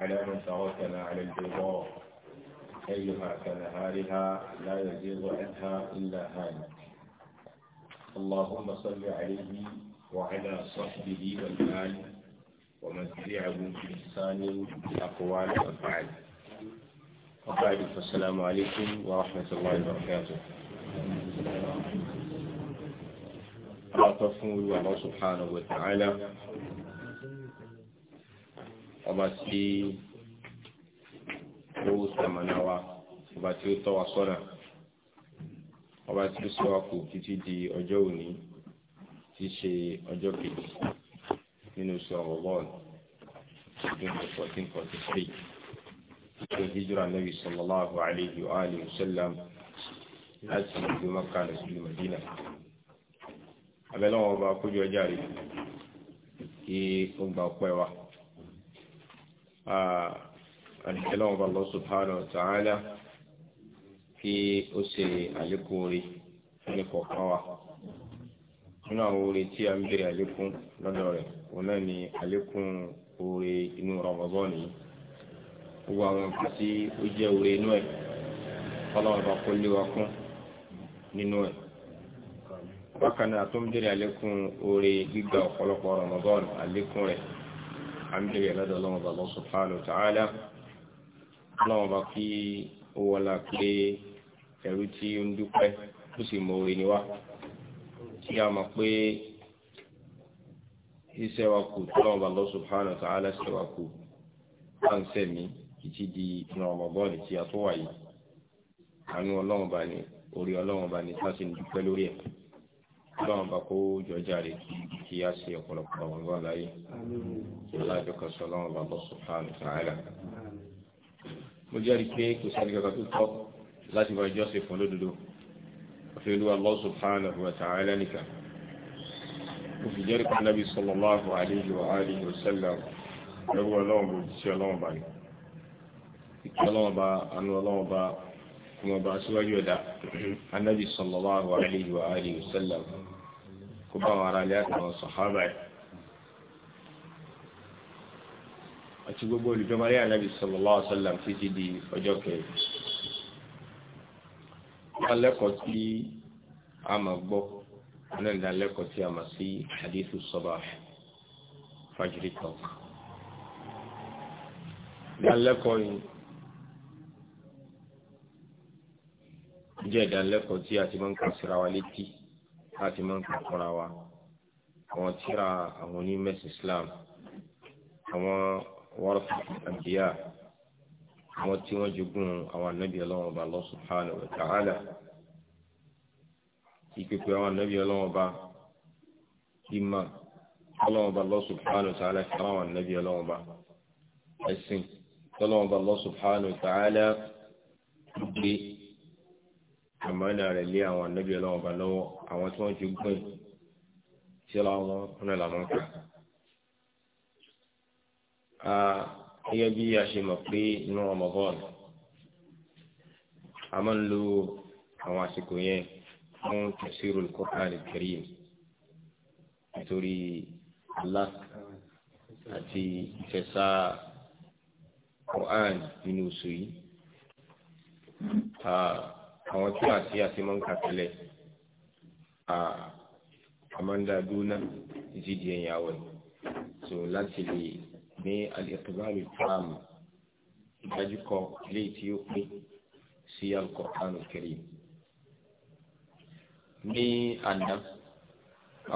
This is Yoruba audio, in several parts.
على من تركنا على البيضاء أيها كنهارها لا يزيغ عنها إلا هالك اللهم صل عليه وعلى صحبه والآل ومن تبعهم بإحسان الأقوال والفعل وبعد فالسلام عليكم ورحمة الله وبركاته أعطفوا الله سبحانه وتعالى ọba tí ó sàmànà wa ọba tí ó tọ́ wa sọ́nà ọba tí ó sọ wa kù títí di ọjọ́ òní tí ṣe ọjọ́ kejì nínú oṣù Ramadan ọdún fourteen forty three ṣe hijira nabi sallallahu alayhi wa alihi wa sallam láti ìlú Makkah lọ sí ìlú Madina abẹ́lẹ́wọ̀n ọba kójú ọjà rẹ̀ kí ó gba ọpẹ́ wa. àdìkẹ́lọ́wọ́n ah, bá Allah subhanahu wa ta'ala kí ó ṣe àlékún orí ní kọ̀ọ̀kan nínú àwọn orí tí a ń bèrè àlékún lọ́dọ̀ rẹ̀ òun náà ni àlékún orí inú Ramadan yìí gbogbo àwọn nǹkan tí ó jẹ́ orí inú ẹ̀ kọ́lọ́wọ́n bá kó léwa kún nínú ẹ̀ bákan náà tó ń bèrè àmì ẹ̀lẹ́dọ̀ ọlọ́run bàbá subhanahu wa ta'ala ọlọ́run bá kí ó wọlá pé ẹ̀rú tí ó ń dúpẹ́ ó sì mọ orin wa tí a mọ̀ pé iṣẹ́ wa kù tọ́lọ́run bàbá subhanahu wa ṣe wa kù bá ń sẹ̀mí títí di ìrànlọ́bọ́ọ̀lù tí a tó wà àánú ọlọ́run bá ní orí ọlọ́run bá ní sáà sì ń dúpẹ́ lórí ẹ̀ ọlọ́run bá kó jọjá rẹ̀ kí a ṣe ọ̀pọ̀lọpọ̀ àwọn ọgbọ́n láyé aláàjọkọ̀ sọ ọlọ́run bá bọ́ subhanahu wa ta'ala mo jẹ́rìí pé kò sáré kankan tó tọ́ láti wá ìjọsìn fún lódodo àfi olúwa Allah subhanahu wa ta'ala nìkan mo fi jẹ́rìí pé anábì sallallahu alayhi wa alihi wa lọ́wọ́ ọlọ́run bó ti ṣe ọlọ́run bá kuma ba su wajo da annabi sallallahu alaihi wa alihi wasallam kuma wara bá ta ara lẹ́yìn a ci ẹ̀ àti gbogbo olùdómọ́lé anábì sallallahu alaihi wasallam sallam títí di ọjọ́ kẹrin alẹ́kọ̀ọ́ tí a máa gbọ́ náà ní alẹ́kọ̀ọ́ tí a máa sí hadithu sabah fajiri talk ní alẹ́kọ̀ọ́ yìí jẹ́ ìdánilẹ́kọ̀ọ́ tí a ti máa ń kà síra wa létí a ti máa ń kà fúnra wa àwọn tíra àwọn onímẹ̀sì Islam àwọn wàrúfà àbíyá àwọn tí wọ́n jogún àwọn anábì ọlọ́run ọba Allah subhanahu wa ta'ala ìpèpè àwọn anábì ọlọ́run ọba ìmọ̀ ọlọ́run ọba Allah subhanahu wa ta'ala fi àwọn anábì ọlọ́run ọba ẹ̀sìn ọlọ́run ọba Allah subhanahu wa ta'ala gbé àmọ́nà rẹ̀ lé àwọn ànábì ọlọ́wọ́n bá lọ́wọ́ àwọn tí wọ́n ti gbìn tí ọlọ́wọ́n kúnlẹ̀ làwọn kà. gẹ́gẹ́ bí a ṣe mọ̀ pé inú Ramadan a máa ń lo àwọn àsìkò yẹn fún tafsirul Qur'an al-Karim nítorí Allah àti ìfẹsà Qur'an nínú oṣù yìí àwọn tí àti àti máa ń kà tẹ́lẹ̀ àmọ́ndà dúnà ìdíje ìyàwó so láti lè ní alẹ́kùnbáàlù fáàmù ìdájúkọ ilé tí ó pín sí Al-Qur'an Al-Karim ní àná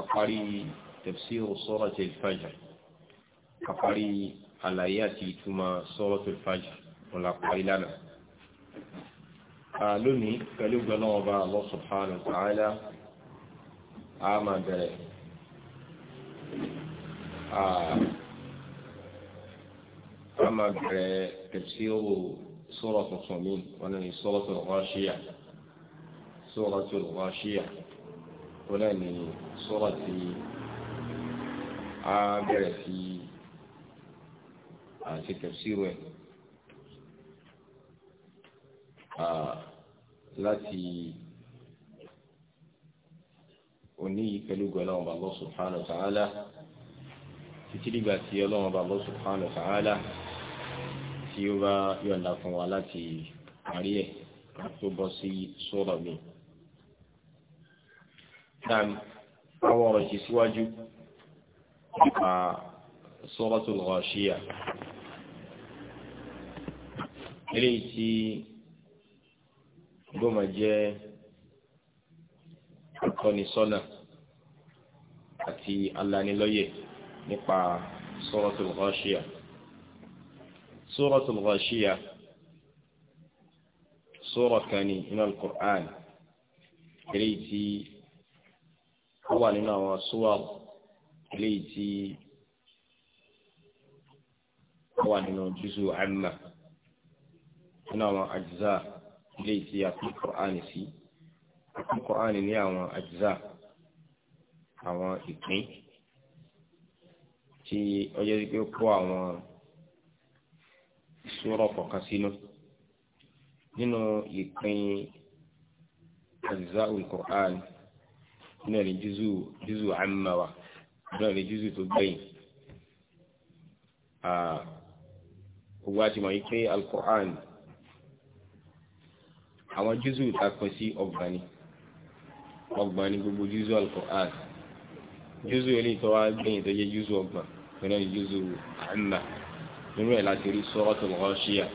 àparí tafsir surat al-Fajr àparí àlàyé àti ìtumọ̀ surat al-Fajr ọ̀làparí lánàá lónìí pẹ̀lú gbọ́nà ọba Allah subhanahu wa ta'ala a máa bẹ̀rẹ̀ a máa bẹ̀rẹ̀ tafsiru sura tuntun mi wọn ni suratul Ghashiyah suratul Ghashiyah wọn ni sura ti a bẹ̀rẹ̀ sí àti tafsiru ẹ̀ láti òní pẹ̀lú gbẹ̀lọ́wọ̀n bàbá subhanahu wa ta'ala títí dìgbà tí ọlọ́wọ̀n bàbá subhanahu wa ta'ala tí ó bá yọ̀ǹda fún wa láti parí ẹ̀ tó bọ́ sí sura mi. Dáàmì, àwọn ọ̀rọ̀ ti síwájú nípa suratul Ghashiyah. Eléyìí tí yóò máa jẹ́ ìtọ́nisọ́nà àti alanilọ́yẹ̀ nípa Suratul Ghashiya. Suratul Ghashiya sura kan ní inú al-Qur'an eléyìí tí ó wà nínú àwọn suwar eléyìí tí ó wà nínú jùzù àmà nínú àwọn àjùzà ilé tí a pín kọ́ránì sí a pín kọ́ránì ní àwọn àjíṣà àwọn ìpín tí ọjọ́ pé ó kó àwọn sura kọ̀ọ̀kan sínú nínú ìpín àjíṣà olùkọ́ránì náà ni jùzù jùzù àmàwà náà ni jùzù tó gbẹ̀yìn gbogbo àti mọ̀ yìí pé alukur'an àwọn jùzù ta kọ sí ọgbọ̀n ni ọgbọ̀n ni gbogbo jùzù al-Qur'an jùzù eléyìí tó wá gbẹ̀yìn tó jẹ́ jùzù ọgbọ̀n pẹ̀lú jùzù àmà nínú ẹ̀ láti rí Suratul Ghashiyah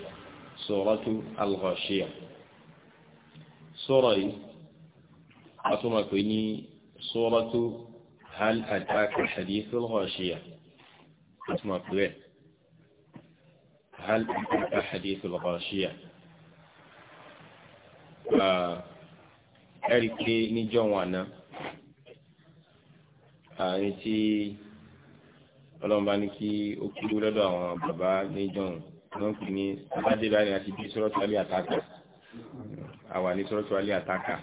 Suratul Ghashiyah sura yìí a tún máa pè ní Suratu hal ataka hadithul Ghashiyah a tún máa pè bẹ́ẹ̀ hal ataka hadithul Ghashiyah. ẹ̀rí pé níjọ́ wọn àná àárín tí ọlọ́run bá ní kí ó kúrú lọ́dọ̀ àwọn bàbá níjọ́ wọn pè ní sábàdé báyìí àti bí sọ́rọ́tù alẹ́ àtàkà àwà ní sọ́rọ́tù alẹ́ àtàkà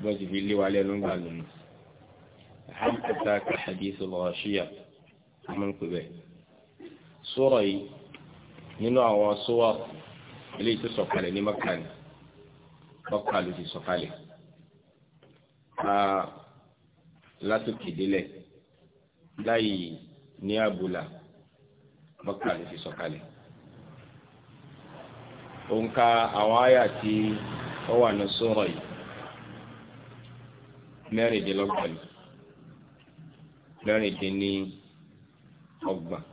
bọ́ọ̀sì fi lé wa lẹ́nu gbà lónìí hàmkàtà kàhàdí sọ̀rọ̀ ọmọ ń bẹ́ẹ̀ sọ̀rọ̀ yìí nínú àwọn sówà eléyìí tó sọ̀kalẹ̀ ní mọ́kà ni mọ́kà ló ti sọ̀kalẹ̀ látòkè ìdílẹ̀ láì ní àbùlà mọ́kà ló ti sọ̀kalẹ̀ òǹkà àwọn àyà tí ó wà ní sóòrọ̀ yìí mẹ́rìndínlọ́gbọ̀n mẹ́rìndínlọ́gbọ̀n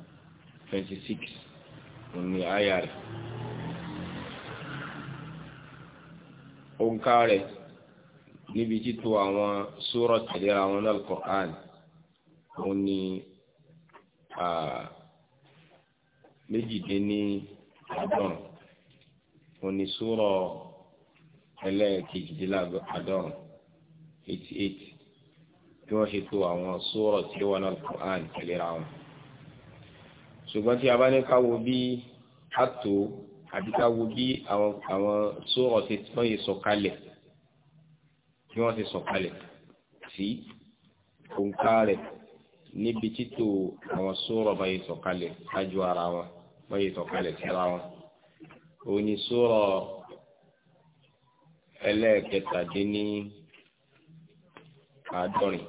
twenty six ní àyà rẹ̀ òǹkà rẹ̀ níbi títò àwọn sóòrọ̀ tẹ̀lé àwọn náà Al-Qur'an ó ní méjìdínní àádọ́rùn ó ní sóòrọ̀ ẹlẹ́ẹ̀kejìdínláàádọ́rùn eighty eight bí wọ́n ṣe tó àwọn sóòrọ̀ tí wọ́n náà Al-Qur'an tẹ̀lé ṣùgbọ́n tí a bá ní ká wo bí àtò àbí ká wo bí àwọn àwọn sóòrọ̀ ti wọ́n yìí sọ̀kalẹ̀ bí wọ́n ti sọ̀kalẹ̀ sí òǹkà rẹ̀ níbi títò àwọn sóòrọ̀ bá yìí sọ̀kalẹ̀ ṣáájú ara wọn bá yìí sọ̀kalẹ̀ síra wọn. òun sóòrọ̀ ẹlẹ́ẹ̀kẹtàdínní àádọ́rin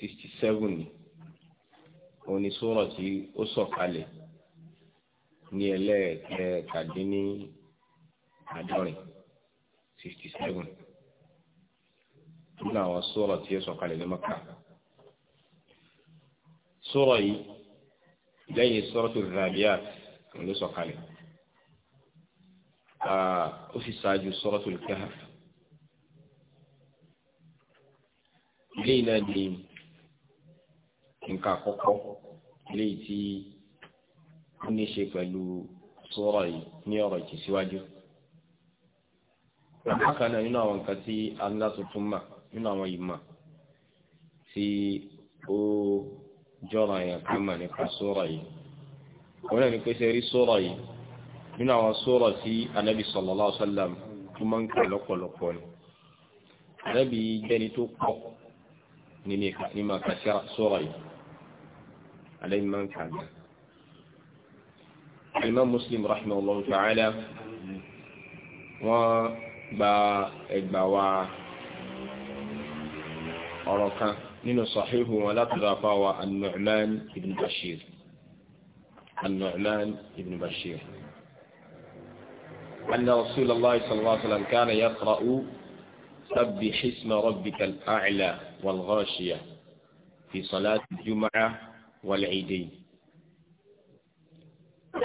sixty seven òun ni sóòrà tí ó sọ̀kalẹ̀ ní ẹlẹ́ẹ̀kẹ́tàdínní àádọ́rin sixty seven nínú àwọn sóòrà tí ó sọ̀kalẹ̀ ní Mẹ́kà sóòrà yìí lẹ́yìn sóràtù Ràdíyàt òun ló sọ̀kalẹ̀ ó sì ṣáájú sóràtù Kahf. eléyìí náà di nǹkan àkọ́kọ́ eléyìí tí ó ní ṣe pẹ̀lú sọ́rọ̀ yìí ní ọ̀rọ̀ ìtẹ̀síwájú. bákan náà nínú àwọn nǹkan tí Allah tuntun mà nínú àwọn ìmọ̀ tí ó jọra yẹn ká mà nípa sọ́rọ̀ yìí. àwọn náà ní rí sọ́rọ̀ yìí nínú àwọn sọ́rọ̀ tí anabi sallallahu alaihi wasallam tó máa ń kà lọ́pọ̀lọpọ̀ ni. anabi jẹ́ni tó pọ̀. نمي نمي كثر سوري على إمام كان الإمام مسلم رحمه الله تعالى و با إدباوا أروكا نينو صحيح ولا تغفى النعمان ابن بشير النعمان ابن بشير أن رسول الله صلى الله عليه وسلم كان يقرأ سبح اسم ربك الأعلى والغاشية في صلاة الجمعة والعيدين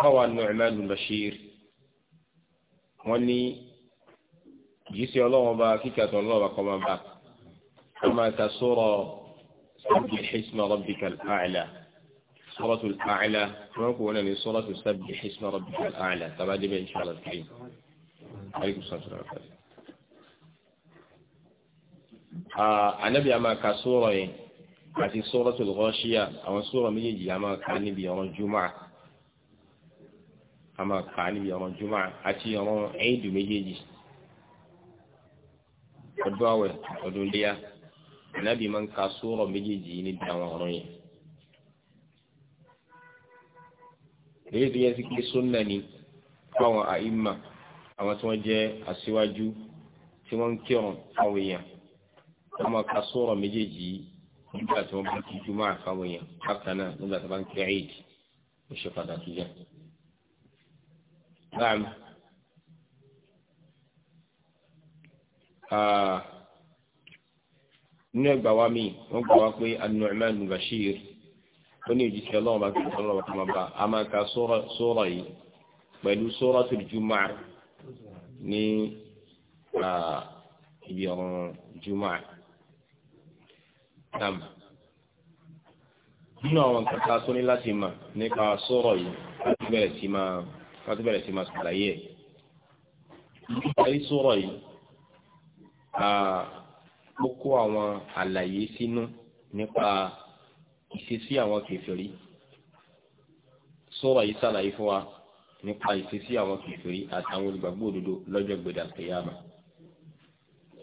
هو النعمان البشير وني جيسي الله وبا كيكة الله وقما با كما تسورة سبح اسم ربك الأعلى سورة الأعلى ونكون من سورة سبح اسم ربك الأعلى تبادل إن شاء الله الكريم عليكم السلام ورحمة الله anabi a máa ka sóòrọ̀ yẹn àti suratul Ghashiya àwọn sóòrọ̀ méjèèjì a máa ka níbi ọ̀rọ̀ jùmọ̀ a máa ka níbi ọ̀rọ̀ jùmọ̀ àti ọ̀rọ̀ ẹ̀yìndù méjèèjì ọdún àwẹ̀ ọdún léyà anabi máa ń ka sóòrọ̀ méjèèjì níbi àwọn ọ̀rọ̀ yẹn. èyí tó yẹ sí pé sunna ni fáwọn àìmà àwọn tí wọ́n jẹ́ aṣíwájú tí wọ́n ń kírun fáwọn èèyàn ká máa ka sọ́ọ̀rọ̀ méjèèjì nígbà tí wọ́n bá ti jùmọ̀ àfáwọn èèyàn bákan náà nígbà tí wọ́n bá ń kẹ́ ẹ̀ẹ́dì ó ṣe pàtàkì jẹ́. Báàmì ah, nínú ẹgbàá wa mi wọ́n gbà wá pé An-Nu'man ibn Bashir ó ní òjijì ọlọ́run bá ti sọ lọ́wọ́ tó máa bá a máa ka sọ́ọ̀rọ̀ yìí pẹ̀lú Suratul Jumu'ah ní ah, ibi ọ̀run Jumu'ah nam nínú àwọn nǹkan tá a tó ní láti mà nípa sọ̀rọ̀ yìí láti bẹ̀rẹ̀ sí máa láti bẹ̀rẹ̀ sí máa ṣàlàyé ẹ̀ nípa sọ̀rọ̀ yìí ó kó àwọn àlàyé sínú nípa ìṣesí àwọn kèfèrí sọ̀rọ̀ yìí ṣàlàyé fún wa nípa ìṣesí àwọn kèfèrí àtàwọn olùgbàgbọ́ òdodo lọ́jọ́ gbèdà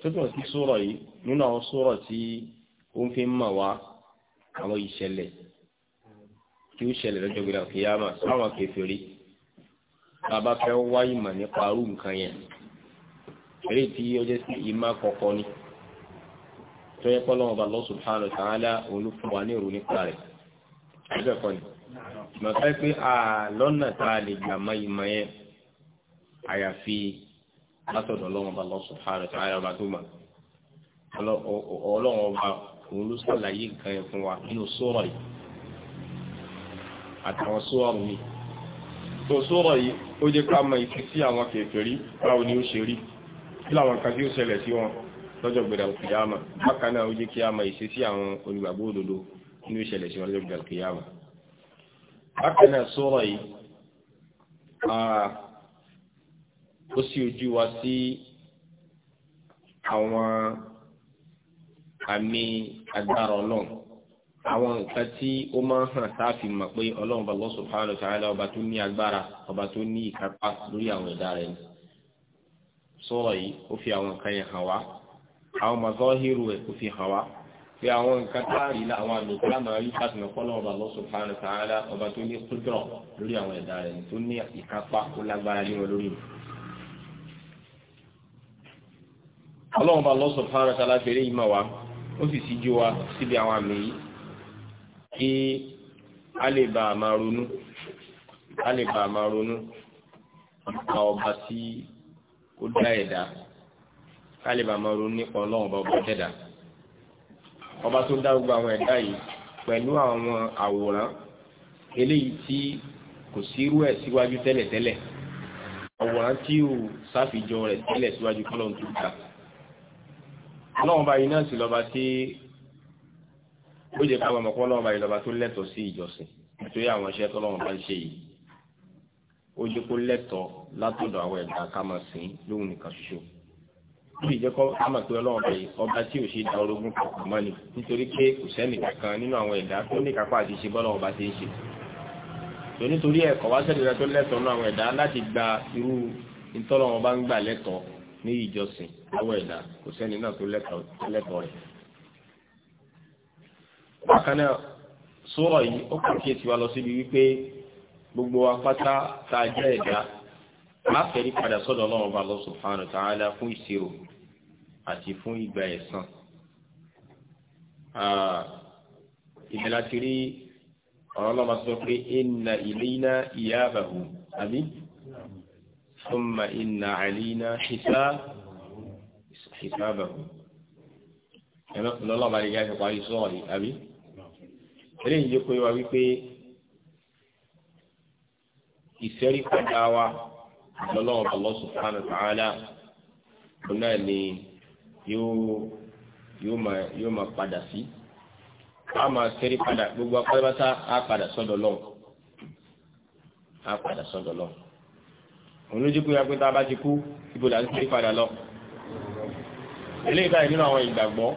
tó tún sí sọ̀rọ̀ yìí nínú àwọn sọ̀rọ̀ tí ó ń fi mọ̀ wá àwọn ìṣẹ̀lẹ̀ kí ó ṣẹlẹ̀ lọ́jọ́ gbéra kìyàmà sáwọn kèfèrí bàbá fẹ́ wá ìmọ̀ nípa arú nǹkan yẹn eré tí ó jẹ́ sí ìmá kọ̀kọ́ ni tó yẹ kọ́lọ́wọ́ bá Allah subhanahu wa ta'ala òun ló fún wa ní ìrò nípa rẹ̀ ẹgbẹ́ kọ́ ni màtá pé a lọ́nà tá a lè gbà mọ ìmọ̀ yẹn àyàfi látọ̀dọ̀ ọlọ́wọ́ bá Allah subhanahu wa ọba tó mọ̀ ọlọ́wọ́ bá òun ló ṣàlàyé nǹkan yẹn fún wa nínú sọ́rọ̀ yìí àtàwọn sọ́rọ̀ mi tó sọ́rọ̀ yìí ó jẹ́ ká mọ ìfi sí àwọn kèfèrí báwo ni ó ṣe rí kí làwọn nǹkan tí ó ṣẹlẹ̀ sí wọn lọ́jọ́ gbẹ̀dà òkèyàmà bákan náà ó jẹ́ kí a mọ ìṣe sí àwọn olùgbàgbọ́ òdodo nínú ìṣẹ̀lẹ̀ sí wọn lọ́jọ́ gbẹ̀dà òkèyàmà bákan náà sọ́rọ̀ yìí ó sì ojú wa sí àwọn àmì agbára ọlọ́run àwọn nǹkan tí ó máa ń hàn táàfì mọ̀ pé ọlọ́run bá Allah subhanahu wa ta'ala ọba tó ní agbára ọba tó ní ìkápá lórí àwọn ẹ̀dá rẹ̀ ni sọ̀rọ̀ yìí ó fi àwọn nǹkan yẹn hàn wá àwọn mazọ́hírù ẹ̀ kò fi hàn wá pé àwọn nǹkan táàrí la àwọn àmì ìkọ́lá máa rí láti mọ̀ pọ́nà ọba Allah subhanahu wa ta'ala ọba tó ní kúdùrọ̀ lórí àwọn ẹ̀dá rẹ̀ ni tó ní ìkápá ó lágbára lé ọlọ́run bá Allah subhanahu wa ó sì síjú wa síbi àwọn àmì yìí kí a lè bá a máa ronú a lè bá a máa ronú nípa ọba tí ó dá ẹ̀dá ká lè bá a máa ronú nípa ọlọ́run ọba ọba dẹ́dá ọba tó dá gbogbo àwọn ẹ̀dá yìí pẹ̀lú àwọn àwòrán eléyìí tí kò sírú ẹ̀ síwájú tẹ́lẹ̀tẹ́lẹ̀ àwòrán tí ò sáfìjọ rẹ̀ tẹ́lẹ̀ síwájú kọ́lọ́run tó ọlọ́run bá yìí náà sì lọ́ba tí ó jẹ́ ká bàmọ̀ kọ́ ọlọ́run bá yìí lọ́ba tó lẹ́tọ̀ọ́ sí ìjọsìn nítorí àwọn iṣẹ́ tọ́lọ́run bá ń ṣe yìí ó jẹ́ kó lẹ́tọ̀ọ́ látọ̀dọ̀ àwọn ẹ̀dá ká máa sìn lóhun nìkan ṣoṣo ó sì jẹ́ kó á mọ̀ pé ọlọ́run bá yìí ọba tí ò ṣe da orogún kankan mọ́ ni nítorí pé kò sẹ́ni kankan nínú àwọn ẹ̀dá tó ní kápá àti ṣe bọ́lọ́run bá ti ń ṣe tó nítorí ẹ̀kọ́ wá lẹ́tọ̀ọ́ nínú àwọn ẹ̀dá láti gba irú ìtọ́lọ́run bá ń gbà lẹ́tọ̀ọ́ ní ìjọsìn lọ́wọ́ ẹ̀dá kò sẹ́ni náà tó lẹ́tọ̀ọ́ rẹ̀. bákan náà sọ́rọ̀ yìí ó kàn kíyèsí wa lọ síbi wípé gbogbo apáta tá a jẹ́ ẹ̀dá láfẹ̀rí padà sọ́dọ̀ ọlọ́run bá lọ subhanahu wa ta'ala fún ìṣirò àti fún ìgbà ẹ̀san. ìbẹ̀ láti rí ọ̀rọ̀ ọlọ́run sọ pé inna ilayna iyabahum àbí. ثم إن علينا حساب حسابهم lọ́lọ́ba lè jáde parí sọ́ọ̀ yìí àbí eléyìí jẹ́ pé wá wípé ìsẹ́rí padà wa lọ́lọ́ba Allah subhanahu wa ta'ala kò náà ni yóò máa padà sí a máa sẹ́rí padà gbogbo apáyébátá á padà sọ́dọ̀ lọ́wọ́ á padà sọ́dọ̀ lọ́wọ́ òun ló jẹ́ pé apẹ́ tá a bá ti kú ibo là ń sáré padà lọ. eléyìí báyìí nínú àwọn ìgbàgbọ́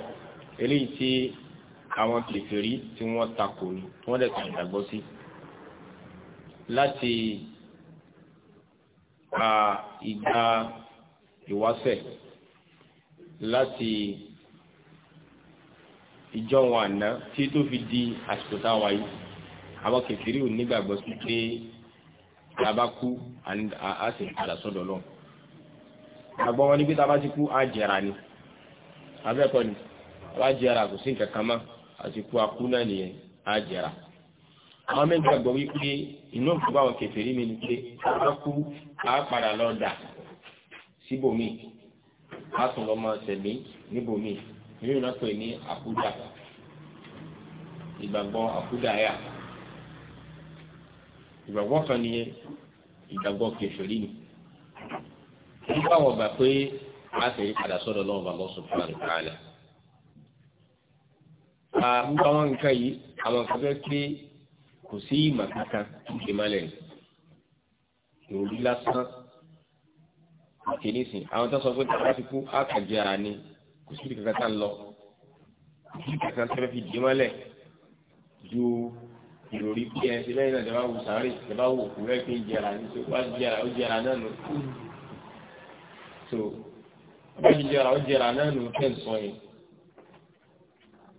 eléyìí tí àwọn kìfèrí tí wọ́n takò ní wọ́n dẹ̀ kàn ìgbàgbọ́ sí láti ìgbà ìwáṣẹ̀ láti ìjọ wọn àná tí tó fi di àsìkò táwa yìí àwọn kìfèrí ò nígbàgbọ́ sí pé tá a bá kú a sì padà sọ́dọ̀ lọ àgbọ̀ wọn ni pé tá a bá ti kú a jẹ̀ra ni abẹ́kọ̀ ni a bá jẹ̀ra kò sí nǹkan kan mọ́ a ti kú a kú náà nìyẹn a jẹ̀ra àwọn mẹ́rin gbàgbọ́ wípé inú òkú báwọn kẹfẹ́rí mi ni pé a bá kú a padà lọ dà síbòmí a tún lọ máa tẹ̀lé níbòmí nínú náà pè ní àkúdà ìgbàgbọ́ àkúdà yà ìgbàgbọ́ kan nìyẹn ìgbàgbọ́ kẹfẹ́rí ni nígbà wọ́n gbà pé a fẹ́ yí padà sọ́dọ̀ lọ́wọ́ bàbá subhanahu wa ta'ala. nígbà wọn nǹkan yìí àwọn nǹkan fẹ́ pé kò sí ìmọ̀ kankan tó ṣe má lẹ́nu ìròlí lásán òkè nísìn àwọn tó sọ pé tí a ti kú á kàn jẹ ara ni kò sí kankan tá ń lọ kò sí kankan tó fẹ́ fi dì í mọ́lẹ̀ ju ìròrí pé ẹ ti lẹ́yìn náà ìjọba wò sáré ìjọba wò kú rẹ́ pé ń jẹrà ní wá jẹrà ó jẹrà náà nù. so ọba ti jẹrà ó jẹrà náà nù tẹ̀ ń sọ yẹn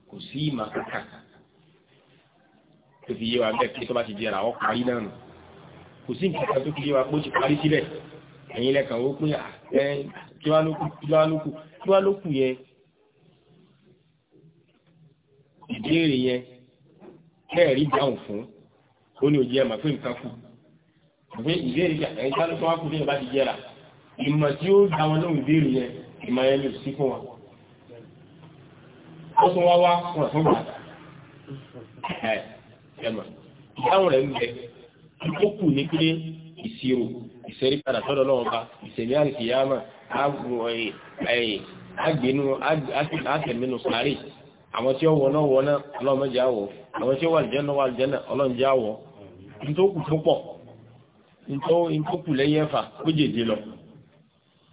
kò sí ìmọ̀ kàkà tó fi yé wa bẹ́ẹ̀ pé tó bá ti jẹrà ó parí náà nù kò sí nǹkan kan tó fi yé wa pé ó ti parí síbẹ̀ ẹ̀yin lẹ́kàn ó pé ẹ kí wá ló kù kí wá ló kù kí wá ló kù yẹn ìbéèrè yẹn kẹ́ẹ̀rí dáhùn fún ó ní òjì ẹ̀mà fún nǹkan kù pé ìbéèrè yà ẹ̀yìn tá ló tó wá kú nígbà tí jẹ́ra ìmọ̀ tí ó dá wọn lóhùn ìbéèrè yẹn ìmọ̀ yẹn lè sí fún wa ó tún wá wá wọn fún wa ẹ̀mà ìdáhùn rẹ̀ ń bẹ ó kù ní pé ìṣirò ìṣẹ́rí padà sọ́dọ̀ lọ́wọ́ bá ìṣẹ̀lẹ̀ àrìkìyàmà àgbẹ̀nu àtẹ̀mínú sáré àwọn tí ó wọ náà wọ náà ọlọ́mọdé àwọ̀ àwọn tí ó wà lìjẹ́nà wà lìjẹ́nà ọlọ́mọdé àwọ̀ ntókù púpọ̀ ntókù lẹ́yìn ẹ̀fà ó jèjì lọ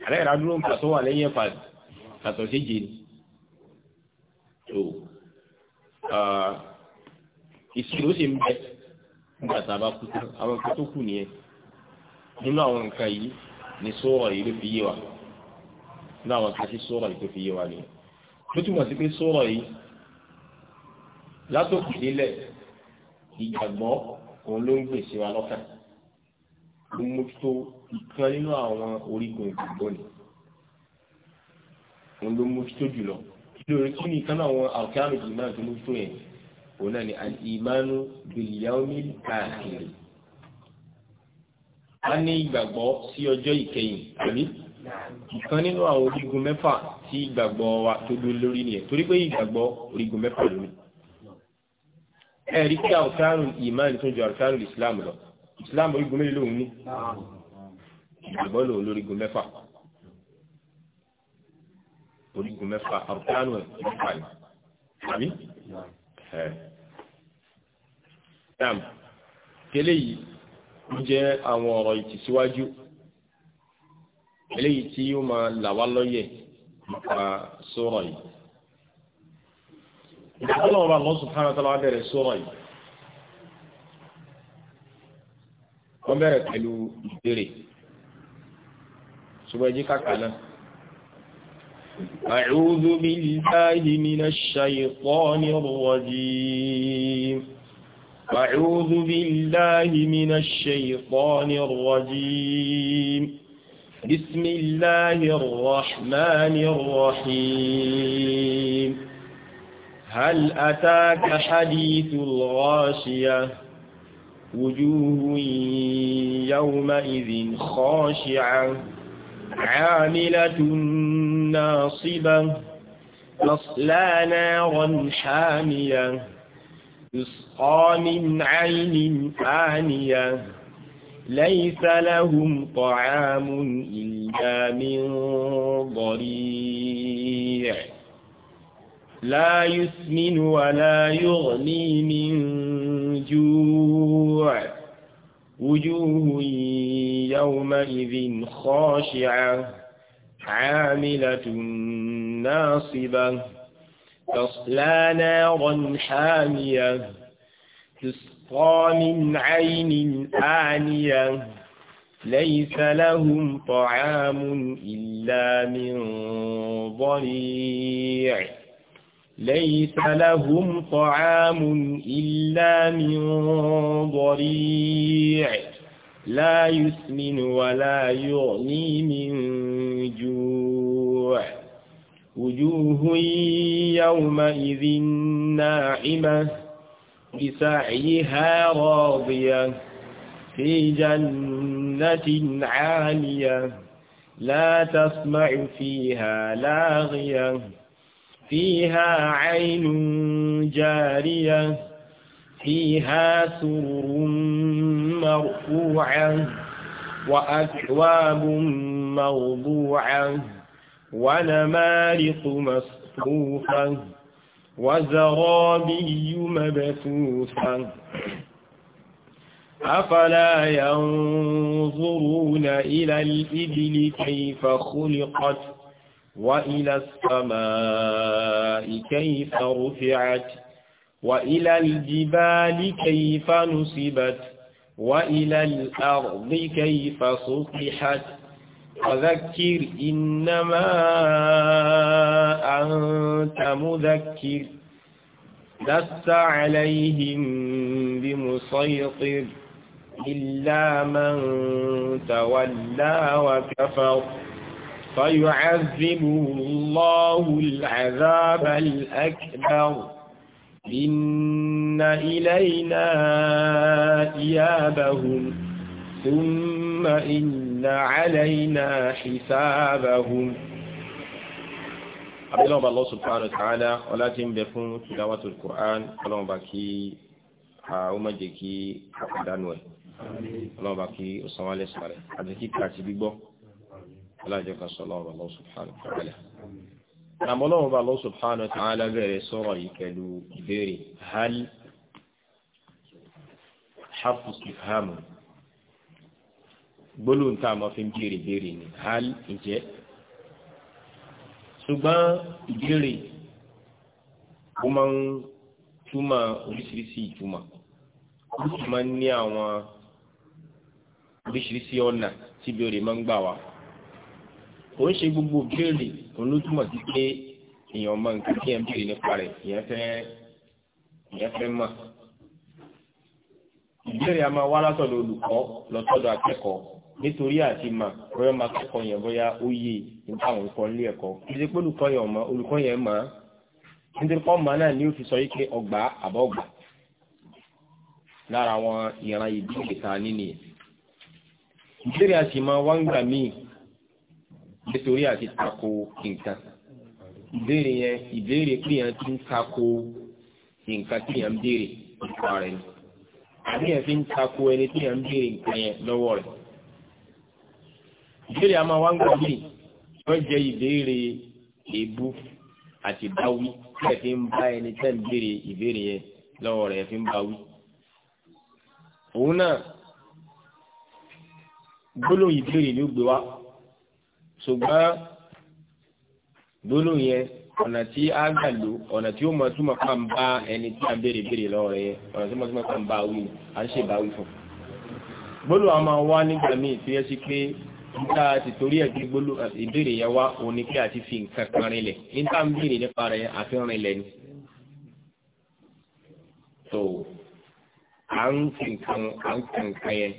àlẹ́ ìrádúró nǹkan tó wà lẹ́yìn ẹ̀fà kàtọ̀ sí jèjì tó ìṣirò sì ń bẹ nígbà tá a bá kú tán àwọn nǹkan tó kù nìyẹn nínú àwọn nǹkan yìí ni sóòrọ̀ yìí ló fi yé wa nínú àwọn nǹkan tí sóòrọ̀ yìí tó fi yé wa nìyẹn ló sí pé sóòrọ̀ yìí látòkè nílẹ̀ ìgbàgbọ́ òun ló ń gbèsè wa lọ́kàn ó mójútó ìkan nínú àwọn orígun ìgbàgbọ́ ni òun ló mójútó jùlọ lórí kí ni ìkan náà àwọn àkàrà ìmáà tó mójútó yẹn òun náà ni al-imanu bil-yawmil akhir a ní ìgbàgbọ́ sí ọjọ́ ìkẹyìn àbí ìkan nínú àwọn orígun mẹ́fà tí ìgbàgbọ́ wa tó dúró lórí nìyẹn torí pé ìgbàgbọ́ orígun mẹ́fà lórí ẹ̀rí kí àwòkárù ìmáàlì tó ju àwòkárù islam lọ islam orígun mélòó lòun ní ìgbàgbọ́ lòun lórígun mẹ́fà orígun mẹ́fà àwòkárù ẹ̀ mẹ́fà ni àbí ẹ̀ dam kele yìí ń jẹ́ àwọn ọ̀rọ̀ ìtìsíwájú eléyìí tí yóò máa là wá lọ́yẹ̀ nípa sọ̀rọ̀ yìí. الله رب الله سبحانه وتعالى عبر السورة أمرت حلو إدري سبحانه وتعالى أعوذ بالله من الشيطان الرجيم أعوذ بالله من الشيطان الرجيم بسم الله الرحمن الرحيم هل أتاك حديث الغاشية وجوه يومئذ خاشعة عاملة ناصبة تصلى نارا حامية يسقى من عين آنية ليس لهم طعام إلا من ضريع لا يسمن ولا يغني من جوع وجوه يومئذ خاشعة عاملة ناصبة تصلى نارا حامية تسقى من عين آنية ليس لهم طعام إلا من ضريع ليس لهم طعام إلا من ضريع لا يسمن ولا يغني من جوع وجوه يومئذ ناعمة بسعيها راضية في جنة عالية لا تسمع فيها لاغية فيها عين جارية فيها سرر مرفوعة وأكواب موضوعة ونمارق مصفوفة وزرابي مبثوثة أفلا ينظرون إلى الإبل كيف خلقت وإلى السماء كيف رفعت وإلى الجبال كيف نصبت وإلى الأرض كيف سطحت وذكر إنما أنت مذكر لست عليهم بمسيطر إلا من تولى وكفر فيعذبه الله العذاب الأكبر إن إلينا إيابهم ثم إن علينا حسابهم abdullahi allah subhanahu wa ta'ala ọlá tí ń bẹ fún tilawatul qur'an ọlọ́run bá kí ó má jẹ́ kí àdánù ẹ̀ ọlọ́run bá kí ó sanwó alẹ́ sọ̀rọ̀ àti kíkà àti gbígbọ́ alájọ kan sọ lọ́wọ́ Allah subhanahu wa ta'ala. àmọ́ lọ́wọ́ bá Allah subhanahu wa ta'ala bẹ̀rẹ̀ sọ̀rọ̀ yìí pẹ̀lú ìbéèrè hal hafu ifhamu gbólóhùn tá a máa fi ń béèrè béèrè ni hal ǹjẹ́ ṣùgbọ́n ìbéèrè ó máa ń túmọ̀ oríṣiríṣi ìtumọ̀ ó sì máa ń ní àwọn oríṣiríṣi ọ̀nà tí ìbéèrè máa ń gbà wá kò ń ṣe gbogbo béèrè òun ló túmọ̀ sí pé èèyàn mọ nǹkan tí ẹ̀ ń béèrè nípa rẹ̀ ìyẹn fẹ́ ìyẹn fẹ́ mọ̀. ìbéèrè a máa wá látọ̀dọ̀ olùkọ́ lọ́tọ̀dọ̀ akẹ́kọ̀ọ́ nítorí àti mà bóyá máa kẹ́kọ̀ọ́ yẹn bóyá ó yé nípa àwọn nǹkan ilé ẹ̀kọ́ kì pé olùkọ́ yẹn mọ̀ olùkọ́ yẹn mọ̀ nítorí pọ́ mọ̀ náà ni ó fi sọ yìí pé ọgbà àbọ̀gbà lára àwọn ìran ìbí ìgbèta nínú ìbéèrè a sì máa wá ń gbà míì nítorí àti tako nǹkan ìbéèrè yẹn ìbéèrè pé yẹn ti ń tako nǹkan tí yẹn ń béèrè nípa rẹ̀ ni àbí yẹn fi ń tako ẹni tí yẹn ń béèrè nǹkan yẹn lọ́wọ́ rẹ̀ ìbéèrè àmọ́ wá ń gbà bíi wọ́n jẹ́ ìbéèrè èébú àti báwí tí ẹ̀ fi ń bá ẹni tẹ́ ń béèrè ìbéèrè yẹn lọ́wọ́ rẹ̀ ẹ̀ fi ń báwí òun náà gbólóhùn ìbéèrè ló gbé wá ṣùgbọ́n gbólóhùn yẹn ọ̀nà tí a gbà lò ọ̀nà tí ó mọ̀ túmọ̀ fà ń bá ẹni tí a béèrè béèrè lọ́wọ́ rẹ̀ ọ̀nà tí ó mọ̀ túmọ̀ fà ń bá wí à ń ṣe bá wí fún. gbólóhùn a máa wá nígbà míì tí yẹ sí pé níta ti torí ẹ̀ gbé gbólóhùn ìbéèrè yẹn wá òun ni pé àti fi nǹkan kan rinlẹ̀ níta ń béèrè nípa rẹ̀ àfi rinlẹ̀ ni. so à ń fi nǹkan à ń kàn nǹkan yẹn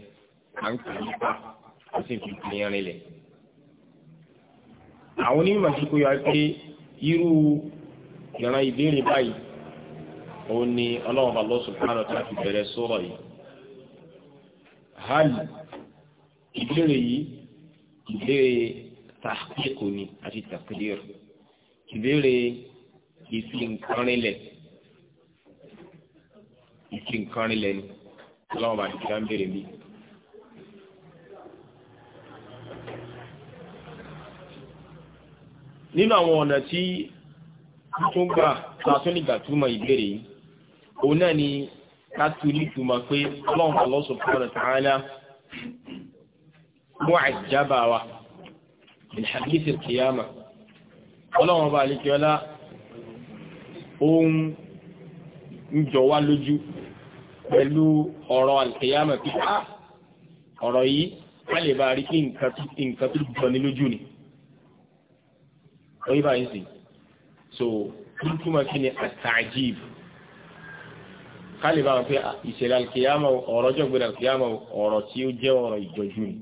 à ń kàn nípa à sì fi nǹkan yẹn rinlẹ̀ àwọn onímọ̀ sí kó yọ pé irú ìran ìbéèrè báyìí òun ni ọlọ́run bá Allah subhanahu wa ta'ala fi bẹ̀rẹ̀ sọ́rọ̀ yìí hali ìbéèrè yìí ìbéèrè tàkìkò ni àti tàkìlérò ìbéèrè ìfìǹkanrinlẹ̀ ìfìǹkanrinlẹ̀ ni ọlọ́run bá ti dá ń béèrè mi. nínú àwọn ọ̀nà tí tún gbà sàtún nígbà túmọ̀ ìbéèrè yìí òun náà ni ká tu nítumọ̀ pé ọlọ́run Allah subhanahu wa ta'ala mú àjábà wa min hadith al-qiyamah ọlọ́run ọba àlekíọ́lá ohun ń jọ wá lójú pẹ̀lú ọ̀rọ̀ al-qiyamah ah, ọ̀rọ̀ yìí ká lè bá rí kí nǹkan tó jọ ní lójú ni orí báyìí sì so ń túmọ̀ kí ni àtàjìb kálí báwọn pé ah, ìṣẹ̀lẹ̀ alkiyama ọ̀rọ̀ ọjọ́ gbẹ̀rẹ̀ alkiyama ọ̀rọ̀ tí ó jẹ́ ọ̀rọ̀ ìjọjú ni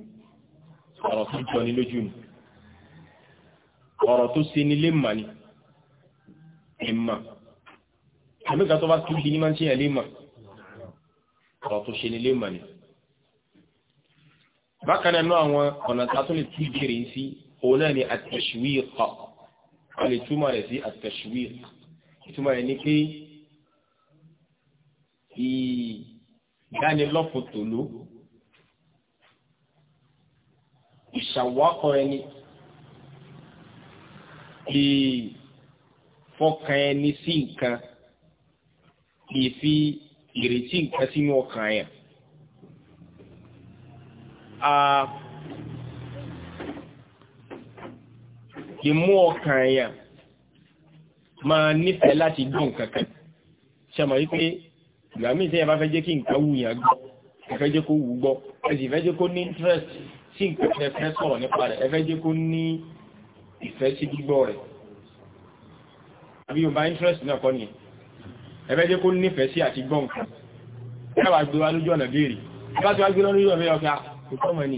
ọ̀rọ̀ tó jọni lójú ni ọ̀rọ̀ tó ṣe ní lè mà ní ẹ̀mà àmìkà tó bá tó ní máa ń ṣe yàn mà ọ̀rọ̀ tó ṣe ní lè mà ní. bákan náà àwọn ọ̀nà tá a tún lè sí òun náà ni àtẹ̀ṣúwì kọ̀ a lè túmọ̀ rẹ̀ sí àtẹ̀síwìr ìtumọ̀ rẹ̀ ni pé ìdánilọ́pọ̀ tòló ìṣàwákọ̀ ẹni ìfọkàn ẹni sí nǹkan ìfi ìrètí nǹkan sínú ọkàn yẹn. Ah, ìmú ọkàn èèyàn máa nífẹ̀ẹ́ láti dùn kankan ṣàmọ̀ wípé ìgbà míì sẹ́yìn bá fẹ́ jẹ́ kí nǹkan wù yàn gbọ́ ẹ fẹ́ jẹ́ kó wù gbọ́ ẹ sì jẹ́ kó ní interest sí nǹkan tẹ́ sọ̀rọ̀ nípa rẹ̀ ẹ jẹ́ kó ní ìfẹ́ sí gbígbọ́ rẹ̀ àbí yorùbá interest náà kọ́ ni ẹ fẹ́ jẹ́ kó nífẹ̀ẹ́ sí àti gbọ́ nǹkan ẹ wà gbé wa lójú ọ̀nà béèrè ẹ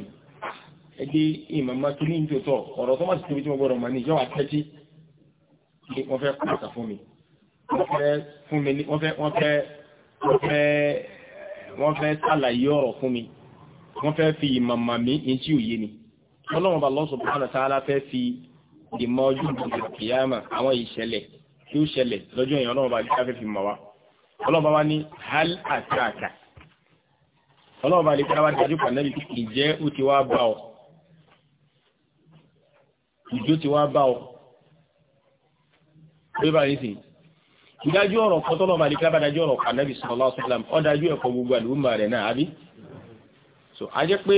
ẹgbẹ́ ìmọ̀má tó ní ìjọ tọ̀ ọ̀rọ̀ tó má ti tóbi tí mo gbọ́dọ̀ mọ̀ ní ìjọba tẹ́tí ni wọ́n fẹ́ pàtà fún mi wọ́n fẹ́ fún mi wọ́n fẹ́ wọ́n fẹ́ wọ́n fẹ́ wọ́n fẹ́ sàlàyé ọ̀rọ̀ fún mi wọ́n fẹ́ fi ìmọ̀mà mi ní tí òye ni ọlọ́run bá lọ́sọ̀ bá ọ̀nà tààlà fẹ́ fi ìmọ̀ ojú ìdìbò kìyàmà àwọn ìṣẹ̀lẹ̀ tí ó ṣẹlẹ̀ lọ́jọ́ yẹn ọlọ́run bá lè káfẹ́ fi mọ̀ wá ọlọ́run bá wá ní hal àtàkà ọlọ́run bá lè káwá dájú pàdánù ìjẹ́ ó ti wá bá ọ ìjó ti wá bá ọ pé báyìí sì ìdájú ọ̀rọ̀ kan tọ́lọ̀ máa di kábà dájú ọ̀rọ̀ kan Nabi sallallahu alaihi wasallam ọ́ dájú ẹ̀kọ́ gbogbo àlùmọ̀ rẹ̀ náà àbí so a jẹ́ pé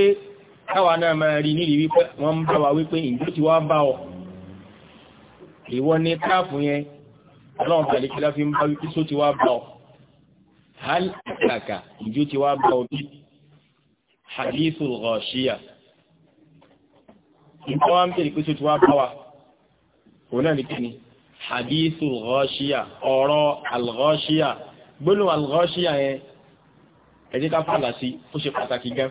káwa náà máa rí nílì wípé wọ́n ń bá wa wípé ìjó ti wá bá ọ ìwọ ní káàfù yẹn ọlọ́run pẹ̀lú kí láfi ń bá wípé só ti wá bá ọ hal kàkà ìjó ti wá bá ọ bí hadithul ghashiya nǹkan wá ń bèèrè pé tó ti wá bá wa òun náà ní kí ni hadithu al-ghashiya ọ̀rọ̀ al-ghashiya gbólóhùn al-ghashiya yẹn ẹ̀jẹ̀ ká fàlà sí ó ṣe pàtàkì gan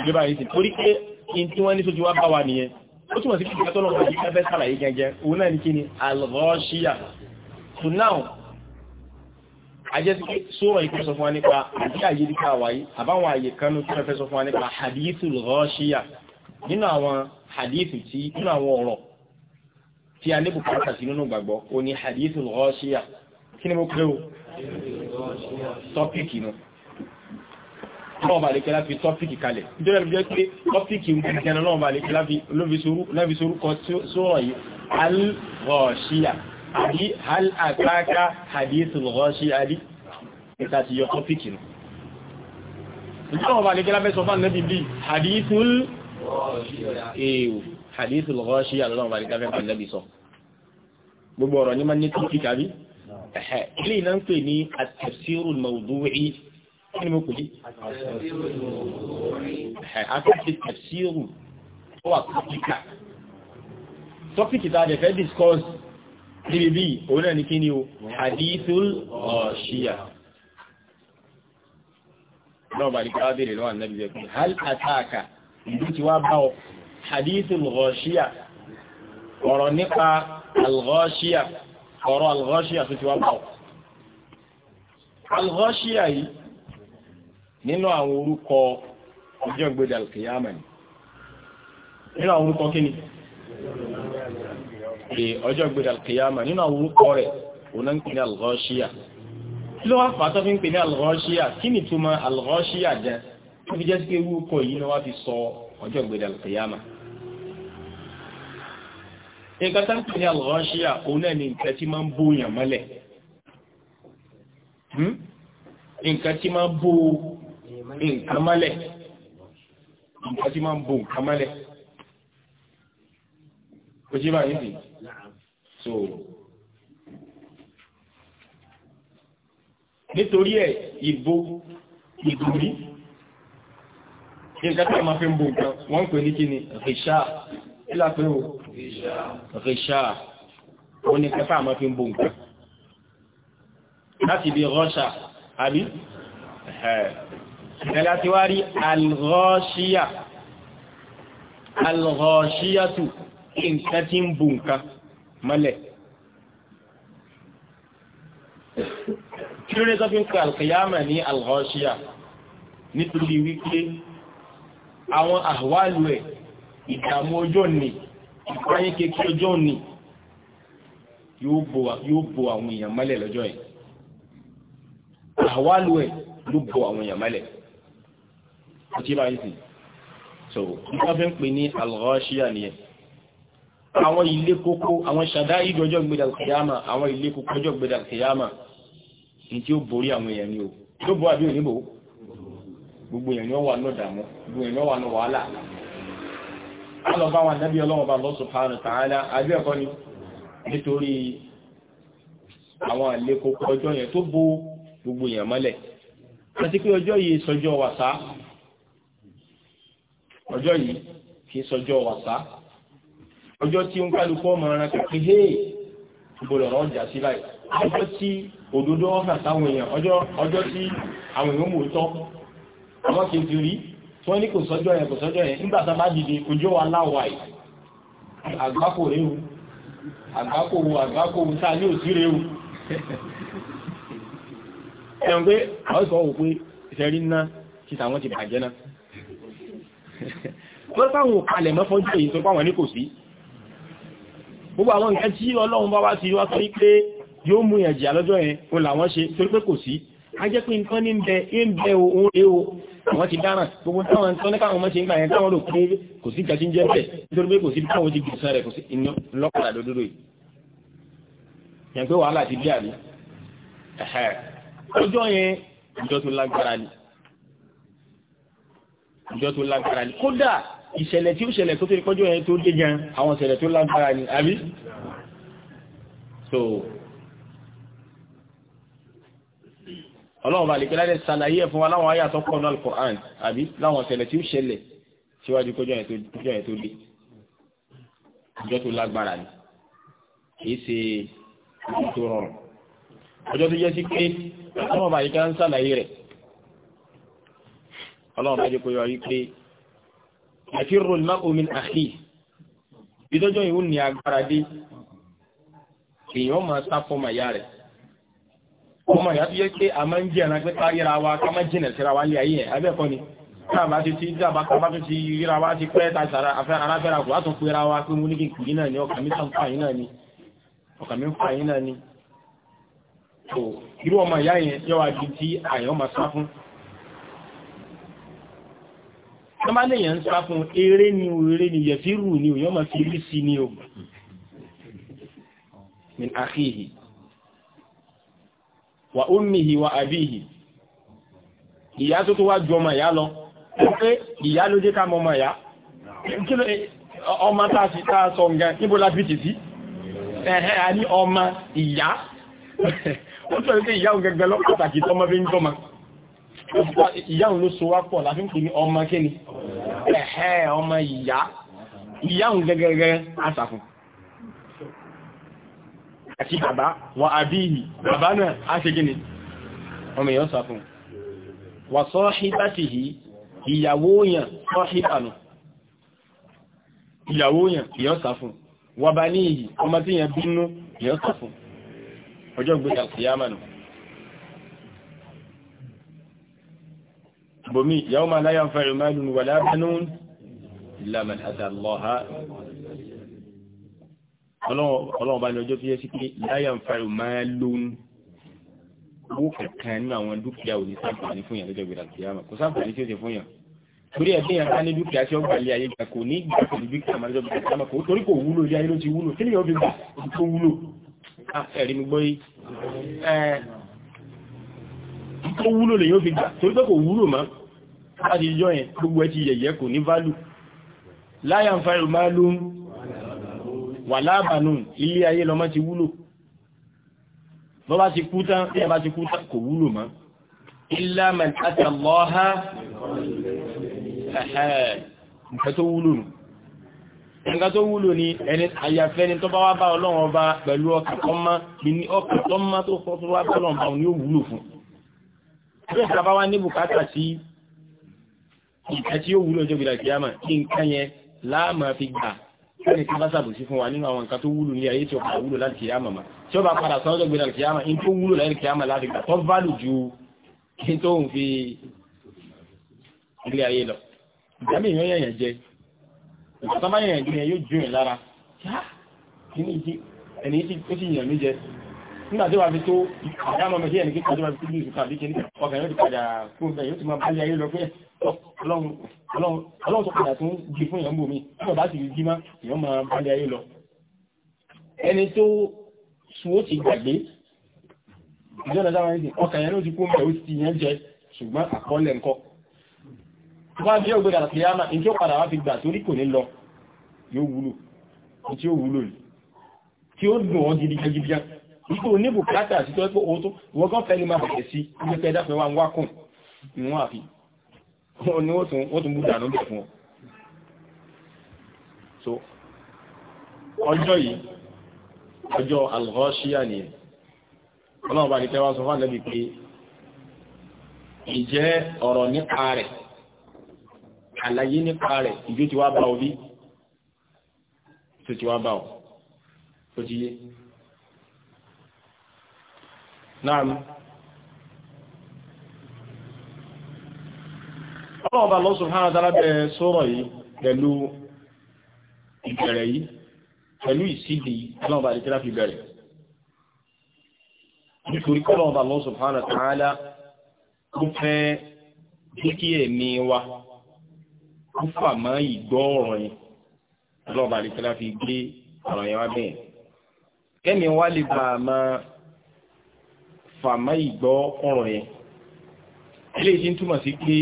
ìjọba yìí sì torí pé in tí wọ́n ní tó ti wá bá nìyẹn ó túnmọ̀ sí kíkà tọ́lọ̀ pàdé kẹfẹ́ sàlàyé gẹ́gẹ́ òun náà ní kí ni al-ghashiya so now ajẹ́ sí sóòrọ̀ ìpín sọ fún wa nípa àbí àyè nípa àwáyé àbáwọn àyè kanú tí wọ́n fẹ́ sọ fún wa nípa hadithu al nínú àwọn hadithu tí nínú àwọn ọ̀rọ̀ tí a níbù pàtàkì nínú gbàgbọ́ o ní hadithu rọ́ṣíà kí ni mo pé o tọ́pìkì náà lọ́wọ́ bá lè kẹ́lá fi tọ́pìkì kalẹ̀ nítorí ẹ̀lú jẹ́ pé tọ́pìkì ìgbẹ̀kẹ́ náà lọ́wọ́ bá lè kẹ́lá fi lóbi sorúkọ sóòrọ̀ yìí al-rọ́ṣíà àbí al-àkáká hadithu rọ́ṣíà rí ìta ti yọ tọ́pìkì náà lọ́wọ́ bá lè kẹ́lá fẹ́ sọ ewu eh, hadithul ghashiya lọ́nà bá nígbà fẹ́fẹ́ lẹ́bi sọ gbogbo ọ̀rọ̀ ní ma ní kíkì tàbí ẹ̀hẹ́ ilé iná ń pè ní at-tafsirul mawdu'i kí ni mo pè ní afẹ́fẹ́ tafsiru ó wà kíkà tọ́pìkì tá a dẹ̀ fẹ́ discuss níbi bí òun náà ní kí ni o hadithul ghashiya lọ́nà bá nígbà fẹ́fẹ́ lẹ́bi ìlú ti wá bá ọ hadithul ghashiya ọ̀rọ̀ nípa al-ghashiya ọ̀rọ̀ al-ghashiya tó ti wá bá ọ al-ghashiya yìí nínú àwọn orúkọ ọjọ́ gbẹ̀dẹ̀ al-qiyama ni nínú àwọn orúkọ kíni ọjọ́ gbẹ̀dẹ̀ al nínú àwọn orúkọ rẹ̀ òun náà kí ló wá fàá fi ń pè ní al kí ni túmọ̀ al jẹ́ ó fi jẹ́ sí ewu ọkọ̀ yìí ni wọ́n fi sọ ọjọ́ ìgbèdà kìyàmà nǹkan tá ń pè ní àlọ́ṣíà òun náà ni nǹkan tí máa ń bó yàn mọ́lẹ̀ hmm? nǹkan tí máa ń bó nǹkan mọ́lẹ̀ nǹkan tí máa ń bó nǹkan mọ́lẹ̀ ó ṣe báyìí sí so nítorí ẹ̀ ìbò ìdúrí nǹkan tí a máa fi ń bo nǹkan wọ́n ń pè ní kí ni rìṣà kí la pé o rìṣà ó ní nǹkan tí a máa fi ń bo nǹkan láti bí rọ́ṣà àbí ẹ̀ láti wá rí alghashiya alghashiya tù nǹkan tí ń bo nǹkan mọ́lẹ̀ kí ló ní sọ́fíǹkà alkiyama ní alghashiya nítorí wípé àwọn àwálù ẹ̀ ìdàmú ọjọ́ ni ìpáyín kékeré ọjọ́ ni yóò bo àwọn èèyàn mọ́lẹ̀ lọ́jọ́ ẹ̀ àwálù ẹ̀ ló bo àwọn èèyàn mọ́lẹ̀ ọtí bá yìí sì so nípa fẹ́ ń pè ní alghashia nìyẹn àwọn ilé kókó àwọn ṣàdá ìjọjọ́ gbẹ̀dà kìyàmà àwọn ilé kókó ọjọ́ gbẹ̀dà kìyàmà ní tí ó borí àwọn èèyàn ni ó tó bọ́ àbí òníbò gbogbo èèyàn wà lọ́dàmú gbogbo èèyàn wà ní wàhálà alọ́bá wa nábí ọlọ́wọ́ bá Allah subhanahu wa ta'ala àjọ ẹ̀kọ́ ni nítorí àwọn àlékòkò ọjọ́ yẹn tó bo gbogbo èèyàn mọ́lẹ̀ àti pé ọjọ́ yìí sọjọ́ wàsá ọjọ́ yìí kì í sọjọ́ wàsá ọjọ́ tí ó ń kálukú ọmọ ẹran kàkí hey ìbòlọ̀rọ̀ ọjà sí báyìí ọjọ́ tí òdodo ọ̀hàn táwọn èèyàn ọjọ́ tí àwọn èèyàn mú tọ́ àmọ́ kí n ti rí tí wọ́n ní kò sọ́jọ́ yẹn kò sọ́jọ́ yẹn nígbà bá dìde ojú wa láwọ̀ àì àgbákò réwu àgbákò wo àgbákò wo tá a ní òsì réwu ẹ̀rùn pé àwọn ìsọ̀ wò pé ìṣẹ́rí ńná ti tàwọn ti bàjẹ́ náà wọ́n sáwọn òkàlẹ̀ mọ́fọ́jú èyí tó pàwọn ní kò sí gbogbo àwọn nǹkan a jẹ́ pé nǹkan ní bẹ ń bẹ ohun rẹ̀ o àwọn ti dáràn gbogbo táwọn tó ní káwọn mọ́ ṣe ń gbà yẹn táwọn rò pé kò sí ìjà tí ń jẹ́ bẹ̀ nítorí pé kò sí táwọn ti gbèsè rẹ̀ kò sí iná lọ́kàlà lódúró yìí yẹn pé wàhálà ti dé àrí ọjọ́ yẹn ìjọ tó lágbára ni ìjọ tó lágbára ni kódà ìṣẹ̀lẹ̀ tí ó ṣẹlẹ̀ tó tó ìkọjọ́ yẹn tó dé gan àwọn ìṣẹ̀lẹ̀ tó lágbára ni àbí so ọlọ́run bá lè pẹ́ láti ṣàlàyé ẹ̀ fún wa láwọn ayé àtọ́kọ̀ náà Al-Qur'an àbí láwọn ọ̀sẹ̀lẹ̀ tí ó ṣẹlẹ̀ síwájú kọjọ́ yẹn tó dé ọjọ́ tó lágbára ni kìí ṣe ọjọ́ tó rọrùn ọjọ́ tó jẹ́ sí pé ọlọ́run bá lè pẹ́ ń ṣàlàyé rẹ̀ ọlọ́run bá lè pẹ́ yọ wípé yafirru al-mar'u min ìdọ́jọ́ yìí agbára dé èèyàn máa sá fọ́mà yá rẹ̀ ọmọ ìyá tó yẹ pé a máa ń jẹ́ ẹ̀ràn pé káyíra wa ká máa jìnà síra wa lé ayé ẹ̀ abẹ́ẹ̀kọ́ ni káàbá ti ti dábà kábá tó ti ríra wa ti pẹ́ ta sara aráfẹ́ra kò látún pera wa pé mo ní kí n kìí náà ni ọkà mi tàn fà yín náà ni ọkà mi ń fà yín náà ni tó irú ọmọ ìyá yẹn yọ wá di tí àyàn máa sá fún tó bá léèyàn ń sá fún eré ni eré ni yẹ̀fí rù ni òyàn máa fi rí sí ni o min akhihi wà ummihi wà abihi ìyá tó tó wá ju ọmọ ìyá lọ pé ìyá ló jẹ́ ká mọ ọmọ ìyá ọmọ tá a sì tá a sọ nǹkan níbo la fi tìsí ẹ̀hẹ́ a ní ọmọ ìyá ó sọ pé ìyá òun gẹ́gẹ́ lọ pàtàkì tọmọ ń tọmọ ìyá òun ló so wá pọ̀ àti bàbá wà àbíyì bàbá náà á ṣe gíní ọmọ èèyàn sọ fún wà sọ́hìbátìhì ìyàwó yàn sọ́hìbànù ìyàwó yàn èèyàn sọ fún wà bá ní ìyì ọmọ tí yàn bínú èèyàn sọ ọjọ́ gbéyà sí yámanù bomi yawma la yanfa'u malun wala banun illa man ọlọ́run bá ní ọjọ́ tó yẹ sí pé láyà ń fa ìmọ̀ lóhun owó kankan nínú àwọn dúkìá ò ní sáǹfààní fún yàn lọ́jọ́ ìgbèrà kìí àmà kò sáǹfààní tí ó ti fún yàn torí ẹ̀bí yàn ká ní dúkìá tí ó gbà lé ayé gbà kò ní gbà pẹ̀lú dúkìá àmà lọ́jọ́ ìgbèrà kìí àmà kò torí kò wúlò ilé ayé ló ti wúlò kí ni yóò fi gbà tó wúlò ẹ̀rí mi gbọ́ yìí tó wúlò lè yóò fi gbà torí pé kò wúlò mọ́ láti yọ yẹn gbogbo ẹ ti yẹ̀yẹ́ kò ní válù láyà ń fa ìmọ̀ lóhun wà láàbànú ilé ayé lọ́mọ ti wúlò bọ́ bá ti kú tán bí ẹ bá ti kú tán kò wúlò mọ́ ilá mẹ́ta lọ́ha nǹkan tó wúlò nù nǹkan tó wúlò ní ẹni àyàfẹ́ni tó bá wá bá ọlọ́run ọba pẹ̀lú ọkà tó má ní ọkà tó má tó fọ́ tó wá bá ọlọ́run bá wá ní ó wúlò jọ ẹni tí bá sàbòsí fún wa nínú àwọn nǹkan tó wúlò ní ayé tí ọ̀pá wúlò láti kìyàmà ma tí ó bá padà sọ́jọ́ gbé láti kìyàmà in tó wúlò láti kìyàmà láti gbà tó bá lù ju kí tó ń fi ilé ayé lọ ìjàmì èèyàn yẹ̀yàn jẹ ìjàmà yẹ̀yàn jẹ yóò jó yẹn lára ẹni tí sì yàn mí jẹ nígbà tí wà fi tó àdámọ́ mẹ́sí ẹni kíkà tó wà fi tó bíi ìfúkà bí kí ní ọkàn yóò ti padà fún ọgbẹ̀ yóò ti máa báyé ayé lọ pé ọlọ́run tó padà tó ń gbé fún ìyàmbò mi tí ọba sì rí má ìyàn máa báyé ayé lọ ẹni tó suwó ti gbàgbé ìjọba dáwọn ẹni ọkàn yẹn ló ti kó mẹ́ ti yẹn jẹ ṣùgbọ́n àkọọ́lẹ̀ ńkọ́ tí ó dùn ọ́ gidigan gidigan ikú ní bùkátà sí tó pé owó tó wọ́n kàn fẹ́ ní máa bẹ̀rẹ̀ sí ní pẹ́ dáfẹ́ wa ń wá kùn ní wọ́n àfi ni ó tún bú dànù bẹ̀ fún ọ so ọjọ́ yìí ọjọ́ alghashia ni ọlọ́run bá ní tẹ́wà sọ fún àlẹ́bí pé ìjẹ́ ọ̀rọ̀ nípa rẹ̀ àlàyé nípa rẹ̀ ìjó ti wá bá ọ bí tó ti wá bá ọ náà mi. ọlọ́run bá lọ́sùn hàn dára bẹ́ẹ̀ sọ̀rọ̀ yìí pẹ̀lú ìbẹ̀rẹ̀ yìí pẹ̀lú ìsídìí ọlọ́run bá lè tẹ́lá fi bẹ̀rẹ̀ nítorí kọ́lọ́run bá lọ́sùn hàn dára ó fẹ́ kíkí ẹ̀mí wa ó fà mọ́ ìgbọ́ ọ̀rọ̀ yẹn ọlọ́run bá lè tẹ́lá fi gbé ọ̀rọ̀ yẹn wá bẹ́ẹ̀ kẹ́mi wá lè bá máa fàmá ìgbọ́ ọ̀rọ̀ yẹn ilé ìṣín túmọ̀ sí pé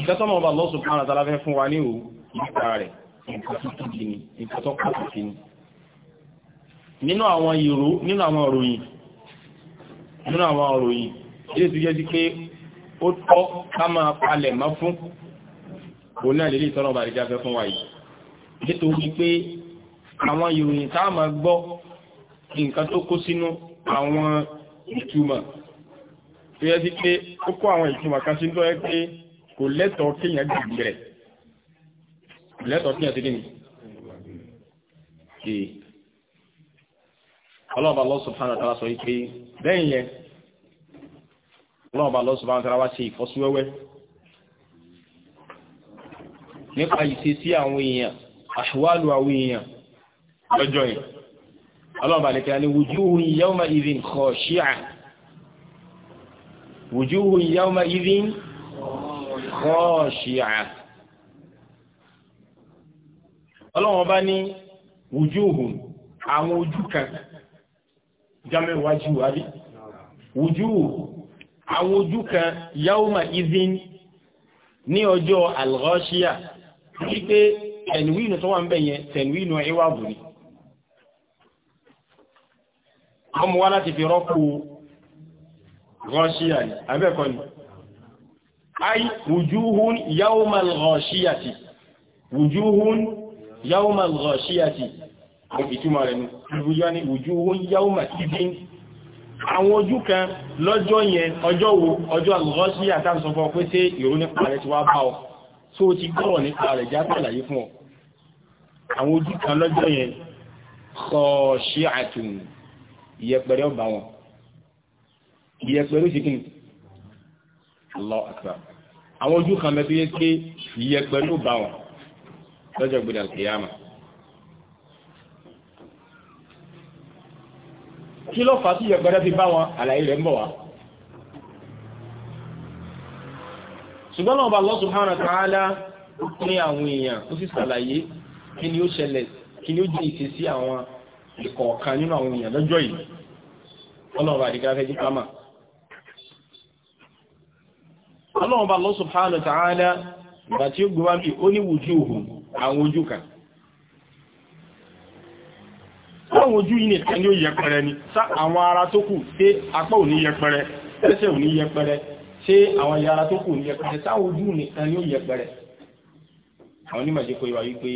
ìtẹ́tọ́mọ̀ ọba Allah subhanahu wa ta'ala fẹ́ fún wa ní òun ìgbà rẹ̀ nǹkan tó tóbi ni nǹkan tó pàtàkì ni nínú àwọn ìró nínú àwọn òròyìn nínú àwọn òròyìn ilé tó jẹ́ sí pé ó tọ́ ká máa ìròyìn tá gbọ́ nǹkan tó kó sínú àwọn ìtumọ̀ tó yẹ sí pé ó kó àwọn ìtumọ̀ kan sí lọ́yẹ́ pé kò lẹ́tọ̀ọ́ kéèyàn gbàgbé rẹ̀ kò lẹ́tọ̀ọ́ kéèyàn sí kíni. ọlọ́ọ̀bà Allah subhanahu wa ta'ala sọ yìí pé lẹ́yìn yẹn ọlọ́ọ̀bà Allah subhanahu wa ta'ala wá ṣe ìfọ́síwẹ́wẹ́ nípa ìṣesí àwọn èèyàn àṣùwálù àwọn èèyàn lọ́jọ́ yẹn ọlọ́run bá lẹ́kẹ̀ẹ́ ní wujuhun yawma idhin khashi'a wujuhun yawma idhin khashi'a ọlọ́run bá ní wujuhun àwọn ojú kan jámẹ́ wájú àbí wujuhun àwọn ojú kan yawma idhin ní ọjọ́ al-ghashi'a wípé tẹ̀nùwínú tó wà ń bẹ̀yẹn tẹ̀nùwínú ẹwà bùrì wọ́n mú wá láti fi rọ́pò rọ́ṣíà ní abẹ́ẹ̀kọ́ ni ay wujuhun yawmal ghashiyati wujuhun yawmal ghashiyati ìtumọ̀ rẹ̀ ní wujuhun yawma idin àwọn ojú kan lọ́jọ́ yẹn ọjọ́ wo ọjọ́ al-ghashiyah ìyẹpẹrẹ ọba wọn ìyẹpẹrẹ ó ṣe kí ni Allah akbar àwọn ojú kan mẹ́tọ́ yẹ pé ìyẹpẹrẹ ọba wọn lọ́jọ́ gbọdọ̀ kìyàmà kí ló fà á sí ìyẹpẹrẹ fi bá wọn àlàyé rẹ̀ ń bọ̀ wá. ṣùgbọ́n náà bá Allah subhanahu kí ni ó ṣẹlẹ̀ kí ni ó jẹ́ ìṣesí àwọn ìkọ̀ọ̀kan nínú àwọn èèyàn lọ́jọ́ yìí ọlọ́run bá dìgbà fẹ́ jí kámà ọlọ́run bá lọ́sùn hánà tààlà ìgbà tí ó gbọ́ wábí ó ní wùjú òhun àwọn ojú kan àwọn ojú yìí nìkan ni ó yẹpẹrẹ ni sá àwọn ara tó kù tí apá ò yẹpẹrẹ ẹsẹ̀ ò yẹpẹrẹ tí àwọn yàrá tó kù ní yẹpẹrẹ sáwọn ojú nìkan ni ó yẹpẹrẹ àwọn onímọ̀ jẹ́ ìwà wípé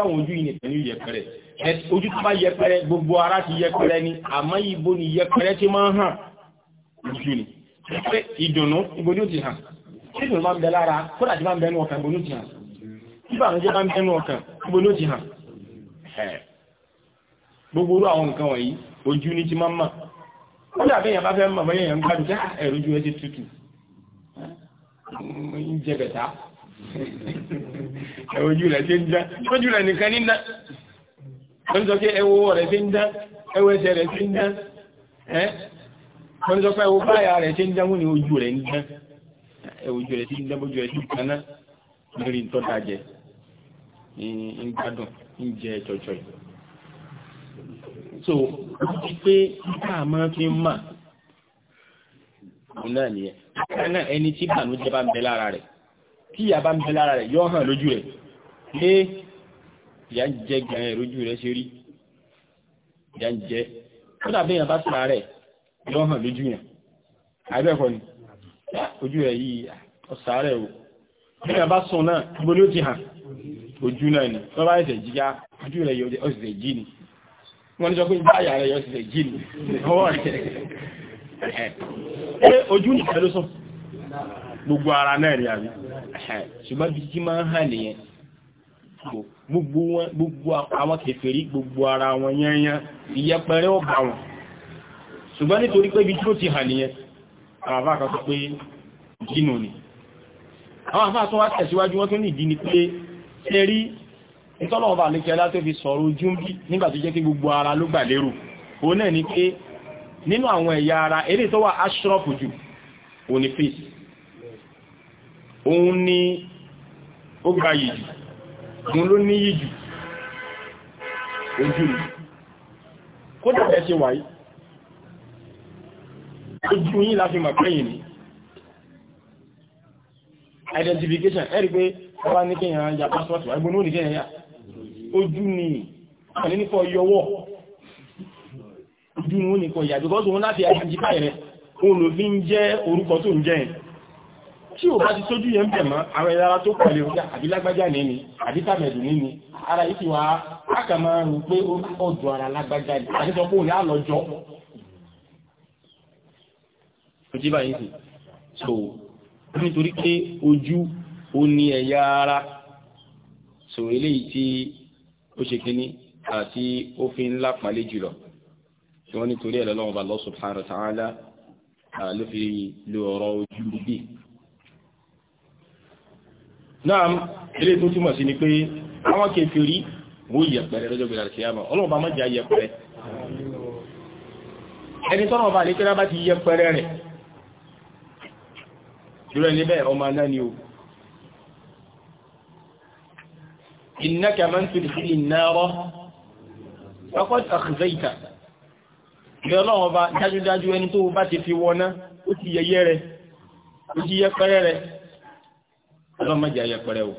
àwọn ojú yìí nìkan ni ó yẹpẹrẹ ojú tó bá yẹpẹrẹ gbogbo ara ti yẹpẹrẹ ni àmọ́ ibo ni yẹpẹrẹ tí máa ń hàn ojú ni pé ìdùnnú ibo ni ó ti hàn tí ìdùnnú máa ń bẹ lára kódà tí máa ń bẹ nú ọkàn ibo ni ó ti hàn tí bàrúnjẹ́ bá ń bẹ nú ọkàn ibo ni ó ti hàn gbogbo orú àwọn nǹkan wọ̀nyí ojú ni ti máa ń mọ̀ ó dàbí èèyàn bá fẹ́ mọ̀ bẹ́ẹ̀ èèyàn ah, ojú rẹ̀ ti ń já ojú rẹ̀ nìkan ní náà wọ́n sọ pé ẹwọ rẹ̀ ti ń dán ẹwọ ẹsẹ̀ rẹ̀ ti ń dán ẹ́ wọ́n pé ẹwọ báyà rẹ̀ ti ń dán wọ́n ni ojú rẹ̀ ń dán ẹwọ ojú rẹ̀ ti ń dán bójú rẹ̀ ti ń kaná lórí ìtọ́ta jẹ ń gbádùn ń jẹ ẹ̀tọ̀ọ̀tọ̀ yìí so wọ́n ti pé ká máa fi ń mà òun náà nìyẹn ká náà ẹni tí bànújẹ́ bá ń bẹ lára rẹ̀ tí bá ń bẹ lára rẹ̀ yóò hàn lójú rẹ̀ ìyá ń jẹ gan ìrójú rẹ ṣe rí ìyá ń jẹ ó dàbí èèyàn bá tún ààrẹ ló hàn lójú yẹn àbẹ́ẹ̀kọ́ ni ojú rẹ̀ yìí ọ̀sàárẹ̀ o èèyàn bá sùn náà ibo ni ó ti hàn ojú náà ni wọ́n bá ẹ̀sẹ̀ jíjá ojú rẹ̀ yọ ọ̀sẹ̀ jí ni wọ́n ní sọ pé báyà rẹ̀ yọ ọ̀sẹ̀ jí ni ọwọ́ rẹ̀ ṣe ojú nìkan ló sùn gbogbo ara náà rí àbí ṣùgbọ́n bí kí máa ń hàn nìyẹn so gbogbo wọn gbogbo àwọn kèfèrí gbogbo ara wọn yányán ìyẹpẹrẹ ọba wọn ṣùgbọ́n nítorí pé ibi tí ó ti hàn nìyẹn àwọn àfáà kan sọ pé jínú ni àwọn àfáà tó wá tẹ̀síwájú wọ́n tó ní ìdí ni pé ṣe rí ìtọ́lọ̀wọ́ bà lékẹ́ látó fi sọ̀rọ̀ ojú ń bí nígbà tó jẹ́ kí gbogbo ara ló gbà lérò òun náà ni pé nínú àwọn ó gbayì òun ló níyì jù ojú ni kódà ẹ ṣe wáyé ojú yín la fi mọ̀ pẹ́yìn ni identification ẹ̀rí pé ọba ní kí èèyàn ya passport wà gbóná òní kí èèyàn ya ojú ni wọ́n ní nípa yọwọ́ ojú ni wọ́n ní kọ ìyà because òun láti identify rẹ̀ òun ló fi ń jẹ́ orúkọ tó ń jẹ́ tí ò bá ti sójú yẹn bẹ̀ mọ́ àwọn ìlara tó pẹ̀lú ọjà àbí lágbájá ní ni àbí tàbẹ̀dù ní ni ara yìí ti wá ákà máa pé ó ọ̀dọ̀ ara lágbájá ní àti sọ pé òun lálọ́jọ́ yìí sì so nítorí pé ojú ó ní ẹ̀yà ara so eléyìí tí ó ṣe kíní àti ó fi ńlá pàlé jùlọ tí wọ́n nítorí ẹ̀lọ́lọ́wọ́ bá Allah subhanahu wa ta'ala ló fi lo ọ̀rọ̀ ojú bíi náà ilé tó túmọ̀ sí ni pé àwọn kèfèrí wọ́n yẹ̀pẹ̀rẹ̀ lọ́jọ́ gbèrà sí àmà ọlọ́run bá mọ́jà yẹ̀pẹ̀rẹ̀ ẹni tọ́nà ọba àlékẹ́lá bá ti yẹ̀pẹ̀rẹ̀ rẹ̀ jùlọ ní bẹ́ẹ̀ ọmọ náà ni o innaka man tudkhilin nara faqad akhzayta bí ọlọ́run bá dájúdájú ẹni tó bá ti fi wọná ọlọ́run má jẹ́ ayẹpẹrẹ o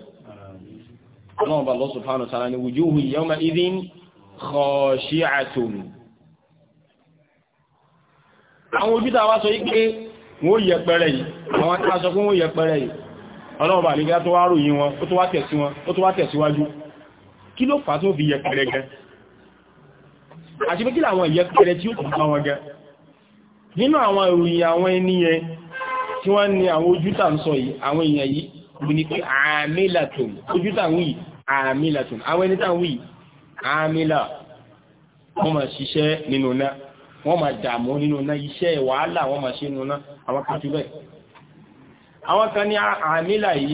ọlọ́run bá Allah subhanahu wa ta'ala ní wujuhu yawma idhin khashi'atun. àwọn ojú tá a wá sọ yí pé wọ́n yẹpẹrẹ yìí àwọn tá a sọ pé wọ́n yẹpẹrẹ yìí ọlọ́run bá nígbà tó wá ròyìn wọn ó tó wá tẹ̀sí wọn ó tó wá tẹ̀síwájú kí ló fà á tó fi yẹpẹrẹ gan àti pé kí làwọn ìyẹpẹrẹ tí ó tún bá wọn gan nínú àwọn ìròyìn àwọn ẹni yẹn tí wọ́n ní àwọn ojú tà ń sọ yìí àwọn èèyàn yìí mo ní pé àmìlàtùn ojú táwọn yìí àmìlàtùn àwọn ẹni táwọn yìí àmìlà wọ́n máa ṣiṣẹ́ nínú náà wọ́n máa dààmú nínú náà iṣẹ́ wàhálà wọ́n máa ṣe nínú náà àwọn kan bẹ́ẹ̀ àwọn kan ní àmìlà yìí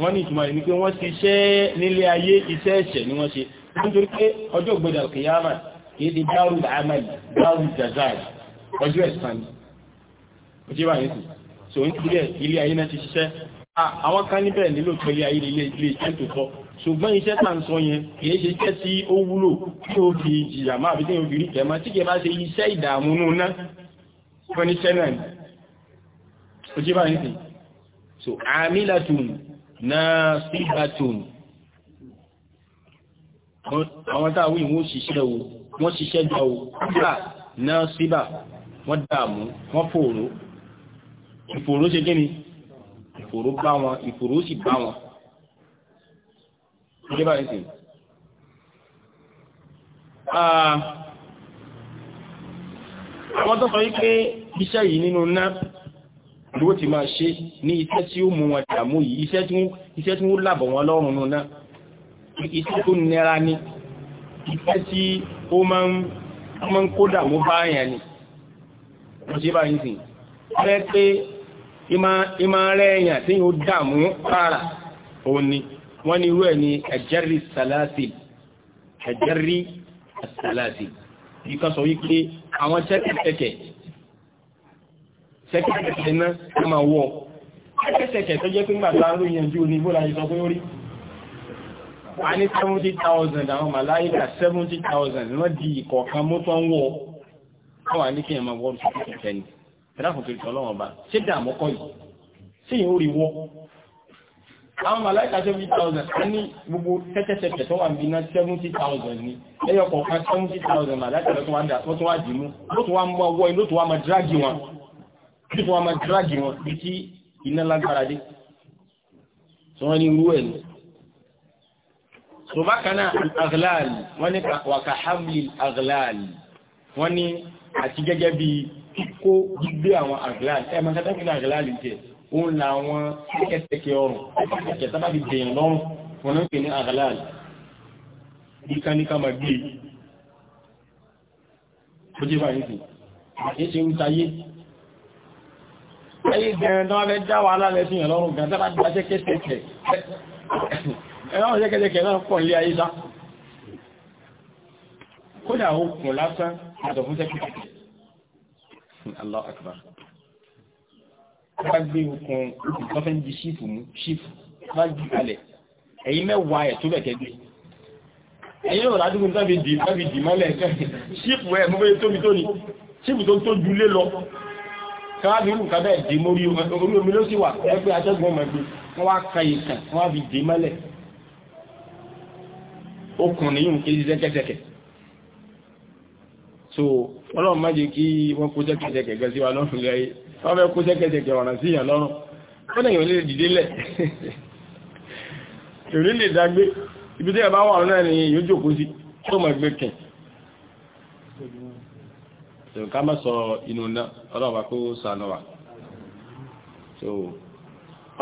wọ́n ní ìtumọ̀ ní pé wọ́n ṣiṣẹ́ nílé ayé iṣẹ́ ẹ̀ṣẹ̀ ni wọ́n ṣe nítorí pé ọjọ́ gbọdọ̀ kìyàmà kìí di dáwù àmàlì dáwù jazai ọjọ́ ẹ̀sán ni ó ti wà ní sí so nítorí ilé ayé náà ti ṣiṣẹ́ Ah, àwọn kan nílò pẹ̀lú ayé ilé iṣẹ́ tó sọ ṣùgbọ́n iṣẹ́ tà sọ yẹn kìí ṣe iṣẹ́ tí ó wúlò tí ó fi jìyà máa fi tí ó tẹ̀mọ́ tí kìí bá ṣe iṣẹ́ ìdààmú náà fún iṣẹ́ náà ó jí bá ń sìn so àmìlàtùn náà síbàtùn àwọn táwọn ìwọ̀n òṣìṣẹ́ wo wọ́n ṣiṣẹ́ jọ wo kúrà náà síbà wọ́n dààmú wọ́n fòòró ìfòòró ṣe kí ni ìfòró bá wọn ìfòró sì bá wọn ṣé báyìí sì. àwọn tó sọ yí pé iṣẹ́ yìí nínú ná ló ti máa ṣe ní iṣẹ́ tí ó mú wọn dààmú yìí iṣẹ́ tí wọ́n lábọ̀ wọn lọ́rùn nínú ná iṣẹ́ tó nira ni iṣẹ́ tí ó máa ń kó dààmú bá ni wọ́n ṣe báyìí sì ìmọ̀ rẹ̀ èèyàn tí yóò dààmú rárá òun ni wọ́n ní irú ẹ̀ ní ẹ̀jẹ̀rí sàlásì ẹ̀jẹ̀rí sàlásì ìkan sọ wípé àwọn tẹ́kẹ̀tẹ̀kẹ̀ tẹ́kẹ̀tẹ̀kẹ̀ náà a máa wọ̀ tẹ́kẹ̀tẹ̀kẹ̀ tó jẹ́ pé gbàtà ló yanjú ní bóla ìsọ pé ó rí a ní 70,000 àwọn màláyíkà 70,000 wọ́n di ìkọ̀ọ̀kan mọ́tọ́ ń wọ̀ wọ́n ní kí ẹ̀mọ̀ wọ́n tẹ́kẹ̀tẹ̀ ni ẹ̀dáfún tó ìtọ́ lọ́wọ́ bá ṣé dààmú kọ́ yìí ṣé yìí ó rí wọ́ àwọn màláìka seventy thousand a ní gbogbo tẹ́tẹ́tẹ́tẹ́ tó wà ní iná seventy thousand ní ẹyọ kọ̀ọ̀kan seventy thousand màláìka lọ́tún wá dà tó tún wá dì mú ló tún wá mú ọwọ́ inú tó wá máa dírágì wọn ló tún wá máa dírágì wọn bí tí iná lágbára dé tí wọ́n ní irú ẹ̀ ní. sọ̀bákaná àgláàlì wọ́n ní wàkàhámlì àgláàlì wọ́n ní àti gẹ́gẹ́ bíi kíkó gbígbé àwọn àgláàlì ẹmọ tẹ́tẹ́kìlá àgláàlì jẹ́ òun làwọn ẹ̀kẹ́sẹ̀kẹ́ ọrùn ẹ̀kẹ́ sábà ti dèèyàn lọ́rùn wọn ń pè ní àgláàlì ìka ní ká máa gbé ó jẹ́ báyìí sí àti ṣe ń tayé ayé gẹ̀rẹ̀ tó wá fẹ́ já wà lálẹ́ sí ìrọ̀rùn gan tábà dá ṣẹ́kẹ́sẹ̀kẹ́ ẹ̀rọ ṣẹ́kẹ́sẹ̀kẹ́ náà pọ̀ ilé ayé sá kódà ó kùn lásán àtọ̀ fún ṣẹ́kẹ́sẹ̀kẹ́ allah akbar bá gbé okùn wọ́n fẹ́ ń di ṣífù mú ṣífù bá gbé kalẹ̀ ẹ̀yin mẹ́wàá ẹ̀ tó bẹ̀kẹ́ gbé ẹ̀yin náà ládùúgbò ní sábì dì sábì dì mọ́lẹ̀ ṣífù ẹ̀ mú bẹ́ẹ̀ tóbi tó ni ṣífù tó tó ju lé lọ káwábi rú kábẹ́ dì mórí orí omi ló sì wà ẹgbẹ́ atẹ́gùn ọmọ ẹgbẹ́ wọ́n wá ka ìkàn wọ́n wá fi dì mọ́lẹ̀ okùn nìyí ń kéde so ọlọ́run má jẹ́ kí wọ́n kó jẹ́kẹ̀jẹ̀kẹ̀ gẹ́ sí wa lọ́rùn lẹ́yẹ wọ́n fẹ́ kó jẹ́kẹ̀jẹ̀kẹ̀ ọ̀ràn sí ìyàn lọ́rùn wọ́n lè yàn dìde lẹ̀ ìrí lè dágbé ibi tí ẹ bá náà ni yóò jòkó sí tó mọ̀ gbé kẹ̀ tó ká má sọ inú náà wa tó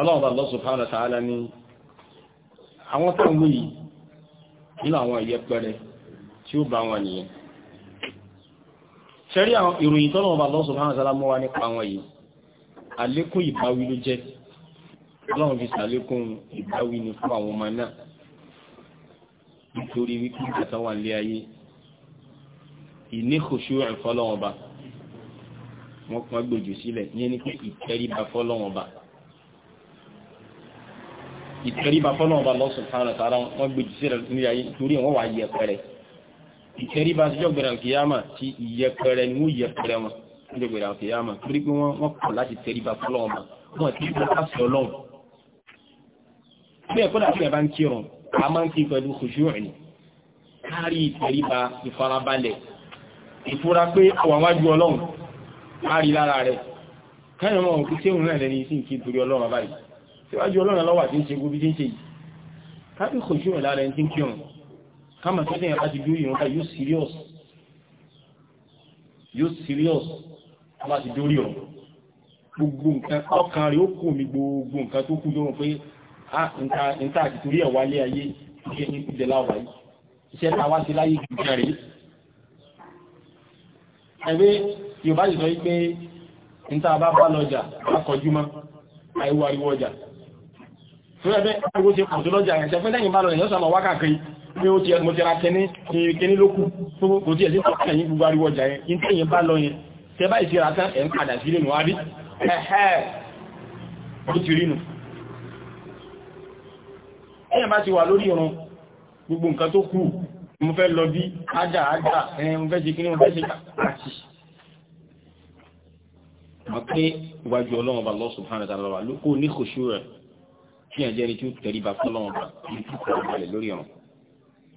ọlọ́run bá lọ́sùn fáwọn sàálà ní àwọn táwọn tí ó bá wọn nìyẹn ṣẹ́rí àwọn ìròyìn tọ́nà ọba Allah subhanahu wa ta'ala mọ́ wa nípa àwọn yìí àlékún ìbáwí ló jẹ́ ọlọ́run fi sàlékún ìbáwí ni fún àwọn ọmọ náà nítorí wípé àtàwọn ilé ayé ìní kòṣù ẹ̀ fọ́lọ́wọ́n ọba wọ́n pọ́n gbòjò sílẹ̀ yẹn ni pé ìtẹríba fọ́lọ́wọ́n ọba ìtẹríba fọ́lọ́wọ́n wọ́n gbòjò sílẹ̀ nílé ayé torí wọ́n wà yẹpẹrẹ ìtẹríba síjọ́ gbẹ̀rẹ̀ alkiyama tí ìyẹpẹrẹ ni wọ́n yẹpẹrẹ wọn síjọ́ gbẹ̀rẹ̀ alkiyama torí pé wọ́n kọ̀ láti tẹríba fọlọ́ọ̀mà wọ́n ti kọ́ láti ọlọ́run bẹ́ẹ̀ kọ́dà tí ẹ̀ bá ń kírun a máa ń kí pẹ̀lú kòṣùwẹ̀ ni kárí ìtẹríba ìfarabalẹ̀ ìfura pé àwọn wájú ọlọ́run kárí lára rẹ̀ káyọ̀ mọ́ òkú tí òun náà káàmà tó tẹ̀yìn láti dúró ìrun báyìí yóò serious yóò serious láti dúró ìrun gbogbo nǹkan ọkàn rẹ̀ ó kù mí gbogbo nǹkan tó kú lóhùn pé ah, nǹkan àti torí ẹ̀ wálé ayé ṣe ní ìdẹ̀lá wà yìí iṣẹ́ ta wá sí láyé gbígbà rèé ẹ̀wé Yorùbá yìí sọ wípé níta bá bá lọ́jà akọjú mọ́ àìwọ̀ àríwọ̀ ọjà tó ẹgbẹ́ ariwo ṣe pọ̀ tó lọ́jà ẹ̀ṣẹ̀ fún lẹ́yìn bá lọ ẹ̀yọ́ sọmọ ní ó ti ẹgbùn ti ra kẹni kẹni lókù kò tí ẹ̀sí tọ́kà yìí gbogbo ariwo ọjà yẹn in tẹ́yìn bá lọ yẹn tẹ́ bá ìsira tán ẹ̀ ń padà sí lè nùwárí ẹ̀ẹ́ ó ti rí wa ta'ala ló kó ní kòṣù rẹ̀ kí ni tí ó tẹríba fọ́lọ́run ọba ní kíkọ̀ lórí ọ̀run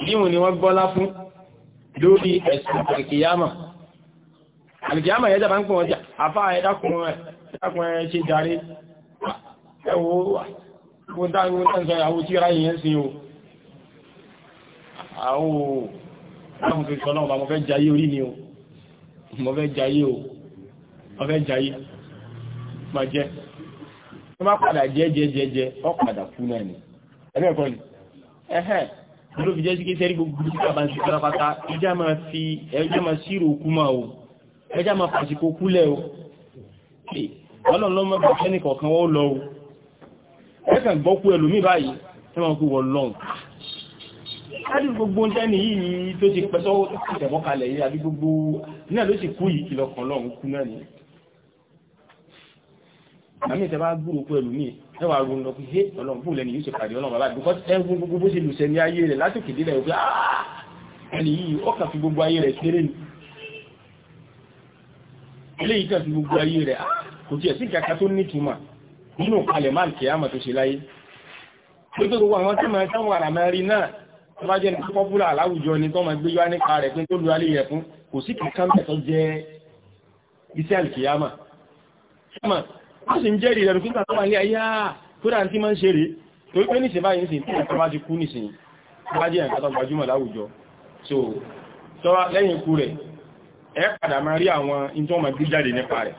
ìdíwọ̀n ni wọ́n gbọ́lá fún lórí ẹ̀sùn àkìyàmà àkìyàmà yẹ́ jàbá ń pọ̀ ọjà àfá ẹ̀dàkùn ẹ̀ ṣe jàrí ẹwọ́ wọ́n dáwọn tán sọ ìyàwó tí ra ìyẹn sí o àwọ̀ láàmùsù ìṣọ́nà ọba mo fẹ́ jayé orí ni o mo fẹ́ jayé o mo fẹ́ jayé ma jẹ́ wọ́n má padà jẹ́ jẹ́ jẹ́ ọ padà kú náà ni ẹgbẹ́ ẹ̀kọ́ ni ẹ̀hẹ́ ló fi jẹ́ sí kéṣẹ́ rí gbogbo ìgbà bá ń sí pátápátá ẹjá máa fi ẹjá máa sírò òkú máa o ẹjá máa pàṣípò kúlẹ̀ o ọlọ́run ló mọ́ bá wọ́n lọ o ẹ̀kàn gbọ́ kú ẹlòmí báyìí tí wọ́n kú wọ́n lọ́n láti gbogbo ń tẹ́ni yìí tó ti pẹ́ tó ti tẹ̀bọ́ kalẹ̀ yìí àbí gbogbo náà ló ti kú yìí kìlọ̀ kan lọ́run kú náà nìyẹn àmì ìtẹ́ bá gbúrò pẹ̀lú mi ẹ wà ronú lọ pé hé ọlọ́run bùn lẹ́nu yìí ṣe pàdé ọlọ́run bàbá because ẹ̀hún gbogbo bó ṣe lù sẹ́ni ayé rẹ̀ látòkè délẹ̀ òfin ah! ẹni yìí ó fi gbogbo ayé rẹ̀ kéré ni eléyìí kà fi gbogbo ayé rẹ̀ ah! kò tiẹ̀ sí kàkà tó nítumọ̀ nínú kalẹ̀ máa kẹ́ àmọ̀ tó ṣe láyé pépé gbogbo àwọn tí màá táwọn àrà rí náà tó bá jẹ́ ní pọ́pùlà aláwùjọ ni tó máa gbé yọ nípa rẹ̀ pé tó lu alẹ́ yẹ̀ fún kò sí kàkà mẹ́tọ́ jẹ́ iṣẹ́ àlùkìyàmà wọ́n sì ń jẹ́rì rẹ̀ rùkúta tó wà ní ayá kódà tí máa ń ṣe rèé torí pé nìsìn báyìí nìsìn tí ẹ̀kọ́ bá ti kú nìsìn bá jẹ́ ẹ̀kọ́ gbajúmọ̀ láwùjọ so tọ́wà lẹ́yìn ikú rẹ̀ ẹ padà máa rí àwọn ìjọ ma gbé jáde nípa rẹ̀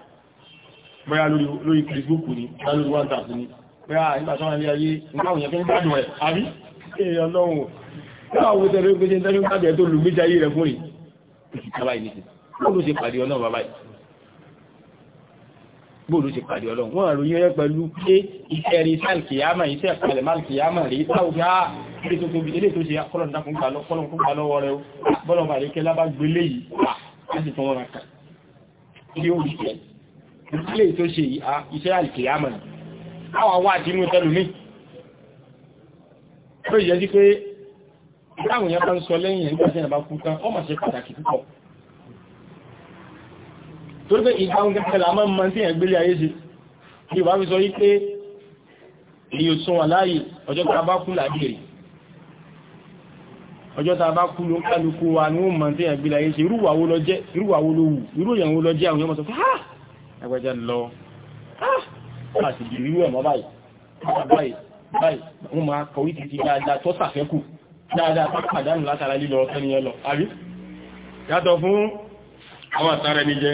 bóyá lórí Facebook ni lórí WhatsApp ni bóyá nígbà tó wà ní ayé nígbà òyìn fi ń gbádùn ẹ̀ àbí èèyàn lọ́wọ́ náà wo tẹ̀lé gbé jẹ́ tẹ́lé gbádùn ẹ̀ tó lùgbéjáyé rẹ̀ fún rẹ̀ bóòlù ti pàdé ọlọ́run wọ́n àròyìn rẹ̀ pẹ̀lú pé iṣẹ́ rí sáàkìyàmà iṣẹ́ ìpàlẹ̀ máàkìyàmà rí sáàkìyà ah, ilé tó tóbi ilé tó ṣe kọ́lọ̀dá lọ́wọ́ rẹ̀ bọ́lọ̀mà àríkẹ́ lábá gbélé yìí láti fún wọn kà ilé òṣìṣẹ́ ilé tó ṣe ah, iṣẹ́ àìkìyàmà àwọn wà dínú tẹ́lù ní ó yẹ sí pé láwọn yẹn bá ń sọ lẹ́yìn ẹgbẹ́ torí pé ìgbà oúnjẹ pẹ̀lá mọ́ mọ́ tí ẹ̀gbélé ayé sí ní ìwà fi sọ yí pé èyí ò sún wà láàyè ọjọ́ ta bá kú làgbèrè ọjọ́ ta bá kú ló kálukú wa ní ó mọ́ tí ẹ̀gbélé ayé sí irúwà wo ló jẹ́ irúwà wo ló wù irú èèyàn wo ló jẹ́ àwọn ọmọ sọ fún ẹgbẹ́jẹ́ lọ láti di irú ẹ̀mọ́ báyìí báyìí báyìí wọ́n máa yàtọ̀ fún àwọn àtàrà ẹni jẹ́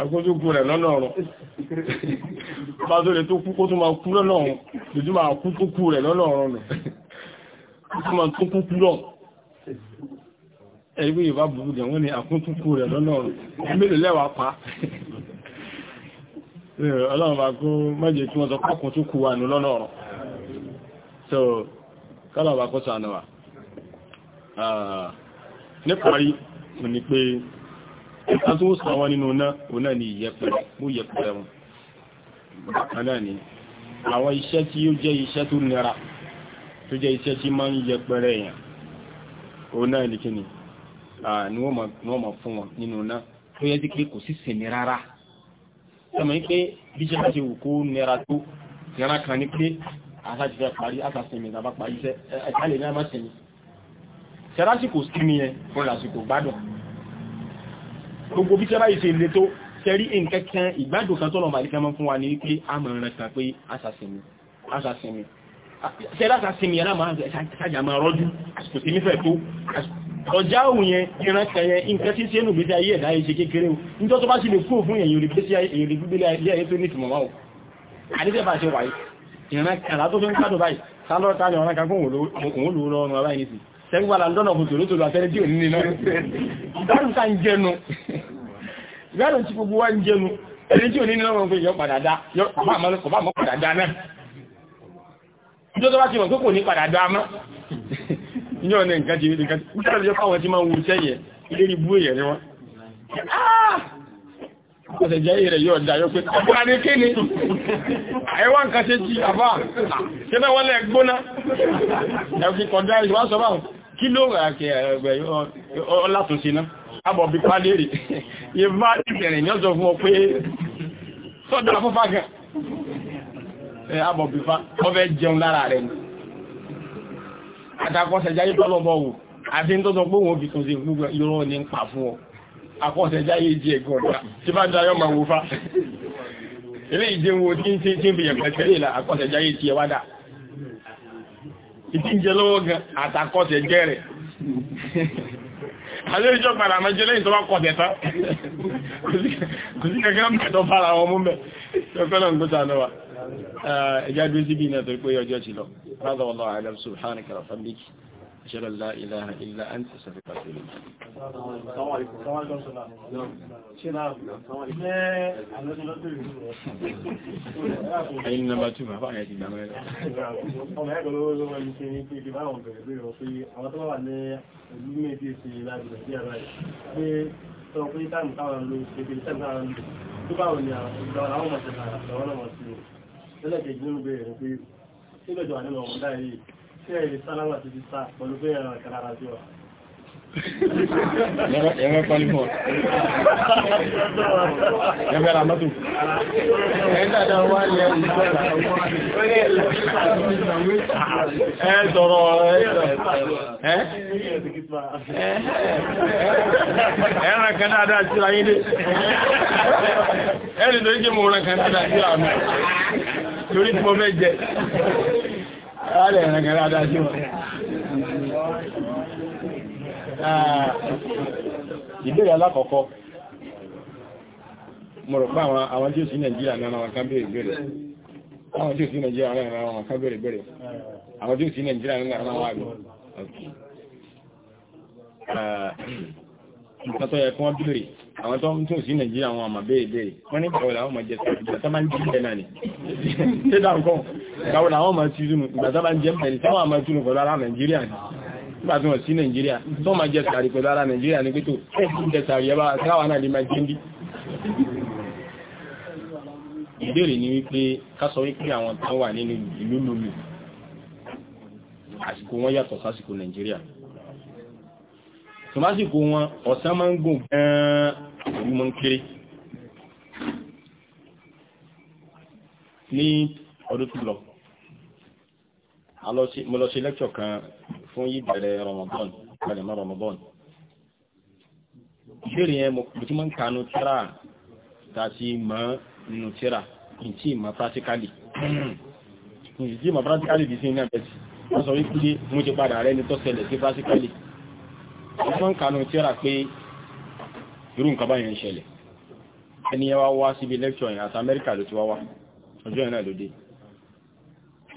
agbójógún rẹ̀ lọ́nà ọ̀rọ̀ bá tó lè tó kú kó tó máa kú lọ́nà ọ̀rọ̀ lójú máa kú tó kú rẹ̀ lọ́nà ọ̀rọ̀ nù tó máa tó kú kú lọ ẹgbẹ́ ìbá burú jẹ wọ́n ni àkún tó kú rẹ̀ lọ́nà ọ̀rọ̀ mélòó lẹ́wàá pa ọlọ́run bá kó mẹ́jẹ tí wọ́n sọ pákùn tó kú wà ẹ̀kan tó sàn wọn nínú náà òun náà ni ìyẹpẹ̀rẹ̀ mú yẹpẹ̀rẹ̀ wọn bákan náà ni àwọn iṣẹ́ tí ó jẹ́ iṣẹ́ tó nira tó jẹ́ iṣẹ́ tí máa ń yẹpẹ̀rẹ̀ èèyàn òun náà ni kíni ni wọ́n mọ̀ fún wọn nínú náà tó yẹ sí pé kò sí sinmi rárá sọmọ yìí pé bí ṣe bá ṣe wù kó nira tó nira kan ní pé aṣájú parí aṣàṣẹ́mi ìjàmbá iṣẹ́ ẹ̀ka ní àmọ́ sinmi ṣe lásìkò yẹn fún lásìkò gbádùn gbogbo bí tẹ́bá ìṣe ilé tó tẹ́rí nǹkankan ìgbádùn kan tọ́lọ̀ màlíkà mọ́ fún wa ní wípé a mọ̀ rẹ̀ kà pé asàsìnmi asàsìnmi tẹ́lá asàsìnmi yàrá máa ṣàjà máa rọ́jú àsìkò sí nífẹ̀ẹ́ tó ọjá òun yẹn ìrànkàn yẹn nǹkan tí sí ẹnu gbé ayé ẹ̀dá ẹ̀ṣẹ̀ kékeré o níjọ́ tó bá sì lè kú òfin èyàn lè gbésí èyàn lè gbígbélé ayé ayé tó ní ìtumọ̀ wá o àdíjẹ́ bá ṣe wáyé ìrànkàn látó fi ń kádùn báyìí sálọ́ta ni ọ̀rán kan fún òun lò lọ́rùn ọlá ìnísìn sẹ́rí wà láńdọ́nà fún tòlótòló àtẹ́rẹ́ tí ò ní nínú ìgbàrùn ká ń jẹnu ìgbàrùn tí gbogbo wá ń jẹnu ẹni tí ò ní nínú ọmọ yọ padà dá yọ ọba àmọ́ padà dá náà ìjọ tó bá ti mọ̀ pé kò ní padà dá mọ́ ìjọ ọ̀nà nǹkan ti rí nǹkan tí ó tẹ́lẹ̀ ọ̀sẹ̀ jẹ́ ìrẹ̀ yóò dá yóò pé ọ̀pá ní kí ni ẹwà ń kàṣẹ́ ti àbá ṣe náà wọ́n lẹ́ gbóná ẹ̀fí kọ̀dá ìwọ́n sọ bá kí ló rà kẹ ẹgbẹ̀ ọlátúnṣe náà abọ̀bí pálérì ìbá ìbẹ̀rẹ̀ ní ọjọ́ fún ọ pé sọ́dọ̀ fún fágẹ̀ abọ̀bí fá ọfẹ́ jẹun lára rẹ̀ ni àtàkọ́sẹ̀ jáyé tọ́lọ́bọ̀ wò àti ń tọ́jọ pé òun òbí tún sí gbogbo ìrọ̀ ní ń àkọ́ọ̀tẹ̀já yìí jẹ́ gọ̀ọ̀dá tí bá dáyọ́ ma wo fá ilé ìdínwó tí ń tí ń fi yẹ̀pẹ̀ ìlà àkọ́ọ̀tẹ̀já yìí ti ẹwádà ìtí lọ́wọ́ gan àtàkọ́ọ̀tẹ̀jẹ́ rẹ̀ àlejò padà mọ́ lẹ́yìn tó bá kọ̀tẹ̀ tán kò sí kankan mẹ́tọ́ fara wọn أشهد أن لا إله إلا أنت أستغفرك وأتوب إليك السلام عليكم السلام عليكم السلام عليكم أين نمبر تو ما بقى يدي نمبر ọmọ ẹgbẹ̀rẹ̀ ló wọ́n ṣe ní pé ìdíbà àwọn bẹ̀rẹ̀ bẹ̀rẹ̀ sí àwọn tó wà ní ìlú méjì sí láti nàìjíríà báyìí pé tọ́rọ pé táìmù táwọn ló ṣe pé táìmù táwọn ló tó báwọn ni àwọn ọmọ ṣẹlẹ̀ àwọn ọmọ sí ẹlẹ́kẹ̀ẹ́ ìgbìmọ̀ bẹ̀rẹ̀ pé sílẹ̀ jọ àdínà ọmọ dáyé ṣé ẹ̀ lè sáláwà ti fi sá pẹ̀lú pé ẹ̀rọ ìkàlára sí wa. Ẹ̀rọ pálífọ̀. Ẹ̀fẹ́ ra mọ́tò. Ẹ̀dàdà wà lẹ́ Ẹ sọ̀rọ̀ ẹ̀ ẹ̀rọ kan dáadáa sí ayé dé. Ẹ̀rìn tó jẹ́ mọ̀ ọ̀rọ̀ kan dáadáa sí àmì. Torí tí mo fẹ́ jẹ. ààrẹ ìrìnàgàrà adájú ìbéèrè alákọ̀ọ́kọ́ mo rò pé àwọn tí ó sí Nàìjíríà náà wọn kán béèrè béèrè àwọn tí ó sí Nàìjíríà náà wọn kán àwọn tí ó sí Nàìjíríà náà wà ah. yẹ wọ́n àwọn tó ń tún sí nàìjíríà àwọn àmà bẹ́ẹ̀ bẹ́ẹ̀ wọ́n ní báwo làwọn ọmọ jẹ ìgbà tó máa ń jíjẹ náà ni ṣé dáa nǹkan báwo làwọn ọmọ ti túnú ìgbà tó máa ń jẹ mẹ́rin táwọn àmà túnú pẹ̀lú ara nàìjíríà ni nígbà tí wọ́n sí nàìjíríà tó máa jẹ sàárì pẹ̀lú ara nàìjíríà ni pé tó ẹ̀ ń jẹ sàárì ẹ bá káwa náà lè máa jẹ ń bí. ìbéèrè àsìkò wọn yàtọ̀ sásìkò nàìjíríà tòmásìkò wọn ọ̀sán máa ń gùn gan-an òru máa ń kéré ní ọdún tó lọ mo lọ ṣe lẹ́kṣọ̀ kan fún yí bẹ̀rẹ̀ Ramadan kalẹ̀ mọ́ Ramadan ìbéèrè yẹn mo tí máa ń kanú tíra tàti mọ́ nínú tíra ìtì mọ́ practically ìtì mọ́ practically bí sí ní àbẹ̀sì wọ́n sọ wípé mo ti padà rẹ ní tó sí practically ọmọ kanu tíra pé irú nǹkan báyìí ń ṣẹlẹ̀ ẹni yẹn wá wá síbi lẹ́kṣọ̀ yẹn àti amẹ́ríkà ló ti wá wá ọjọ́ yẹn náà ló dé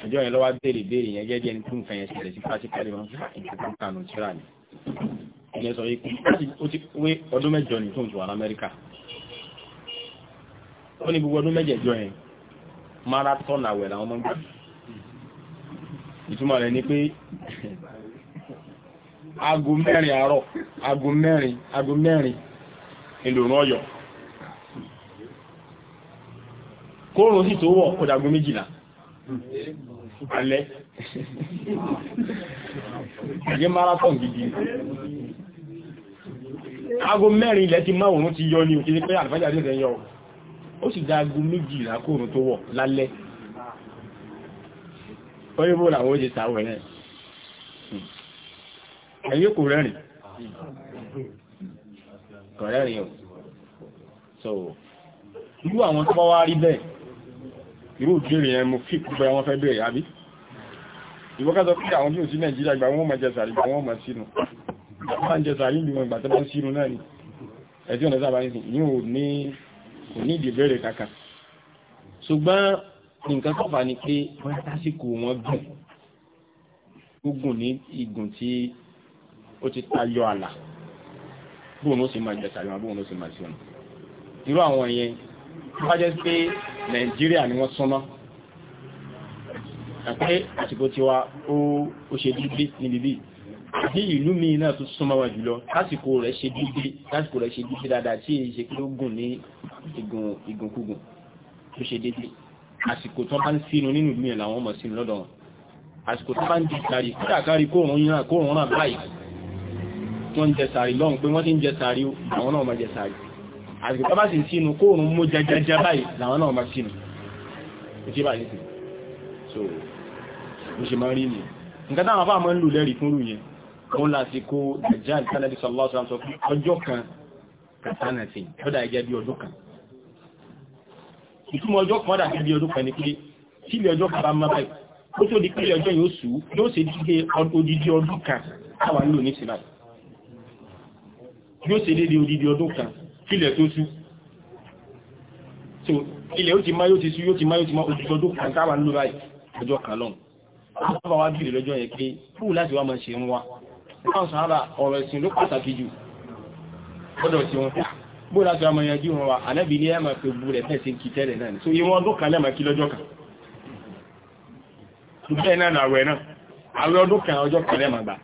ọjọ́ yẹn lọ́wọ́ béèrè béèrè yẹn gẹ́gẹ́ ní tún fẹ́yẹn ṣẹlẹ̀ sí pàṣípàlẹ̀ wọn nǹkan kanu tíra ni ẹni sọ yìí ó ti wé ọdún mẹ́jọ ní tóun ti wà ní amẹ́ríkà ó ní gbogbo ọdún mẹ́jẹ̀jọ yẹn marathon àwẹ̀ làwọn mọ́ gbà ìtumọ̀ rẹ̀ ni pé Agu mẹ́rin àárọ̀ agu mẹ́rin aago mẹ́rin ìlòrùn ọyọ̀ kóòrùn sì tó wọ̀ kọjá aago méjìlá alẹ́ ìgbé marathon gidi aago mẹ́rin ilẹ̀ ti máa ti yọ ní òkèrè pé àlùfájà yọ ó sì dá méjìlá kóòrùn tó wọ̀ lálẹ́ oyinbo làwọn ó ti sáwẹ̀ ẹ̀yìn kò rẹ́rìn kò rẹ́rìn o so irú àwọn tó bá wá rí bẹ́ẹ̀ irú ìbéèrè yẹn mo fi gbogbo àwọn fẹ́ béèrè àbí ìwọ́kàtọ̀ pé àwọn tí ò sí Nàìjíríà gbà wọ́n máa jẹ sàárì gbà wọ́n máa sínú máa ń jẹ sàárì ìlú wọn ìgbà tó bá ń sínú náà ni ẹ̀tí ọ̀nà sábà ní ní ò ní kò ní ìdí ìbéèrè kankan ṣùgbọ́n nǹkan tó fà ní pé wọ́n tásìkò wọn ó ti tayọ àlà bóun ó sì máa jẹ sàrí wọn bóun ó sì máa sí irú àwọn yẹn wá jẹ́ pé nàìjíríà ni wọ́n súnmọ́ àpé àsìkò tiwa ó ṣe dídí níbi bí ní ìlú mi náà tó súnmọ́ wọn jùlọ lásìkò rẹ̀ ṣe dídí lásìkò rẹ̀ ṣe dídí dáadáa tí èyí ṣe pé ó gùn ní ìgùnkúgùn tó ṣe dídí àsìkò tó bá ń sínú nínú ìlú yẹn làwọn ọmọ sínú lọ́dọ̀ wọn àsìkò tó bá ń di kárí kódà kárí kóòrùn náà náà báyìí wọ́n ń jẹ sàárì lọ́n pé wọ́n ti ń jẹ sàárì àwọn náà ma jẹ sàárì àti bá bá sì sínú kóòrùn mú jẹjẹjẹ báyìí làwọn náà ma sínú ìtí bá yìí so mo ṣe máa rí ni nǹkan táwọn afá máa ń lò lẹ́rìí fún rúyẹn òun láti kó dajjal tánàbí sallallahu alaihi wasallam ọjọ́ kan kàtánàtì ọdá ẹgẹ́ bí ọdún kan ìtumọ̀ ọjọ́ kan ọdá ẹgẹ́ bí ọdún kan ni pé sílẹ̀ ọjọ́ kan bá má báyìí ó tó di pé ọjọ́ yóò sù yóò ṣe dídé yóò ṣe léde odidi ọdún kan kílẹ̀ tó sú so ilẹ̀ ó ti má yóò ti sú yóò ti má yóò ti má odidi ọdún kan táwà ń lò báyìí ọjọ́ kan lọ́n àwọn àwọn abìrì lọ́jọ́ yẹn pé fúù láti wá máa ṣe ń wá wọ́n so ìwọ̀n ọdún kan lẹ́ẹ̀mà kí lọ́jọ́ kan bẹ́ẹ̀ náà àwẹ̀ náà àwẹ̀ ọdún kan ọjọ́ kan lẹ́ẹ̀mà gbà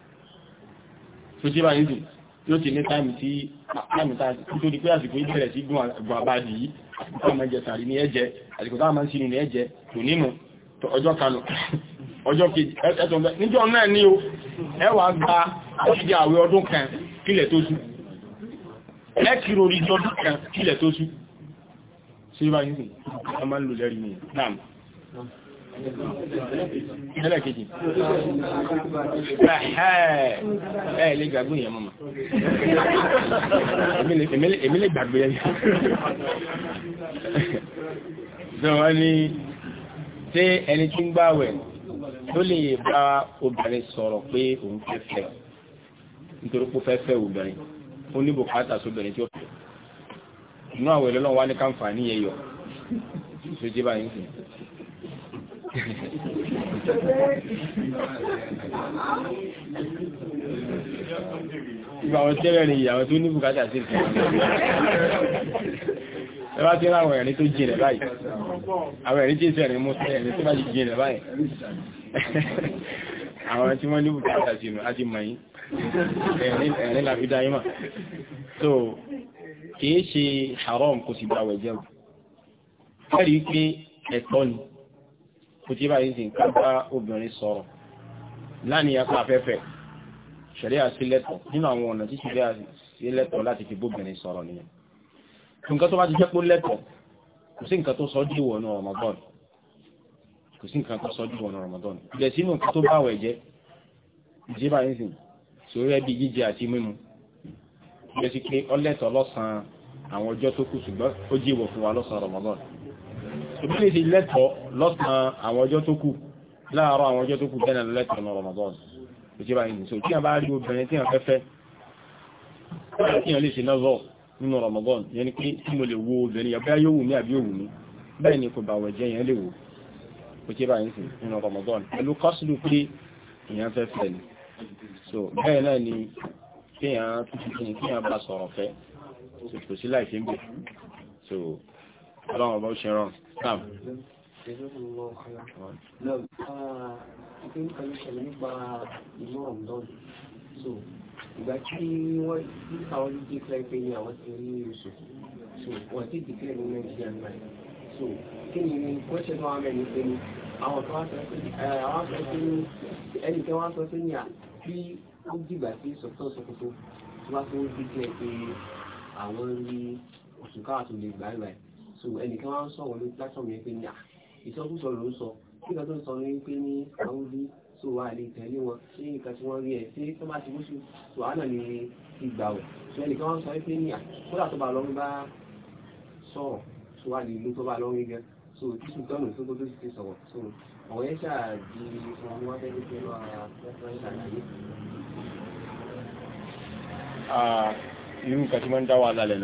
tó jẹ́ báyìí dùn yóò ti ní táìmì tí tó di pé àsìkò ìbẹ̀rẹ̀ sí gún àgbà àbájì yìí àsìkò táwọn ẹjẹ sàrí ní ẹjẹ àsìkò táwọn máa ń sinú ní ẹjẹ tò nínú ọjọ́ kanù ọjọ́ kejì ẹ̀tọ́ níjọ́ náà ní o ẹwà gba ọjọ́ àwẹ̀ ọdún kan kílẹ̀ tó sú ẹkìrò rí ọdún kan kílẹ̀ tó sú sí bá yìí sí ọmọ ń lò lẹ́rìí nìyàn náà ẹlẹ́kejì ẹ lè gbàgbé yẹn mọ́mọ́ èmi lè gbàgbé yẹn so wọ́n ní tí ẹni tí ń gbàwẹ̀ tó lè bá obìnrin sọ̀rọ̀ pé òun fẹ́ fẹ́ nítorí pé fẹ́ fẹ́ obìnrin ó ní bùkátà sóbìnrin tí ó fẹ́ inú àwẹ̀ lọ́wọ́ wá ní káǹfà ní ẹyọ ìgbà àwọn tẹ́rẹ̀ ni ìyàwó tó ní bùkátà sí ìfẹ́ ẹwà tí láwọn ẹ̀rin tó jìnlẹ̀ báyìí àwọn ẹ̀rin tí ìsẹ̀rin mú ẹ̀rin tó bá jì jìnlẹ̀ báyìí àwọn tí wọ́n ní bùkátà sí ìmọ̀ àti mọ̀ yìí ẹ̀rin làfi dá yíma so kìí ṣe haram kò sì bá wẹ̀ jẹun ẹ̀rí pé ẹ̀tọ́ kò tí báyìí sì ń ká bá obìnrin sọ̀rọ̀ lánìyàpá afẹ́fẹ́ ṣẹ̀ríà sí lẹ́tọ̀ nínú àwọn ọ̀nà tí ṣẹ̀ríà sí lẹ́tọ̀ láti fi bóbìnrin sọ̀rọ̀ nìyẹn nǹkan tó bá ti jẹ́ pé lẹ́tọ̀ kò sí nǹkan tó sọ dí ìwọ̀nù Ramadan kò sí nǹkan tó sọ dí ìwọ̀nù Ramadan ilẹ̀ sínú nǹkan tó bá wẹ̀ jẹ́ ìjẹ́ báyìí sì sórí ẹbí jíjẹ àti mímu ilẹ̀ sí pé ọlẹ́tọ̀ lọ́sàn àwọn ọjọ́ tó kù ṣùgbọ́n ó jíwọ̀ fún wa lọ́sàn Ramadan ṣùgbọ́n ní ti lẹ́tọ̀ọ́ lọ́sàn àwọn ọjọ́ tó kù láàárọ̀ àwọn ọjọ́ tó kù bẹ́ẹ̀ náà lẹ́tọ̀ọ́ náà Ramadan kò ṣe bá yìí sọ tí a bá rí obìnrin tí a fẹ́ fẹ́ kí a lè ṣe náà Ramadan yẹn ni pé tí mo lè wo obìnrin yẹn bẹ́ẹ̀ yóò wù mí àbí òwù mí bẹ́ẹ̀ ni kò bà so bẹ́ẹ̀ náà ni kéèyàn tuntun kéèyàn bá sọ̀rọ̀ fẹ́ kò sí so ọlọ́run ọba ó ṣe rọrùn náà ìgbà tí wọ́n ní àwọn olùdíje fẹ́ẹ́fẹ́ ní àwọn ti rí oṣù so wọ́n ti dìklẹ̀ ní Nàìjíríà náà so kí ni kọ́ṣẹ́ tó wà mẹ́rin pé ní àwọn tó wá sọ pé ní ẹni tó wá sọ pé ní à bí ó dìgbà sí sọ̀tọ̀ sọ̀tọ̀ tó wá tó dìklẹ̀ pé àwọn rí oṣù káàtó lè gbà láì so ẹnìkan wá ń sọ̀rọ̀ lórí platform yẹn pé ní à ah, ìsọkúsọ ló ń sọ nígbà tó sọ ní pé ní àwùjọ tó wà lè tẹ̀lé wọn ṣé nǹkan tí wọ́n rí ẹ̀ ṣé tó bá ti wúṣù tó wà ní ìgbà ọ̀ so ẹnìkan wá ń sọ pé ní à ah, kódà tó bá lọ́rùn bá sọ̀rọ̀ tó wà lè lú tó bá lọ́rùn gan so títí tọ́nù tó tó ti sọ̀rọ̀ so ọ̀rọ̀ yẹn di ohun wọ́n fẹ́ ah, irú nǹkan tí wọ́n ń dá wàhálà lẹ̀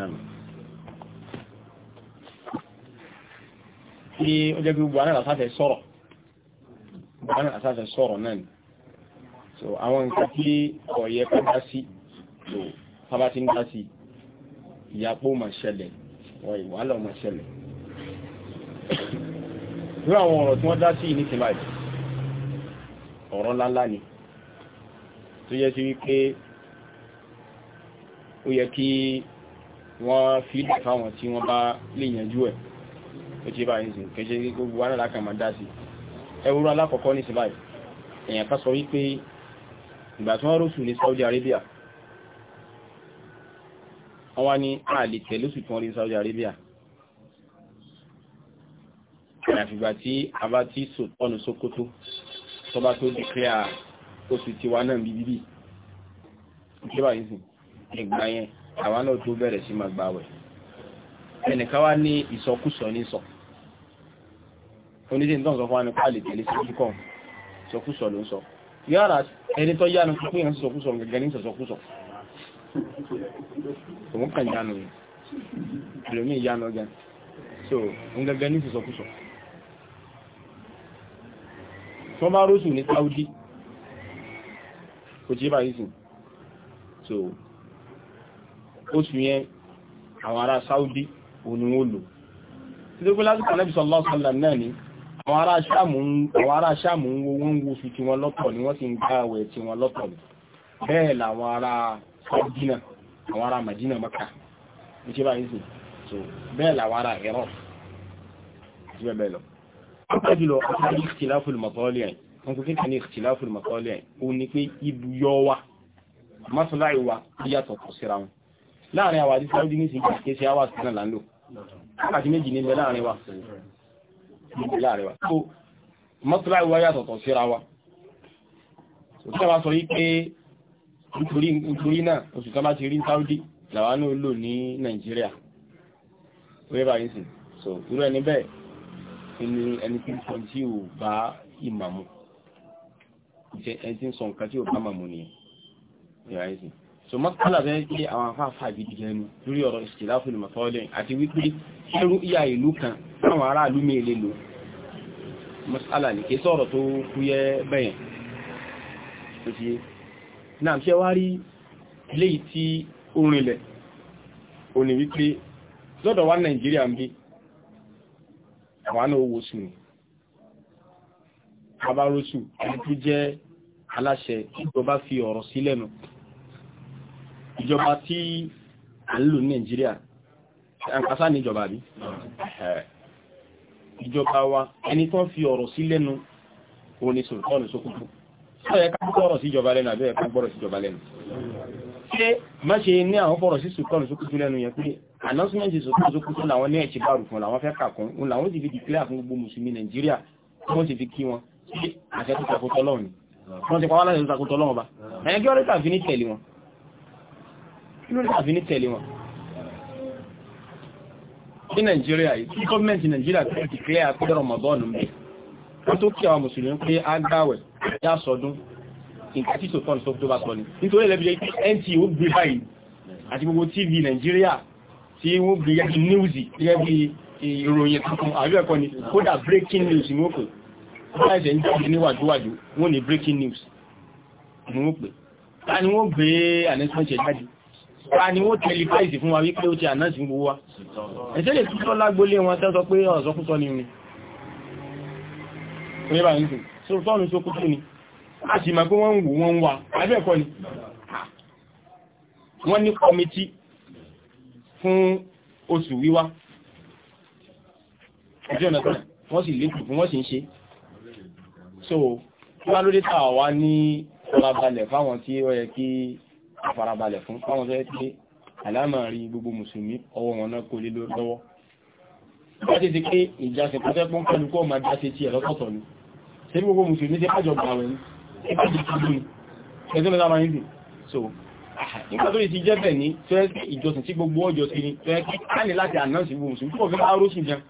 tí ó jẹ́ gbogbo àwọn àṣàfẹ́ sọ̀rọ̀ àwọn àṣàfẹ́ náà ni so àwọn nǹkan tí ọ̀yẹ kọ́dá sí so tábá ti ń dá sí ìyapó mà ṣẹlẹ̀ wọ ìwálọ̀ mà àwọn ọ̀rọ̀ tí wọ́n dá sí ní tìmáì ọ̀rọ̀ ńláńlá ni tó yẹ sí wípé ó yẹ kí wọ́n fi ìdẹ̀ fáwọn tí wọ́n bá lè yanjú ẹ̀ ó ti bá yìí sí kẹjẹ gbogbo wa náà lákàmà dá sí ẹwúrú alákọ̀ọ́kọ́ ní síláì èèyàn ká sọ wípé ìgbà ní Saudi Arabia wọ́n wá ní àlè tẹ̀lósù tí wọ́n rí Saudi Arabia àfìgbà tí a bá tí ọ̀nà Sokoto tó bá tó di kíá oṣù tí wá náà bíbí bí ìgbà yẹn àwa náà tó bẹ̀rẹ̀ sí máa ẹnìkan wá ní ìsọkúsọ ní sọ oníṣẹ́ ìtọ́ sọ fún wa ní pàálì tẹ̀lé sí kíkọ́ ìsọkúsọ ló ń sọ yára ẹni tó yánu pé yẹn sọkúsọ gẹ́gẹ́ ní sọkúsọ òun ní sọkúsọ Saudi kò tí so oṣù yẹn àwọn ará Saudi òní wọ́n lò títí lásìkò Ànábì sallallahu alaihi wasallam náà ni àwọn ará Ṣáàmù ń wo wọ́n ń wo fi tiwọn lọ́tọ̀ ni wọ́n sì ń gba àwẹ̀ tiwọn lọ́tọ̀ ni bẹ́ẹ̀ làwọn ará Madina àwọn ará Madina Maka ní ṣe báyìí sìn so bẹ́ẹ̀ làwọn ará wa mọ́tòláì wa láàrin àwà àti Saudi ní ìsìnkú kéṣe àwà sí náà lánlò àti méjì níbẹ̀ láàrin wa láàrin wa so mọ́tílá ìwá yàtọ̀tọ̀ síra wa so tí a wá sọ yí pé nítorí náà oṣù kan bá ti rí Saudi làwa náà lò ní Nàìjíríà wíwẹ́ bá yìí sí so irú ẹni bẹ́ẹ̀ inú ẹni tí ń sọ tí ò bá ìmàmù ẹni tí ń sọ nǹkan tí ò bá màmù nìyẹn ìwà yìí sí so masala bẹ́ẹ̀ pé àwọn afáfà gidi gẹnu lórí ọ̀rọ̀ ìsìláfù ní mọ̀tọ́lẹ̀ àti wípé ṣẹ́rú ìyá ìlú kan àwọn ará ìlú mi lè lò masala ní kí sọ̀rọ̀ tó kúyẹ́ bẹ́yẹn tó ti náà ṣe wá rí léyìí tí ó rinlẹ̀ ò ní wípé lọ́dọ̀ wá nàìjíríà ń bí àwọn ẹni tó jẹ́ aláṣẹ ìjọba fi ọ̀rọ̀ sílẹ̀ náà ìjọba tí à ń lò ní Nàìjíríà àǹkásá ní ìjọba bí ìjọba wa ẹni tó fi ọ̀rọ̀ sí lẹ́nu òun ni Sultan Sokoto sọ́yẹ ká gbọ́rọ̀ sí ìjọba lẹ́nu àbẹ́ẹ̀ ká gbọ́rọ̀ sí ìjọba lẹ́nu ṣe má ṣe ní àwọn bọ̀rọ̀ sí Sultan Sokoto lẹ́nu yẹn pé announcement Sultan Sokoto làwọn ní ẹ̀ṣì bá rùfún làwọn fẹ́ kàkún òun làwọn ti fi declare kí ló dàbí ní tẹ̀lé wọn ní nàìjíríà yìí tí gọ́ọ̀mẹ́ntì Nigeria tó ti kílẹ̀ àpẹẹrẹ ọmọdọ́ọ̀nù mẹ́ wọ́n tó kí àwọn mùsùlùmí pé á gbáwẹ̀ yá sọdún nǹkan tí tó tọ́nù tó bá sọ ni nítorí ẹlẹ́bí jẹ́ nt ó gbé báyìí àti gbogbo tv nàìjíríà tí wọ́n gbé yẹ́ bí níwùsì gẹ́gẹ́ bí ìròyìn tuntun àríwẹ̀kọ́ ni kódà breaking news ni wọ́n pè láìsẹ̀ ń jáde níwájúwájú wọ́n ní breaking news ni wọ́n pè ta ni wọ́n gbé ta ni wọ́n tẹlifáìsì fún wa wípé ó ti ànáṣì gbogbo wa ẹ̀ṣẹ́ lè tún tọ́lá wọn tẹ́sọ pé ọ̀sọ́kútọ́ ni mi rẹ́bà ní sọ́tọ́nù sókútọ́ ni a sì máa pé wọ́n ń wò wọ́n wà abẹ́ẹ̀kọ́ ni wọ́n ní kọmití fún oṣù wíwá wọ́n sì wọ́n sì ń so kí wá lóde tàwa ní ọlábalẹ̀ àfarabalẹ̀ fún fáwọn tó yẹ pé àlámàrí gbogbo mùsùlùmí ọwọ́ wọn náà kò lè lọ́wọ́ wọ́n ti ti pé ìjásẹ̀ pọ́tẹ́ pọ́n kọlu kọ́ máa dáṣe tí ẹ̀ lọ́tọ̀ọ̀tọ̀ ni ṣe gbogbo mùsùlùmí ti pàjọ gbàwẹ̀ ní ẹgbẹ́jì kí lónìí ẹgbẹ́ mẹ́ta máa ń dì so nígbà tó ti jẹ́ bẹ̀ ní tó yẹ kí ìjọsìn tí gbogbo ọjọ́ sí ni tó yẹ kí ká ní láti ànáǹsì gbogbo mùsùlùmí tó kọ̀ fi máa róṣì jẹun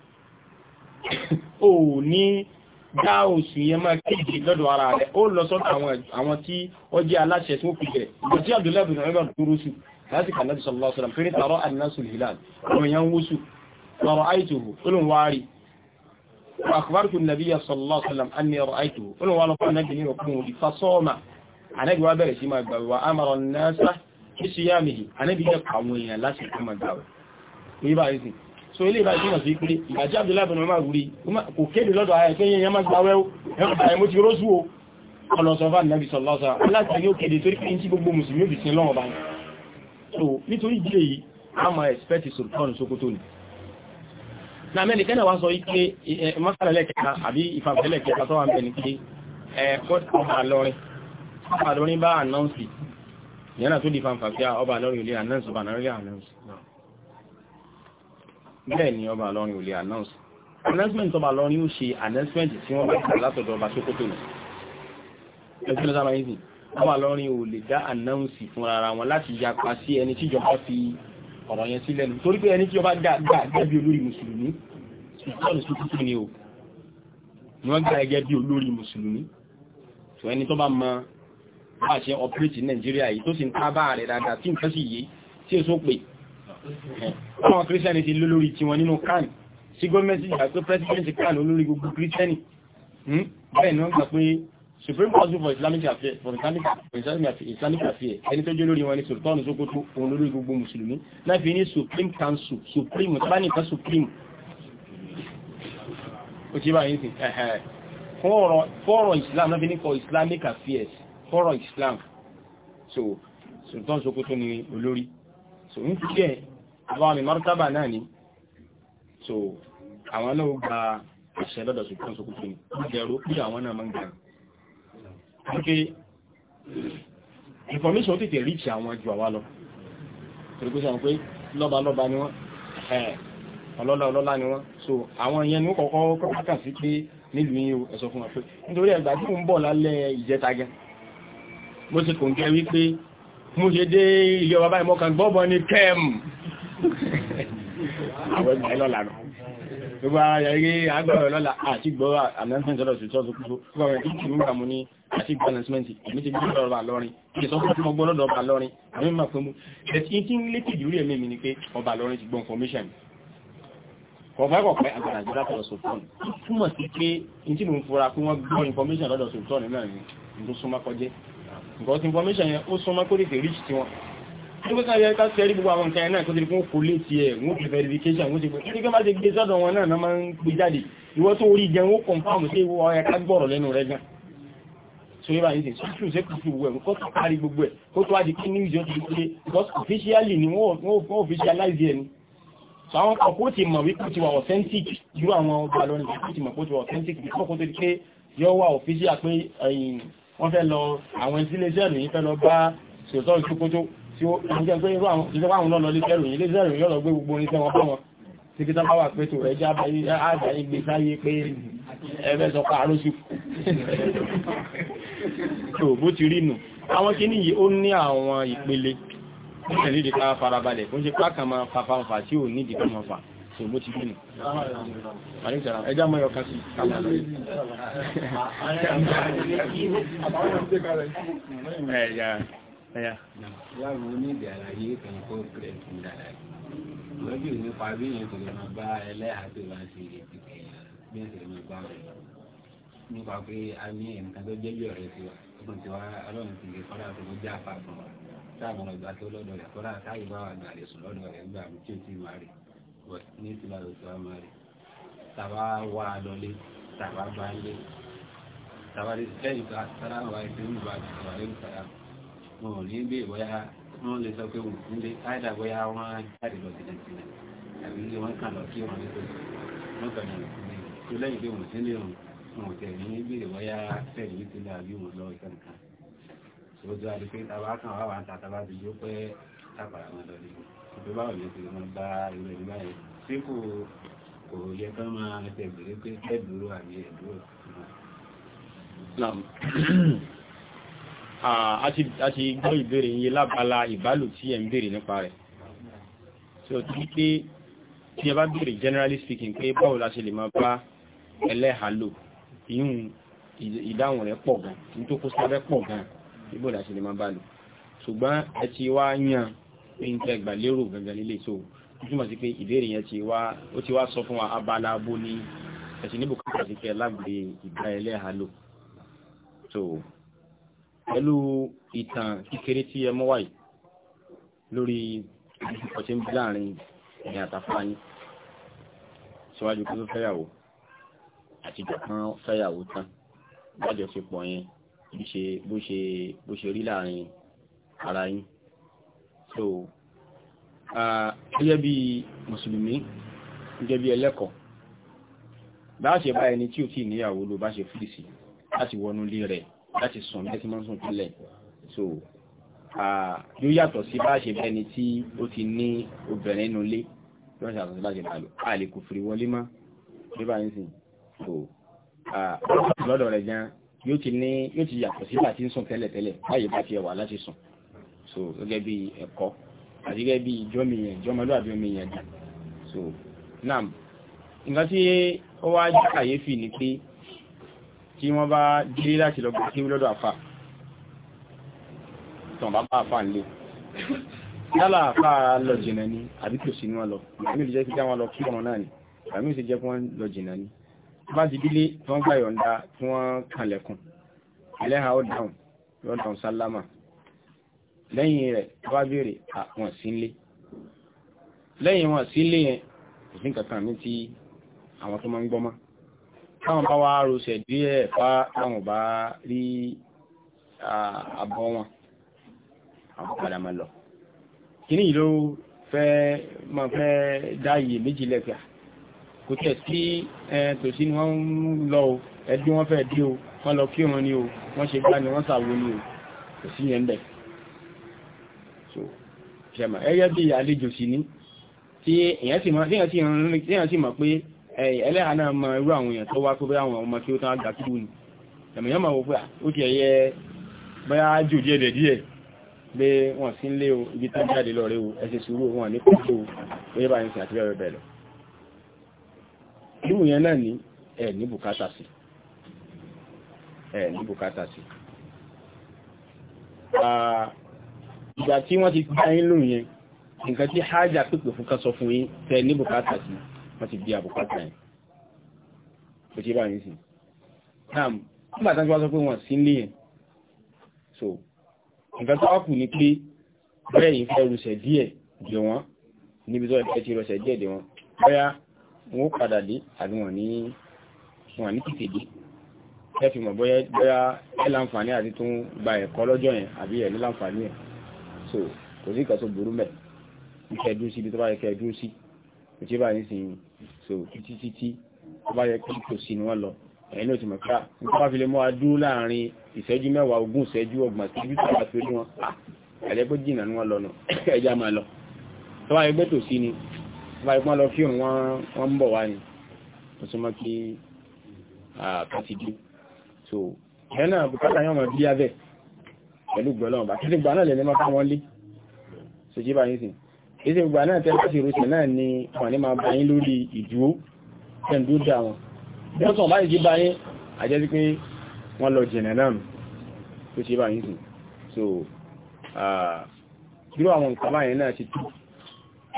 dá òsì yẹn máa kéèkì lọ́dọ̀ ara rẹ̀ ó lọ sọ́dọ̀ àwọn tí ó jẹ́ aláṣẹ tí ó fi bẹ̀rẹ̀ ìgbà tí Abdullahi bin Umar dúró sí láti kà náà sallallahu alaihi wasallam fẹ́rẹ́ tààrọ annasul hilal àwọn wúsù so ilé ìbá ìtumọ̀ sí pé ìbàjí Abdullahi bin Umar guri kò kéde lọ́dọ̀ ara ẹ̀kẹ́ yẹn máa gbáwẹ́ ó ẹ̀rọ àìmọ́ ti rósù ó ọlọ́sọ̀fà nàbì sọ̀lọ́sà aláti so nítorí ìdílé yìí a máa expect sultan na mẹ́ni kẹ́nà wá sọ pé mọ́sálẹ̀lẹ̀ kẹta àbí ìfàfẹ́lẹ̀ kẹta tó wà ń bẹ̀ ní pé ọba lọrin ọba lọrin bá announce ìyẹn náà tó di fanfàfíà ọba lọrin ilé announce ọba lọrin ilé announce náà bẹ́ẹ̀ ni ọba lọ́rin ò lè announce announcement ọba lọ́rin ó ṣe announcement tí wọ́n bá kà látọ̀dọ̀ ọba sókótó nù ẹgbẹ́ sábà yìí ọba lọ́rin ò lè dá announce fún ara wọn láti yapa sí ẹni tíjọba fi ọ̀rọ̀ yẹn sílẹ̀ nù torí pé ẹni tíjọba gbà gbà gẹ́bí olórí mùsùlùmí ìtọ́nù sókótó ni o ni wọ́n gbà gẹ́gẹ́ bí olórí mùsùlùmí tó ẹni tó bá mọ bá ṣe operate Nàìjíríà yìí tó sì ń tábà rẹ̀ dáadáa tí nǹkan sì yé tí èso pè àwọn kírísítẹ́nì ti lólórí tiwọn nínú kan sí gọ́ọ̀mẹ́ntì ìgbà pé pẹ́sidẹ́ntì kan olórí gbogbo kírísítẹ́nì hmm? bẹ́ẹ̀ ni wọ́n gbà pé Supreme Council for Islamic Affairs for Islamic Islamic Affairs ẹni tó jẹ́ lórí wọn ni Sultan Sokoto òun lórí gbogbo Mùsùlùmí náà fi ní Supreme Council Supreme tó bá nìkan Supreme ó ti bá yìí sí fọ́rọ̀ Islam náà fi ní for Islamic Affairs fọ́rọ̀ Islam so Sultan Sokoto ni olórí so ń fi jẹ́ àwọn àmì martaba náà ni so àwọn náà gba àṣẹ lọ́dọ̀ sultan sokoto ni ó jẹ́rú pí àwọn náà máa ń gbẹ̀rẹ̀ wípé information tètè reach àwọn ju àwa lọ torí pé sọ pé lọ́balọ́ba ni wọ́n ọlọ́lá ọlọ́lá ni wọ́n so àwọn ìyẹn ní kọ̀ọ̀kọ́ kọ́kọ́ sí pé nílùú yìí ẹ sọ fún wa pé nítorí ẹgbà tí ń bọ̀ lálẹ́ ìjẹtagẹ mo ti kò ń kẹ́ wípé mo ṣe dé ilé ọba báyìí mọ́kàn gbọ́bọ̀ ni kẹ́m àwọn ìgbà ìlọ́la nù gbogbo ayẹyẹ agbọ̀rọ̀ lọ́la àti gbọ́ announcement ọ̀rọ̀ ìṣọ́ tó kúrò gbogbo àwọn ìdíkì ń gbà mú ní àti gbọ́ announcement èmi ti gbọ́ lọ́rọ̀ lọ́rin kí sọ fún ọmọ gbọ́lọ́dọ̀ ọba lọ́rin àmì máa fún mú ẹ̀tí tí ń lékè jù rí ẹ̀mí mi ni pé ọba lọ́rin ti gbọ́ information kọ̀ọ̀fẹ́kọ̀ọ̀fẹ́ agbára jẹ́ látọ̀rọ̀ sọ̀tọ́n túmọ̀ sí pé in tí mo ń fura pé wọ́n gbọ́ information lọ́dọ̀ sọ̀tọ́n náà ni tó súnmọ́ kọjẹ́ because information yẹn ó súnmọ́ kó lè fẹ́ reach tiwọn nígbé kan yẹ ká sẹ́rí gbogbo àwọn nǹkan náà tó ti fún kò lè ti ẹ̀ wọ́n ti verification wọ́n ti pẹ̀ ní kí má ti gbé sọ́dọ̀ wọn náà náà máa ń gbé jáde ìwọ́ tó orí jẹun ó kọ̀ǹfàmù sí ìwọ ọ̀yà ká gbọ́rọ̀ lẹ́nu rẹ̀ gan so yíba yìí sí ṣùgbọ́n ṣe kùsù wẹ̀ kó tó kárí gbogbo ẹ̀ kó tó wá di kí ní ìjọ ti pé because officially ni wọ́n officialize ẹni so àwọn ọkọ̀ ti mọ̀ wípé ti wà authentic irú àwọn ọgbà lọ́nà wípé ti mọ̀ kó ti wà authentic bí kọ́kọ́ tó di pé yóò wà official pé wọ́n fẹ́ lọ àwọn ìsílẹ̀ iṣẹ́ tí ó ń jẹ́ pé irú àwọn lọ́lọ́ lé kẹrù yìí lé zẹ́rù yọ́ lọ gbé gbogbo orin tẹ́wọ́n fún wọn tí kí tábà wà pé tó rẹ̀ jẹ́ àgbáyé gbé sáyé pé ẹgbẹ́ sọ pa àrósù tó bó ti rí nù àwọn kí níyìí ó ní àwọn ìpele nídìí ká farabalẹ̀ kó ń ṣe pákà máa fàfàǹfà tí ò nídìí ká máa fà tó bó ti rí nù ẹjá mọ́ yọkan sí ẹ̀yà láàrú onídìí àlàyé ìkànnì kó kìrẹ̀ fún dáadáa lọ́jọ́ nípa bí èèyàn kò lè máa bá ẹlẹ́yà tó bá ń ṣe ètò èèyàn bí èèyàn kò lè máa bá wọn lọ nípa pé a ní nǹkan tó jẹ́ bí ọ̀rẹ́ sí wa ọkùn tí wa ọlọ́run ti lè kọ́ra tó jẹ́ àfa fún wa táàbù wọn gbà tó lọ́dọ̀ rẹ̀ kọ́ra táyì bá wà gbà lè sùn lọ́dọ̀ rẹ̀ nígbà tí ó ti máa rè ní ti máa lò tó máa rè tàbá wà lọlé tàbá bá lé tàbá lè fẹ́ ìgbà sára ìdí wọn ò ní bí ìbọyá wọn lè sọ pé wọn lè áìdà bóyá wọn jáde lọ sílẹ̀ sílẹ̀ àbí ilé wọn kàn lọ kí wọn nítorí wọn kàn lọ sílẹ̀ tó lẹ́yìn pé wọn sí lè rùn wọn ò tẹ̀ ní bí ìbọyá tẹ̀lé ní sílẹ̀ àbí wọn lọ ìkànnì kan ojú àdìpé tàbá kan wà wà tàbá ti jó pé tàbàrà wọn lọ ní ìgbé báwọn ní ti wọn bá ilẹ̀ ní báyìí tí kò kò yẹ kán máa ẹsẹ̀ bèrè pé ẹ̀dúró àbí ẹ̀dúró a ti gbọ́ ìbéèrè yìí lábala ìbálò tí ẹ ń béèrè nípa rẹ̀ tí ó ti pé tí ẹ bá béèrè generally speaking pé báwo la ṣe lè máa bá ẹlẹ́hàlò ìyún ìdáhùn rẹ̀ pọ̀ gan ní tó kó sábẹ́ pọ̀ gan níbo la ṣe lè máa bá lò ṣùgbọ́n ẹ ti wá yàn pé ń tẹ gbà lérò gangan nílé tó túmọ̀ sí pé ìbéèrè yẹn ó ti wá sọ fún wa abala abo ní ẹ̀sìn níbùkún àti kẹ lágbè ìgbà ẹlẹ́hàlò tó pẹ̀lú ìtàn kékeré tí ẹ mọ́ wáyé lórí ọ̀ṣẹ́ ń bí láàrin ẹ̀yìn àtàfáà yín síwájú kó tó fẹ́yàwó àti ìjọ̀kan fẹ́yàwó tán lájọṣepọ̀ yẹn bó ṣe bó ṣe rí láàrin ara yín so gẹ́gẹ́ bí mùsùlùmí gẹ́gẹ́ bí ẹlẹ́kọ̀ọ́ bá ṣe bá ẹni tí ò tí ìníyàwó ló bá ṣe fìdí sí láti wọnú ilé rẹ̀ láti sùn bí ẹ ti máa ń sùn tẹ́lẹ̀ so yóò yàtọ̀ sí bá ṣe bẹ́ni tí ó ti ní obìnrin nínú ilé yóò ṣàtọ̀ sí bá ṣe bàlù a lè kò fìrí wọlé má bí bá ń sìn so lọ́dọ̀ rẹ̀ gan yóò ti ní yóò ti yàtọ̀ sí bá ti ń sùn tẹ́lẹ̀ tẹ́lẹ̀ báyìí bá ti ẹwà láti sùn so gẹ́gẹ́ bí ẹ̀kọ́ àti gẹ́gẹ́ bí ìjọ́mi yẹn ìjọ́mọlúwàbí omi yẹn gan so nam nǹkan tí ó wá jẹ́ kàyéfì ni pé tí wọ́n bá dé láti lọ gbé lọ́dọ̀ àfà tàn bá bá àfà nílé yálà àfà lọ jìnà ni àbí kò sí ní wọn lọ ìgbàmí ìjẹ́ kí wọn lọ kí ọ̀rọ̀ náà ni ìgbàmí ìṣe jẹ́ wọ́n lọ jìnà ni bá ti dílé tí wọ́n gbà yọ̀ǹda tí wọ́n kànlẹ̀kùn ẹlẹ́hà ó dáhùn yóò dáhùn sálámà lẹ́yìn rẹ̀ bá béèrè àwọn sílé lẹ́yìn wọn sílé yẹn kò sí nǹkan kan mi tí àwọn tó máa ń gbọ́mọ́ táwọn bá wá rọṣẹ̀ díẹ̀ fá táwọn bá rí àbọ̀ wọn àwọn padà máa lọ kíní yìí ló fẹ́ máa fẹ́ dá iye méjì lẹ́fẹ̀ẹ́ kò tẹ̀ sí tòsí ni wọ́n ń lọ o ẹbí wọ́n fẹ́ dé o wọ́n lọ kí wọn ni o wọ́n ṣe gbá ni wọ́n sàwó ni o kò sí yẹn bẹ̀ so ṣẹ̀mà ẹgẹ́ bí àlejò sí ní tí èèyàn sì mọ̀ pé ẹlẹ́hà náà mọ irú àwọn èèyàn tó wá tó bẹ́ àwọn ọmọ tí ó tán àgbà kúrò ní ẹ̀mẹ̀yàn máa wò pé ó ti ẹ̀yẹ bẹ́yà jù díẹ̀ dẹ̀ díẹ̀ pé wọ́n sí lé o ibi tán jáde lọ rẹ̀ o ẹsẹ̀ sùúrù wọn ní kókó ó yẹ́ bá ń sìn àti bẹ́ẹ̀ bẹ́ẹ̀ lọ irú yẹn náà ní ẹ̀ ní bùkátà sí ẹ̀ ní bùkátà sí ìgbà tí wọ́n ti gbá yín lóyún yẹn nǹkan tí hájà pípè wọ́n ti bí àbùkátà yẹn tó ṣe báyìí sí náà nígbà tán tí wọ́n sọ pé wọ́n sí nílé yẹn so nǹkan tó wákù ni pé bẹ́ẹ̀ yìí fẹ́ rúṣẹ̀ díẹ̀ dè wọ́n níbi tó ẹ̀fẹ́ ti rọṣẹ̀ díẹ̀ dè wọ́n bóyá wọn ó padà dé àbí wọn ní wọn ní tètè dé ẹ fi mọ̀ bóyá ẹ láǹfààní àti tó ń gba ẹ̀kọ́ lọ́jọ́ yẹn àbí ẹ̀ ní láǹfààní ẹ̀ so kò sí ìkàtó burú mẹ́ ìkẹ́ẹ̀dú ibi tó bá yẹ kẹ́ẹ̀dú kò tí bá ní sí yìí so títí títí tó bá yẹ kí kò sí ni wọ́n lọ ẹ̀yìn ló ti mọ̀ pé nípa fi lè mọ́ adúró láàrin ìṣẹ́jú mẹ́wàá ogún ìṣẹ́jú ọgbọ̀n ìṣẹ́jú tàbá tó ní wọn ah, ẹ̀jẹ̀ pé jìnnà ni wọ́n lọ nù ẹja máa lọ tó bá yẹ pé tòsí ni tó bá yẹ pé wọ́n lọ fi hàn wọ́n ń bọ̀ wá ni tó súnmọ́ kí àkàtì dé so ẹ̀yìn náà bùkátà yọ̀ mọ̀ bí abẹ́ pẹ̀lú gbọ́lọ́mọba kí ni gbà náà lè lè mọ́ káwọn lé so jí bá yín sìn ìṣe ìgbà náà tẹ́ láti ìrúṣẹ̀ náà ni wọ́n ní máa báyín lórí ìdúró tẹ́ndú dà wọn wọ́n tàn báyìí jí báyín àjẹ́ sí pé wọ́n lọ jẹ̀nà náà tó ṣe báyìí sùn so dúró àwọn nǹkan báyìí náà ti tú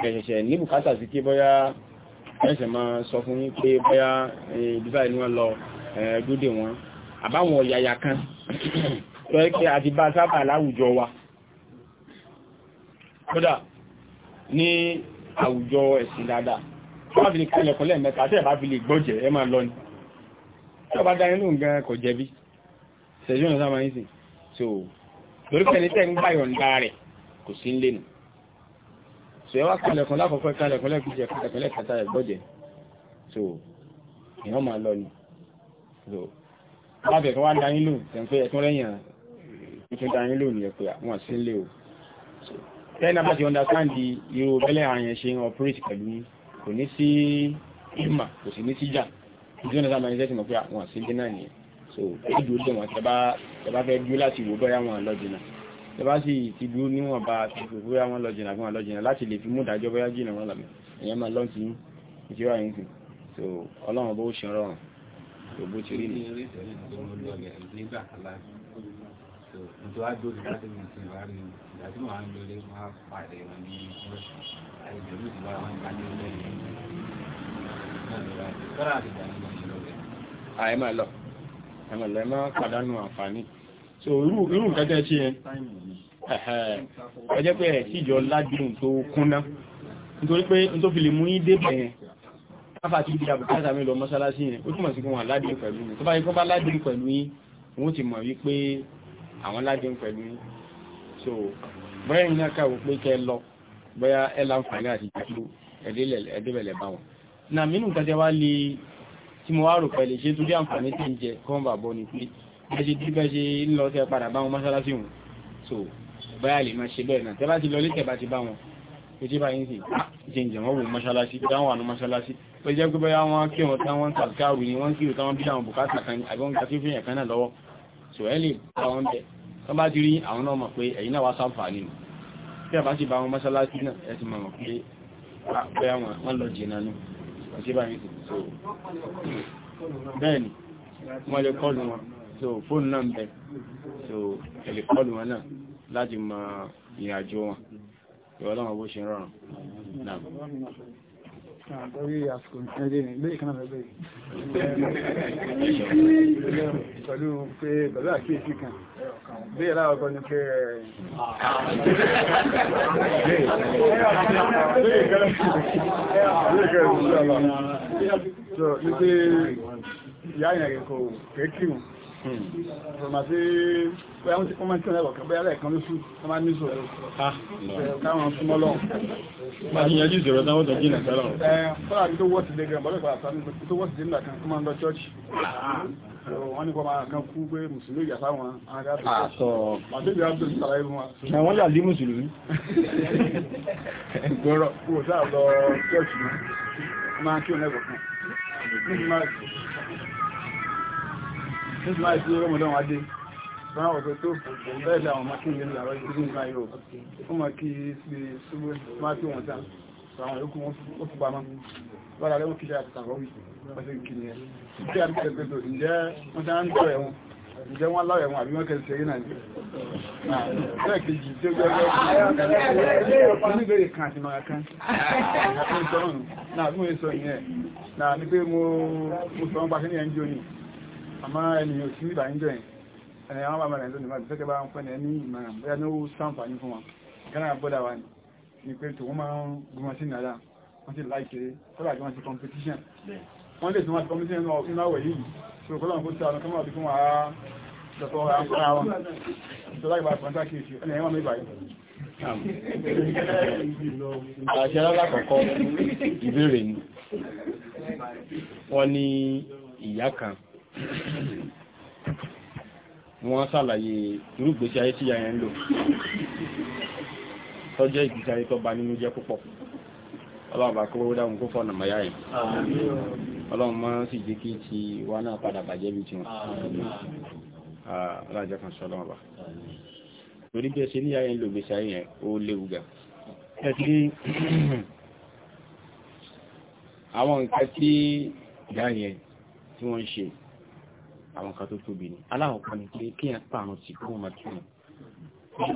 ẹ̀ṣẹ̀ṣẹ̀ ní bùkátà sí pé bóyá ẹ̀ṣẹ̀ ni wọ́n lọ dúdè wọn àbáwọn ọ̀yàyà kan tó yẹ pé àti bá ní àwùjọ ẹ̀sìn dáadáa tó bá fi lè kálẹ̀ kọ́lẹ̀ mẹ́ta tẹ́ bá fi lè gbọ́jẹ̀ ẹ máa lọ ni tí ọba dá inú nǹkan kò jẹ̀bi ṣẹ̀jú ọ̀nà sáà máa ń so torí pẹ̀lú tẹ́ ń gbàyọ̀ ń dá rẹ̀ kò sí ń lé nu so ẹ wá lákọ̀ọ́kọ́ kálẹ̀kùn lẹ́kùnjẹ kálẹ̀kùn lẹ́kàtà ẹ̀gbọ́jẹ̀ so ìwọ́n máa lọ ni so lábẹ̀ kan wá dá inú tẹ̀ ń pé ẹ̀kún so tẹ́lá bá ti understand irú bẹ́lẹ̀ àyàn ṣe operate pẹ̀lú kò ní sí ìmà kò sì ní sí jà ìdí ọ̀nà sáà mẹ́rin mọ̀ pé àwọn àṣẹ dínà nìyẹn so èyí dúró dé wọn tẹ́bá fẹ́ dúró láti wò bóyá wọn lọ jìnà tẹ́bá sì ti dúró níwọ̀n bá ti wò bóyá wọn lọ jìnà fún wọn lọ jìnà láti lè fi mú ìdájọ́ bóyá jìnà wọn lọ́mọ ìyẹn máa lọ́n ti ìṣẹ́wà yín sí so ọlọ́run bó ṣe rọrùn tó bó ti rí ni. nígbà kan láti tó nítorí àdó ìdásílẹ̀ ìwádìí ìgbà tí wọ́n á ń lọlé lọ rẹ̀. lọ ẹ pàdánù àǹfààní so irú nǹkan tẹ́ ṣe yẹn ẹ pé ẹ̀ síjọ ládùn tó kúnná nítorí pé n tó fi lè mú yín débẹ̀ káfà tí ìdí àbùkátà mi lọ mọ́sálásí yẹn ó túnmọ̀ sí fún wọn ládùn pẹ̀lú mi tó bá yẹ kó bá ládùn pẹ̀lú yín wọ́n ti mọ̀ wípé àwọn ládùn pẹ̀lú yín so bóyá yìí náà káwò pé kẹ lọ bóyá ẹ láǹfààní àti jẹ́kú ẹ̀dẹ́bẹ̀lẹ̀ bá wọn na mínú kẹjẹ wá lè tí mo wá rò pẹ̀lẹ̀ ṣe tó dé àǹfààní tí ń jẹ kọ́ńbà bọ́ ni pé bẹ́ẹ̀ ṣe dígbẹ́ ṣe ń lọ tẹ padà bá wọn mọ́ṣáláṣí so bóyá lè máa ṣe bẹ́ẹ̀ náà tẹ́ bá ti lọ lé tẹ̀ bá ti bá wọn kò tí bá yín sì ah, ṣe ń jẹ wọn wò mọ́ṣáláṣí bí wọn wà ní mọ́ṣáláṣí pé jẹ́ pé bóyá wọn kí wọn táwọn ń tàbí káàrù ni wọ́n kí wọn táwọn bí àwọn bùkátà kan àbí wọn kí wọn fi náà lọ́wọ́ so ẹ lè bá wọn bẹ́ẹ̀ tó bá dirí àwọn náà mọ̀ pé ẹ̀yin náà wá sáǹfààní nù tí a bá ti bá wọn mọ́sálásí náà ẹ ti mọ̀ pé pé ah, àwọn wọ́n lọ jìnà nù wọ́n sí báyìí so bẹ́ẹ̀ni wọ́n lè kọlù wọn so fóònù náà ń bẹ so ẹ lè kọlù wọn Àgbọ́rí ah, àsìkò ẹ̀rẹ́ ilé ìkaná lọ́gbẹ̀ yìí. Pẹ̀lú pé pẹ̀lú àkíyèsí kan, bí ẹ̀lá ọkọ̀ ní pé ẹ̀rẹ́ ìgbẹ̀rẹ̀ Ìfọ̀màtí pé àwọn tí kọ́ máa ń kí ọ̀rẹ́ ọ̀kẹ́ bẹ́ẹ̀ lẹ́ẹ̀kan lóṣù tó máa ń ní ìṣòro. Káwọn súnmọ́ lọ. Máa ń yanjú ìṣòro táwọn tó jìnà sálọ. wọ́n ní kọ́ máa kan kú pé mùsùlùmí ìyà sáwọn agáàtọ̀ àwọn yà lé church máa kí o lẹ́gbọ̀n nígbà tí rọmọdán wá dé báwọn ọ̀pẹ́ tó bẹ́ẹ̀ láwọn máa kí ní ìlàrọ̀ ìgbìyàn ìgbà yóò fún ma kí sí ṣúgbó máa kí wọ́n tán àwọn yóò kún ó fún pamọ́ wọ́n lẹ́wọ́n kí ṣáà tàbí wí pẹ̀sẹ̀ kí ni ẹ̀ kí a bẹ̀rẹ̀ pẹ̀tọ̀ ǹjẹ́ wọ́n tán ń tọ́ ẹ̀wọ̀n ǹjẹ́ wọ́n láwẹ̀ ẹ̀wọ̀n àbí wọ́n kan àti màá kan náà bí mo sọ ìyẹn náà ní pé mo sọ ń àmọ́ ènìyàn sí ìbà ń jọ ẹ̀ ẹ̀yà wọn bá bá rẹ̀ lónìí máa fẹ́kẹ́ bá ń pẹ́ ní ìmọ̀ràn bóyá ní ó sàǹfààní fún wọn gánà bọ́dà wa ni ni pé tòun máa ń gbọmọ sí nàdà wọ́n ti láìkiri kọ́lá jọ wọn ti competition wọ́n lè tún wọn ti competition nínú àwẹ̀ yìí so kọ́lá wọn kó sí àwọn kọ́mọ̀ bí fún wa dọ̀tọ̀ àkọ́ra wọn ìjọba ìgbà pọ̀ntà kìí ẹni ẹ̀wọ̀n mi báyìí àṣẹ alákọ̀ọ́kọ́ ìbéèrè ni wọ́n ní ìyá kan wọ́n ṣàlàyé irúgbésí ayé tí yàyẹn ń lò tọ́jọ́ ìgbésí ayé tó bà nínú jẹ́ púpọ̀ ọlọ́run bá kọ́wọ́ dáhùn kó fọ́nà mọ̀ yáyẹn ọlọ́run máa sì jẹ́ kí ti wá náà padà bàjẹ́ bí tiwọn alájẹ́ kan sọ ọlọ́run bá torí bí ẹ ṣe ní yàyẹn lò gbèsè ayé yẹn ó léwu wọ́n ń àwọn kan tó tóbi ni aláwọ̀kan ni pé kí yẹn pààrùn sí kó máa kí wọn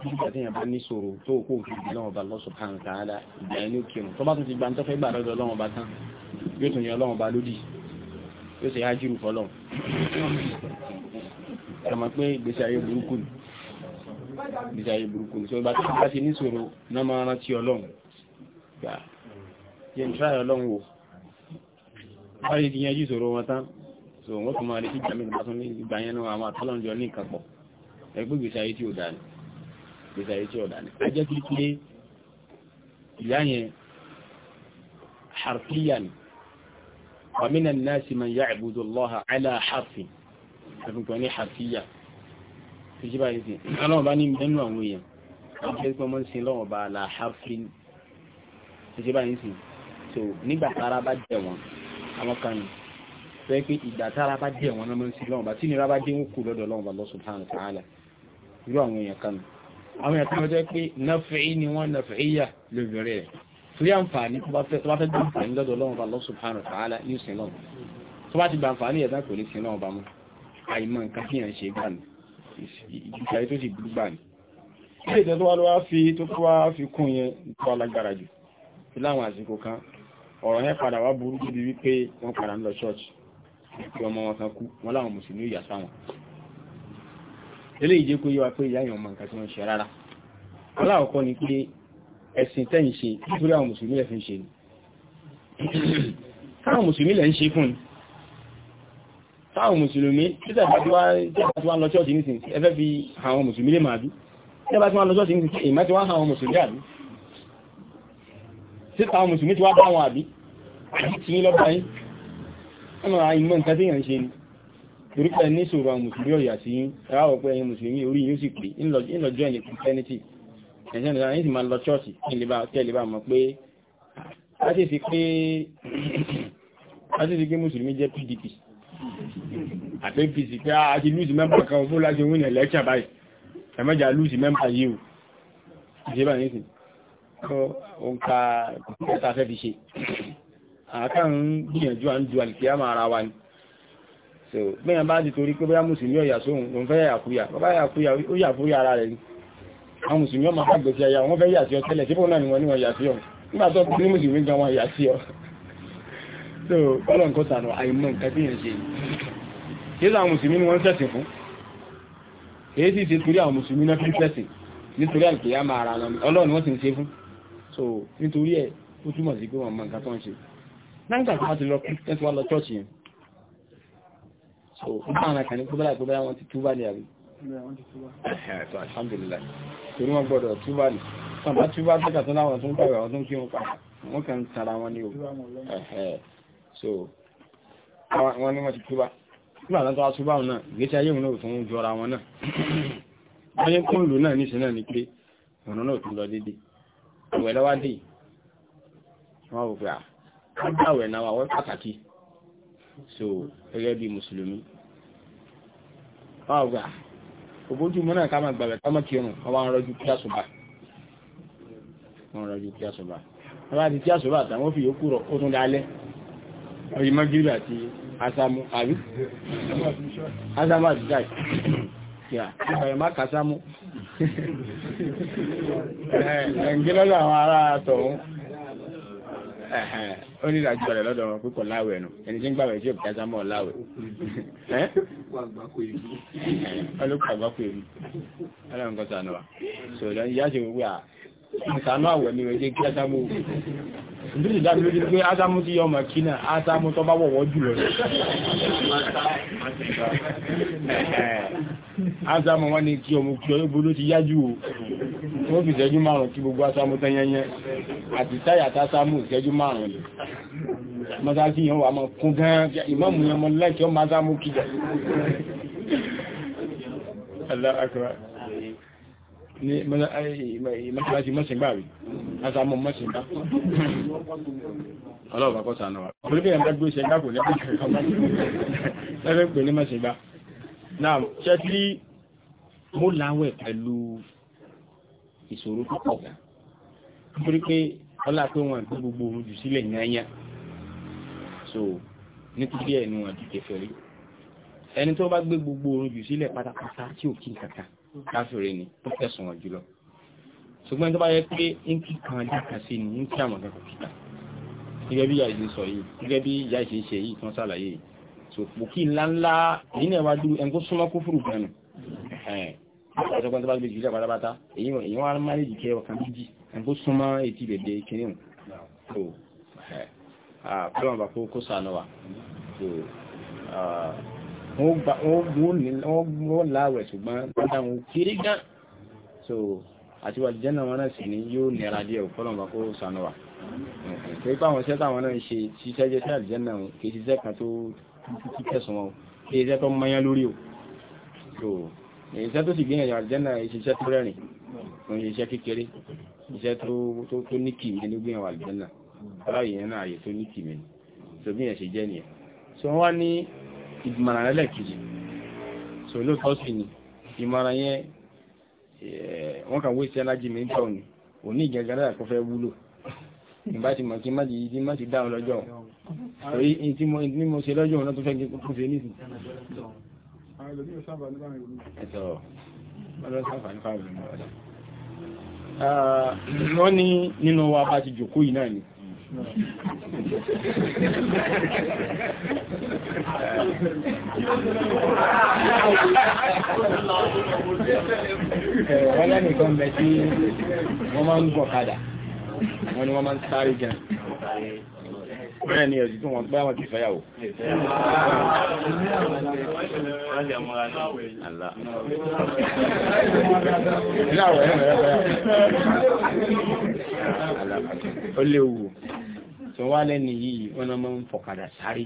nígbà tí yẹn bá ní ṣòro tó kó òfin ìdí náà bá lọ́sọ̀ kan tààdà ìgbà ẹni òkè wọn tó bá tún ti gba tọ́fẹ́ gbà lọ́dọ̀ ọlọ́run bá tán yóò tún yan ni ìgbésí ayé burúkú ìgbà tó bá tán so wọ́n tún máa rí kíkà mẹ́ta tún ní ìgbà yẹn náà àwọn àtọ́lọ́njọ ní nǹkan pọ̀ ẹgbẹ́ ìgbésí ayé tí ò dá ní ìgbésí ayé tí ò dá ní a jẹ́ kí pé ìyá yẹn harfiya ni wa minan nasi man ya'budu Allaha ala harfi ẹ̀fùnkàn ní harfiya fi ṣe báyìí sí ọlọ́wọ́ bá ní mẹ́nu àwọn èèyàn fẹ́ pé ìgbà tára bá jẹ́ wọn náà sí lọ́wọ́ bá tí nira bá dé ń kú lọ́dọ̀ lọ́wọ́ Allah subhanahu wa ta'ala irú àwọn èèyàn kan àwọn èèyàn kan jẹ́ pé nafi'i ni wọ́n nafi'iyya lóbìnrin rẹ̀ àsìkò kan ọ̀rọ̀ yẹn padà wá burú débi wípé wọ́n padà ń lọ ṣọ́ọ̀ṣì pé ọmọ wọn kan kú wọn láwọn mùsùlùmí ìyà sáwọn eléyìí jẹ́ kó yé wa pé ìyá yẹn ọmọ nǹkan tí wọ́n ṣe rárá aláwọ̀kọ́ ni pé ẹ̀sìn tẹ́yìn ṣe nítorí àwọn mùsùlùmí ẹ̀fin ṣe ni táwọn mùsùlùmí lẹ̀ ń ṣe fún ni táwọn mùsùlùmí títẹ̀ bá tí wá lọ ṣọ́ọ̀ṣì nísìn ẹfẹ́ fi àwọn mùsùlùmí lè máa bí títẹ̀ bá tí wá lọ ṣọ́ọ̀ṣì nísìn èmá tí wá àwọn mùsùlùmí àbí títà àwọn mùsùlùmí tí wá bá wọn àbí àti tí lọ́bàáyín ẹmọ àìmọ́ nǹkan tíyàn ṣe ni torípẹ́ ní ṣòro àwọn mùsùlùmí ọ̀yà sí ráwọ̀ pé ẹ̀yin mùsùlùmí orí yóò sì pé ńlọjọ́ ẹ̀yìn christianity ẹ̀sẹ̀ ìlànà yìí sì máa lọ chọ́ọ̀sì tẹ́lẹ̀bá mọ̀ pé a sì fi pé mùsùlùmí jẹ́ pdp àti apc pé ah, a ti lùsì mẹ́mbà kan fún láti win election báyìí ẹ̀mẹ́jà lùsì mẹ́mbà yìí o ìṣẹ́bà àkàn ń gbìyànjú à ń ju àlìkíyàmà ara wa ni so bẹ́ẹ̀ bá ti torí pé bá mùsùlùmí ọ̀yà sóhun ló ń fẹ́ yàkúyà bàbá yàkúyà ó yà fúyà ara rẹ̀ ni àwọn mùsùlùmí ọmọ àgbẹ̀ ti aya wọ́n fẹ́ yà sí ọ tẹ́lẹ̀ síbò náà ni wọ́n ní wọ́n yà sí ọ nígbà tó ní mùsùlùmí gan wọn yà sí ọ so ọlọ́n kó sànù àìmọ̀ nǹkan tí yẹn ṣe yìí àwọn mùsùlùmí ni wọ́n ṣẹ̀sìn fún èyí sì ṣe torí àwọn mùsùlùmí náà fi ṣẹ̀sìn nítorí àlùkìyà máa ra ọlọ́run wọ́n ti ń ṣe fún so nítorí ẹ̀ ó túmọ̀ sí pé wọ́n mọ nǹkan tó ń ṣe nígbà tí ti lọ christian wọ́n lọ church yẹn so nígbà àwọn akàní kó bẹ́lá kó bẹ́lá ti túbà ní àrí torí wọn gbọdọ̀ túbà ní wọn túbà tẹ́kà tó láwọn tó ń pàwẹ̀ àwọn tó ń kí wọn pàwẹ̀ wọn tara wọn ní o so wọn ní wọn ti túbà nígbà tó túbà náà ìgbésí ayé wọn náà wọ́n gbàwẹ̀ náà wọ́n pàtàkì so gẹ́gẹ́ bí mùsùlùmí ọgbà ògbójú mọ́nà ká máa gbàwẹ̀ ká máa kírun wọ́n wá ń rọ́jú kí àṣùbà wọ́n rọ́jú kí àṣùbà wọ́n bá ti kí àṣùbà àtàwọn fi yókù rọ̀ ó tún dalẹ́ ọyí mọ́gírì àti asámú àrí asámú àti dáì ọ̀yọ̀ má kásámú ẹ̀ǹgẹ́lọ́lọ́ àwọn ará tọ̀hún ó ní ìdájọ́ rẹ̀ lọ́dọ̀ wọn pípọ̀ láwẹ̀ nù ẹni tí ń gbàwẹ̀ tí òkúta sámọ̀ láwẹ̀ ọlọ́pàá àgbákò èmi ọlọ́run kọ́sà náà so ìyá ṣe wípé ìsànú àwẹ̀ ni wẹ̀jẹ́ kí ásámú ìdúrí ìdájú lójú pé ásámú tí yọ màkínà ásámú tó bá wọ̀wọ́ jùlọ ásámú wọ́n ni kí ọmọ kí ọyọ́ bó ló ti yájú o wọ́n fi ìṣẹ́jú márùn kí gbogbo ásámú tán yẹnyẹ àti táyà tásámú ìṣẹ́jú márùn lè mọ́sáàkì yẹn wà máa kún gan ìmọ̀mù yẹn mọ́ lẹ́kẹ́ ọmọ ásámú kíjà Allah akbar Ni ní mọ́síláṣí mọ́sìnbá rí asámọ́ mọ́sìnbá ọlọ́ọ̀bá kọ́ sànà wà orílẹ̀ ẹ̀mọ́ gbé ṣe gbákò lẹ́gbẹ̀ẹ́ ní mọ́sìnbá náà ṣẹ́ tí mo láwẹ̀ pẹ̀lú ìṣòro tó pọ̀ gan nítorí pé ọlá pé wọn gbé gbogbo orun jù sílẹ̀ yányá so nítorí ẹ̀ ni wọn ti kẹfẹ́ rí ẹni tó bá gbé gbogbo orun jù sílẹ̀ pátápátá tí ò kí kankan káfíìrì ni tó tẹ̀sùn wọn jùlọ ṣùgbọ́n tó bá yẹ pé ń kí kan ajá kan sí ni ń kí àwọn kan kò kíkà gẹ́gẹ́ bí ìyá ìṣe sọ yìí gẹ́gẹ́ bí ìyá ìṣe ṣe yìí tán ṣàlàyé yìí sòpò kí ńláńlá èyí náà wá dúró ẹni tó súnmọ́ kó fúrù gan nù ọ̀sọ̀gbọ́n tó bá gbé jùlọ pátápátá èyí wọ́n máa lè jìkẹ́ ọ̀kan méjì ẹni tó súnmọ́ etí bèbè kìnìún tó kọ́lọ̀ bá kó sànù wa wọ́n láwẹ̀ ṣùgbọ́n bọ́dá wọn kiri gan so àti wà jẹ́nà wọn náà sì ní yóò nira díẹ̀ fọ́lọ̀mà kó sànú wa torí pàwọn iṣẹ́ táwọn náà ń ṣe ṣiṣẹ́ jẹ́ sí àjẹ́nà wọn kì í ṣiṣẹ́ kan tó kẹsàn wọn kì í tó mọ́yán lórí o so iṣẹ́ tó sì gbìyànjú àjẹ́nà iṣẹ́ tó rẹ̀rìn wọn iṣẹ́ kékeré iṣẹ́ tó ní kìmí ní gbìyànjú àjẹ́nà aláyẹ̀ náà àyè tó ní kìmí so bí yẹn ṣe so wọ́n ìdìmọ̀ràn lẹ́lẹ́kejì so lóòótọ́ sì ni ìmọ̀ràn yẹn eh, wọ́n kàn wéṣẹ́ alájí mi ń tọ̀ ni òní ìgẹ̀gẹ̀rẹ́ àkọ́fẹ́ wúlò ìbá ti mọ̀ kí má ti yí má ti dáhùn lọ́jọ́ torí tí mo ní mo ṣe lọ́jọ́ òun náà tó fẹ́ kí kó ṣe nísìn. ẹ̀tọ́ ọlọ́ sáfà ní fáwọn ìlú ah, wọ́n ní nínú wa bá ti jòkó yìí náà ni wọ́n lẹ́nìkan bẹ̀ tí wọ́n máa ń gbọ̀kadà wọ́n ni wọ́n máa ń sáré gan bẹ́ẹ̀ ni ẹ̀sùn tó wọ́n bá wọn ti fẹ́yàwó ó léwu tí wọ́n wá lẹ́ni yìí wọ́n náà máa ń fọ̀kadà sáré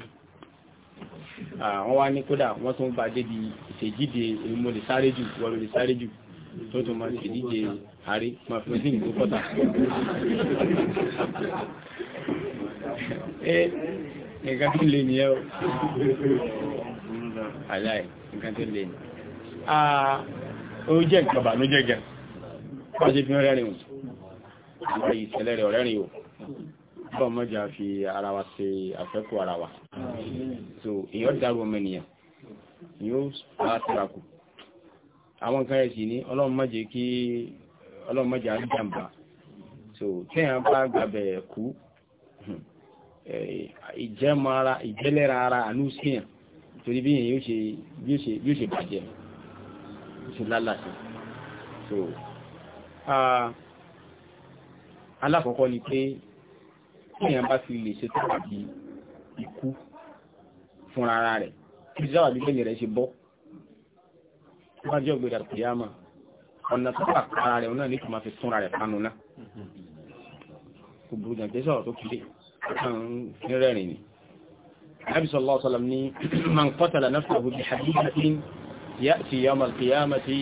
àwọn wá ní kódà wọ́n tún bá débi ìṣèjíde èmo lè sáré jù wọ́n lè sáré jù tó tún máa ṣèdíje àrí máa fi sí ìgbó pọ́tà. ẹ eh, nǹkan tó lè o aláì nǹkan tó lè nìyẹn. ó jẹ́ nǹkan bànújẹ́ gẹ̀ wọ́n ṣe fi hàn rẹ́rìn-ín àwọn ìṣẹ̀lẹ̀ rẹ̀ ọ̀rẹ́rìn-ín o báwọn mọ́jà fi ara wa ṣe àfẹ́kù ara wa so èèyàn dárò ọmọ ènìyàn yóò bá tìrakù àwọn nǹkan ẹ̀sìn ní ọlọ́run kí ọlọ́run má jẹ́ so téèyàn bá gbàbẹ̀ kú eh, ìjẹ́mọ́ra ìjẹ́lẹ́ra ara àánú síyàn torí bí yóò ṣe bí yóò ṣe ṣe lálàṣẹ so ah, alákọ̀ọ́kọ́ ni pé èèyàn bá fi lè ṣe tàbí ikú fúnra ara rẹ̀ kí sábà bí bẹ́ẹ̀ rẹ̀ ṣe bọ́ wájú ọ̀gbẹ̀dà kìyàmà ọ̀nà tó wà ara rẹ̀ náà nítorí máa fi túnra rẹ̀ panu náà kò burú jàǹtẹ́ sọ̀rọ̀ tó kílé ya'ti yawm al-qiyamati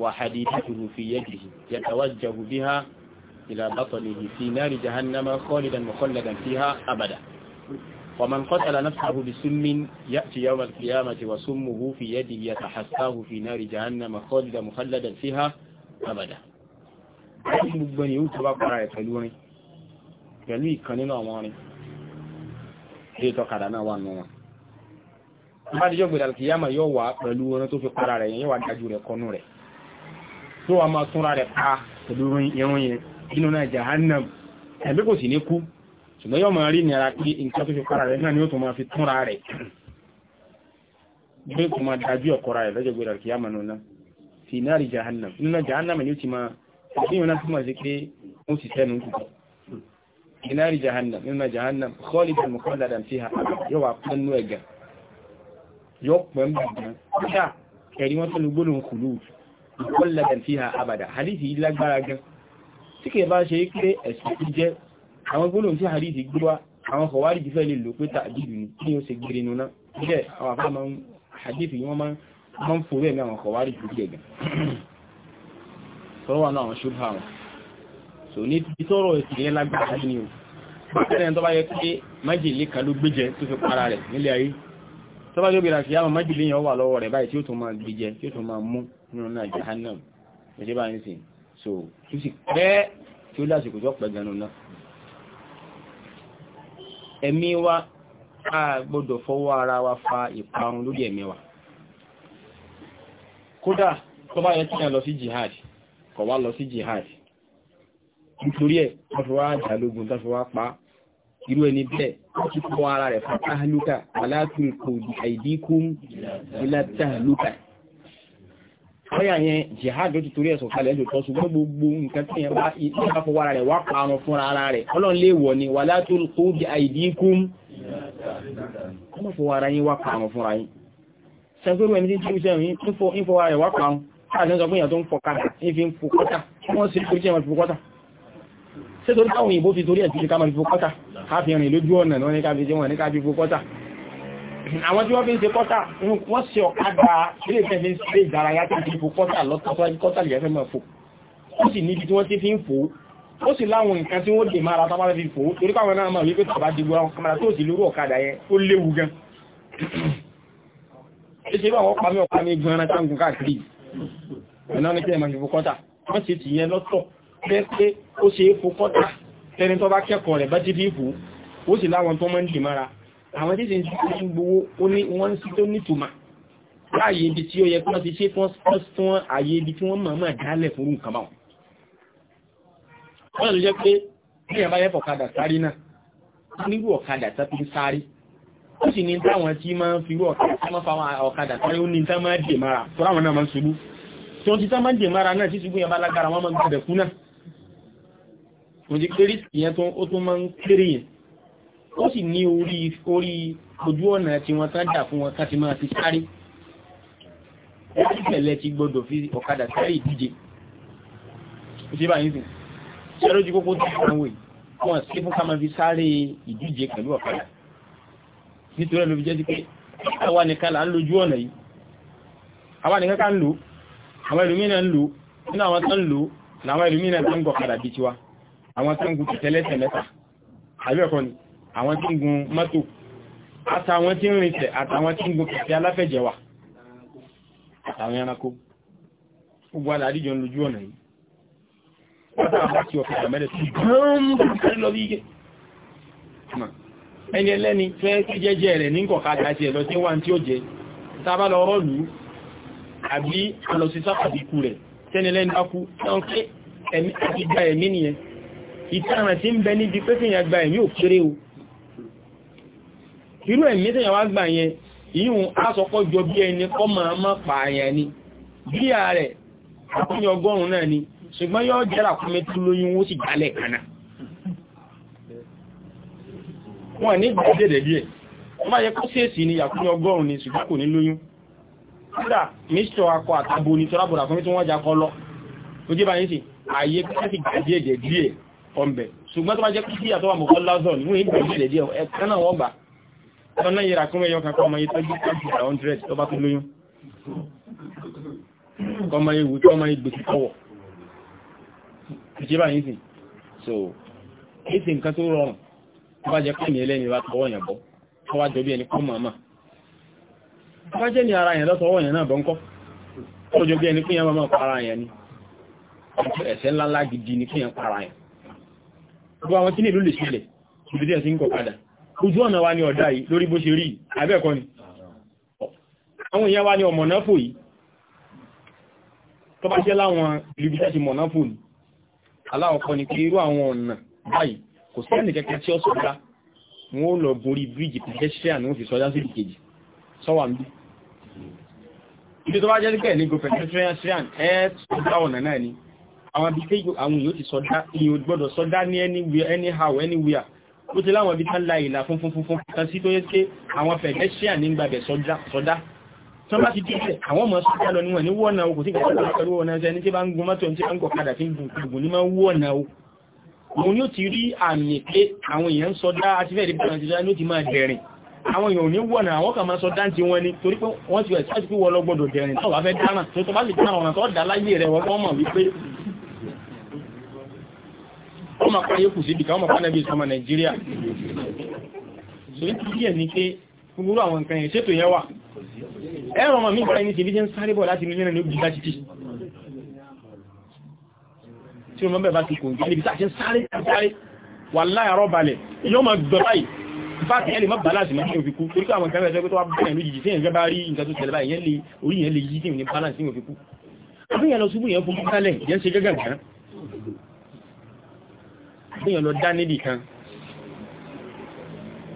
wa hadidatuhu fi yadihi yatawajjahu biha إلى بطنه في نار جهنم خالدا مخلدا فيها أبدا ومن قتل نفسه بسم يأتي يوم القيامة وسمه في يده يتحساه في نار جهنم خالدا مخلدا فيها أبدا gbogbo ni ó tọba para ẹ̀ pẹ̀lú orin pẹ̀lú ìkan nínú àwọn orin ilé tọ́kàdá náà wà nù wọn bá díjọ́ gbẹ̀dà kìyàmà yóò wà pẹ̀lú orin tó fi para rẹ̀ yẹn yóò wà dájú rẹ̀ kọnú rẹ̀ tó wà máa túnra rẹ̀ pa pẹ̀lú irun yẹn inú náà jahannam ẹ̀mí kò sì ní kú ṣùgbọ́n yọ́ máa rí ní ara pé nǹkan tó fi para rẹ̀ náà ni ó tún máa fi túnra rẹ̀ gbé kò máa dájú ọ̀kọ́ra rẹ̀ lọ́jọ́ gbéra kìí àmà náà fi náà rí jahannam inú náà jahannam ni ó ti máa ṣàfihàn náà túmọ̀ sí pé ó sì sẹ́nu dùn fi náà ha abàdà hadith lágbára gan tí kìí bá ṣe pé ẹ̀sùn tó jẹ́ àwọn gbólóhùn tí hadith gbé wá àwọn kọ̀wárí jù fẹ́ lè lò pé tàbídù ni kí o ṣe gbére nuna bẹ́ẹ̀ àwọn afẹ́ ma ń hadith yìí wọ́n ma ń fò bẹ́ẹ̀ ní àwọn kọ̀wárí jù díẹ̀ gan sọ́rọ̀ wà náà àwọn ṣúgbà wọn so ní ti sọ́rọ̀ ẹ̀sìn yẹn lágbára ní so tó sì pẹ́ tí ó lásìkò tó pẹ́ ganu náà ẹ̀mí wa a gbọ́dọ̀ fọwọ́ ara wa fa ìparun lórí ẹ̀mí wa kódà tó bá yẹ tí a lọ sí jihad kọ̀ wá lọ sí jihad nítorí ẹ̀ wọ́n fi wá jàlógún tó fi wá pa irú ẹni bẹ́ẹ̀ kí fọwọ́ ara rẹ̀ fún táhálùkà alátùkù àìdíkùn ìlàtàhálùkà ọ̀yà yẹn jihad ló ti torí ẹ̀sùn kalẹ̀ ẹ̀jọ̀ tọ́ ṣùgbọ́n gbogbo nǹkan tí yẹn bá fọwọ́ ara rẹ̀ wá parun fúnra ara rẹ̀ ọlọ́run lè wọ̀ ni wala tulqu bi aydikum ọmọ fọwọ́ ara yín wá parun fúnra yín sẹ́gbẹ́rú ẹni tí jíú sẹ́yìn ń fọwọ́ ara rẹ̀ wá parun káàkiri sọ fún èèyàn tó ń fọ kàdà ń fi ń fò kọ́tà wọ́n sì torí ẹ̀mọ̀ fi fò kọ́tà ṣé torí táwọn òyìnbó fi torí ẹ̀ àwọn tí wọ́n fi ń ṣe kọ́tà wọ́n ṣe ọ̀kadà ilé ìfẹ́ fi ń ṣe ìdárayá tó ti fò kọ́tà lọ́tọ́ kọ́tà lè fẹ́ máa fò ó sì níbi tí wọ́n ti fi ń fò ó sì láwọn nǹkan tí wọ́n dè mára tó bá fi fò torí káwọn náà máa wípé tàbá dìgbò àwọn kamara tó sì lórú ọ̀kadà yẹn ó léwu gan ṣe bá wọ́n pàmí ọ̀pá ní gan-an táǹgùn káàkiri ẹ̀nà ní kí ẹ máa fi fò kọ́tà wọ́n sì ti yẹn lọ́tọ̀ bẹ́ẹ̀ pé ó ṣe é fò kọ́tà tẹni tó bá kẹ́kọ̀ọ́ rẹ̀ bá àwọn tí sì ń gbowó ó ní wọ́n sí tó nítumà láàyè ibi tí ó yẹ kí wọ́n ti ṣe fún fún àyè ibi tí wọ́n máa dálẹ̀ fún nǹkan báwọn wọ́n lè jẹ́ pé ní ẹ̀bá yẹ́ fọ̀kadà sáré náà nírú ọ̀kadà tá fi ń sáré ó sì ní táwọn tí máa ń fi rú ọ̀kadà sáré ó ní tá máa dè mara ó sì ní orí ojú ọ̀nà tí wọ́n tán jà fún wọn ká ti máa fi sáré ẹgbẹ̀lẹ̀ ti gbọdọ̀ fi ọ̀kadà sáré ìdíje òṣèbà yìí sìn ṣẹ́rọ́ ju kókó tí wọ́n wè wọ́n sí fún ká máa fi sáré ìdíje pẹ̀lú ọ̀kadà nítorí ẹ̀lú fi jẹ́ sí pé àwa nìkan là ń lójú ọ̀nà yìí àwa nìkan ká ń lò àwọn ẹlòmínà gùn tẹ̀lẹ́tẹ̀ mẹ́ta àbí ni àwọn tí ń gun mọ́tò àtàwọn tí ń rinṣẹ̀ àtàwọn tí ń gun kẹ̀kẹ́ aláfẹ̀jẹ̀wà àtàwọn ẹranko gbogbo aládìjọ ń lójú ọ̀nà yìí ẹni ẹlẹ́ni fẹ́ sí jẹ́jẹ́ rẹ̀ ní kọ̀kadà sí ẹ̀lọ tí wà tí ó jẹ tàbá lọ rọ́lù àbí alọ́sísá àbíkú rẹ̀ tẹ́ni ẹlẹ́ni akú tán pé ẹ̀mí àti gba ẹ̀mí nìyẹn ìtàrà tí ń bẹ níbi pé fìyàn gba ẹ̀mí ò kéré o irú ẹ̀mí tẹ́yàn wá gbà yẹn ìyún asọ́kọ́ jọ bí ẹni kọ́ máa má pààyàn ni bí i rẹ̀ àkúnyẹ ọgọ́rùn náà ni ṣùgbọ́n yóò jẹ́rà kúnmẹ́ tí lóyún ó sì jálẹ̀ kaná wọ́n ní ìgbẹ̀dẹ̀dẹ̀ díẹ̀ wọ́n máa yẹ ni àkúnyẹ ọgọ́rùn ni ṣùgbọ́n kò ní lóyún ni tọ́lábọ̀dà fún mi tí wọ́n jà kọ́ lọ ó jẹ́ báyìí sí ààyè kẹ́sì gbẹ̀dẹ̀dẹ̀ ọ̀nà yìí ràkúnmẹ́ yọ kankan ọmọ yìí tọ́jú tọ́jú ìgbà 100 tó bá tún lóyún kọmọ ewu tí ọmọ ìgbèsì kọwọ̀ ìṣẹ́bà yìí sì so ìsì nǹkan tó rọrùn tó bá jẹ́ pẹ̀lú ẹlẹ́ni bá tọwọ́ yẹn bọ́ tó wá jọ bí ẹni kọ́ màmá tó bá jẹ́ ní ara yẹn lọ́tọwọ́ yẹn náà bọ́ńkọ́ tó jọ bí ẹni pé yẹn máa para yẹn ni ẹ̀ṣẹ̀ ńláńlá gidi ni pé yẹn para yẹn gbogbo àwọn tí nílùú lè ṣẹlẹ̀ ìbí ojú ọ̀nà wa ni ọ̀dá yìí lórí bó ṣe rí abẹ́ẹ̀kọ́ ni àwọn èèyàn wa ni ọmọ̀náfò yìí tó bá jẹ́ láwọn ilúbíṣẹ́ ti mọ̀náfò ni aláwọ̀kọ́ ni pé irú àwọn ọ̀nà báyìí kò sẹ́ni kẹ́kẹ́ tí ó sọ́dá wọ́n lọ gorí bíríjì pẹ̀lẹ́ṣẹ́ ní wọ́n fi sọ́dá sí ìkejì sọ́wà ń bí ibi ni àwọn abikẹ́ anyhow anywhere ó ti láwọn ibi tán la ìlà funfun funfun kan sí tó yẹ pé àwọn pedestrian ní gbàgbẹ̀ sọdá tán bá ti dìbẹ̀ àwọn ọmọ sọ́jà lọ níwọ̀n ní wọ́nà o tí bá ni ó ti rí àmì pé àwọn èèyàn sọdá àti fẹ́ẹ̀ dípẹ́ àwọn ìṣẹ́dá ni ó ti máa dẹ̀rìn àwọn èèyàn ò ní wọ̀nà àwọn kan máa sọdá ti wọn ni torí pé wọ́n ti wẹ̀ sí àti pé wọ́n lọ gbọ́dọ̀ dẹ̀rìn tó wà fẹ́ dáràn tó bá sì dáràn ọ̀nà tó dá láyé wọ́n máa fáyé kù síbi káwọn máa fánàbí ìsọmọ nàìjíríà ṣètò díẹ̀ ní pé gbogbo àwọn nǹkan yẹn ṣètò yẹn wà ẹ̀rọ ọmọ mi ìgbà ní ti bí jẹ́ ń sáré bọ̀ láti nílẹ̀ ní òbí láti tí tí wọ́n bẹ̀ bá ti kò jẹ́ níbi tá a ṣe ń sáré sáré wà láyàrọ̀ balẹ̀ yóò máa gbọ̀ báyìí fáàkì ẹ̀lì mọ́ balance ní òfin kú torí àwọn kan rẹ̀ tó wá bẹ̀rẹ̀ lójijì tí ẹ̀yẹ́ bá rí nǹkan tó tẹ̀lé báyìí orí yẹn lè yí tí òní balance ní òfin kú àbúyẹ̀ lọ ṣubú yẹn fún kálẹ̀ yẹn kíyàn lọ dá níbì kan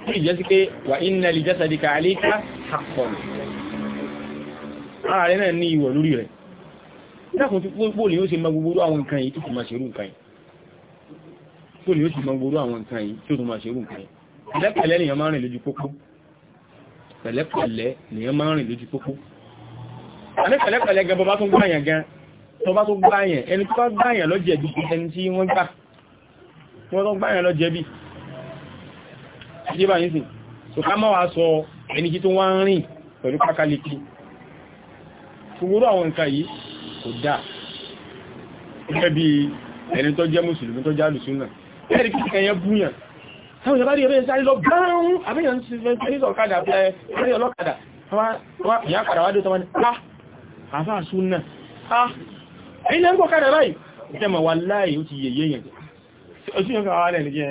tí ìjẹ́ sí pé wà inna li jasadika alayka haqqan ara rẹ̀ náà ní ìwọ̀ lórí rẹ̀ dákùn tí púpọ̀ lè ó ṣe máa gbogbo àwọn nǹkan yìí tó tó máa ṣerú nǹkan yìí tó lè ó ṣe máa gbogbo àwọn nǹkan yìí tó tó máa ṣerú nǹkan yìí pẹ̀lẹ́pẹ̀lẹ́ lèyàn máa rìn lójú pópó tó bá tó gbáyàn lọ́jẹ̀ bí ẹni tí wọ́n gbà tí wọ́n tó ń gbá ìrìn lọ jẹ́bí ṣíbà yìí sì so ká máa wá sọ ẹni kí tó wá ń rìn pẹ̀lú pákáliki ṣùgbúrú àwọn nǹkan yìí kò dá gẹ́gẹ́ bí ẹni tó jẹ́ mùsùlùmí tó jálù súnà ẹ̀rí kí kẹyẹ búyàn táwọn ìjọba rí ẹgbẹ́ sáré lọ gbáhùn àbíyàn sí fẹ́ ọ̀kadà fẹ́ ọlọ́kadà ìyá padà wádó ojú yẹn kan wà lẹ́nu jẹ́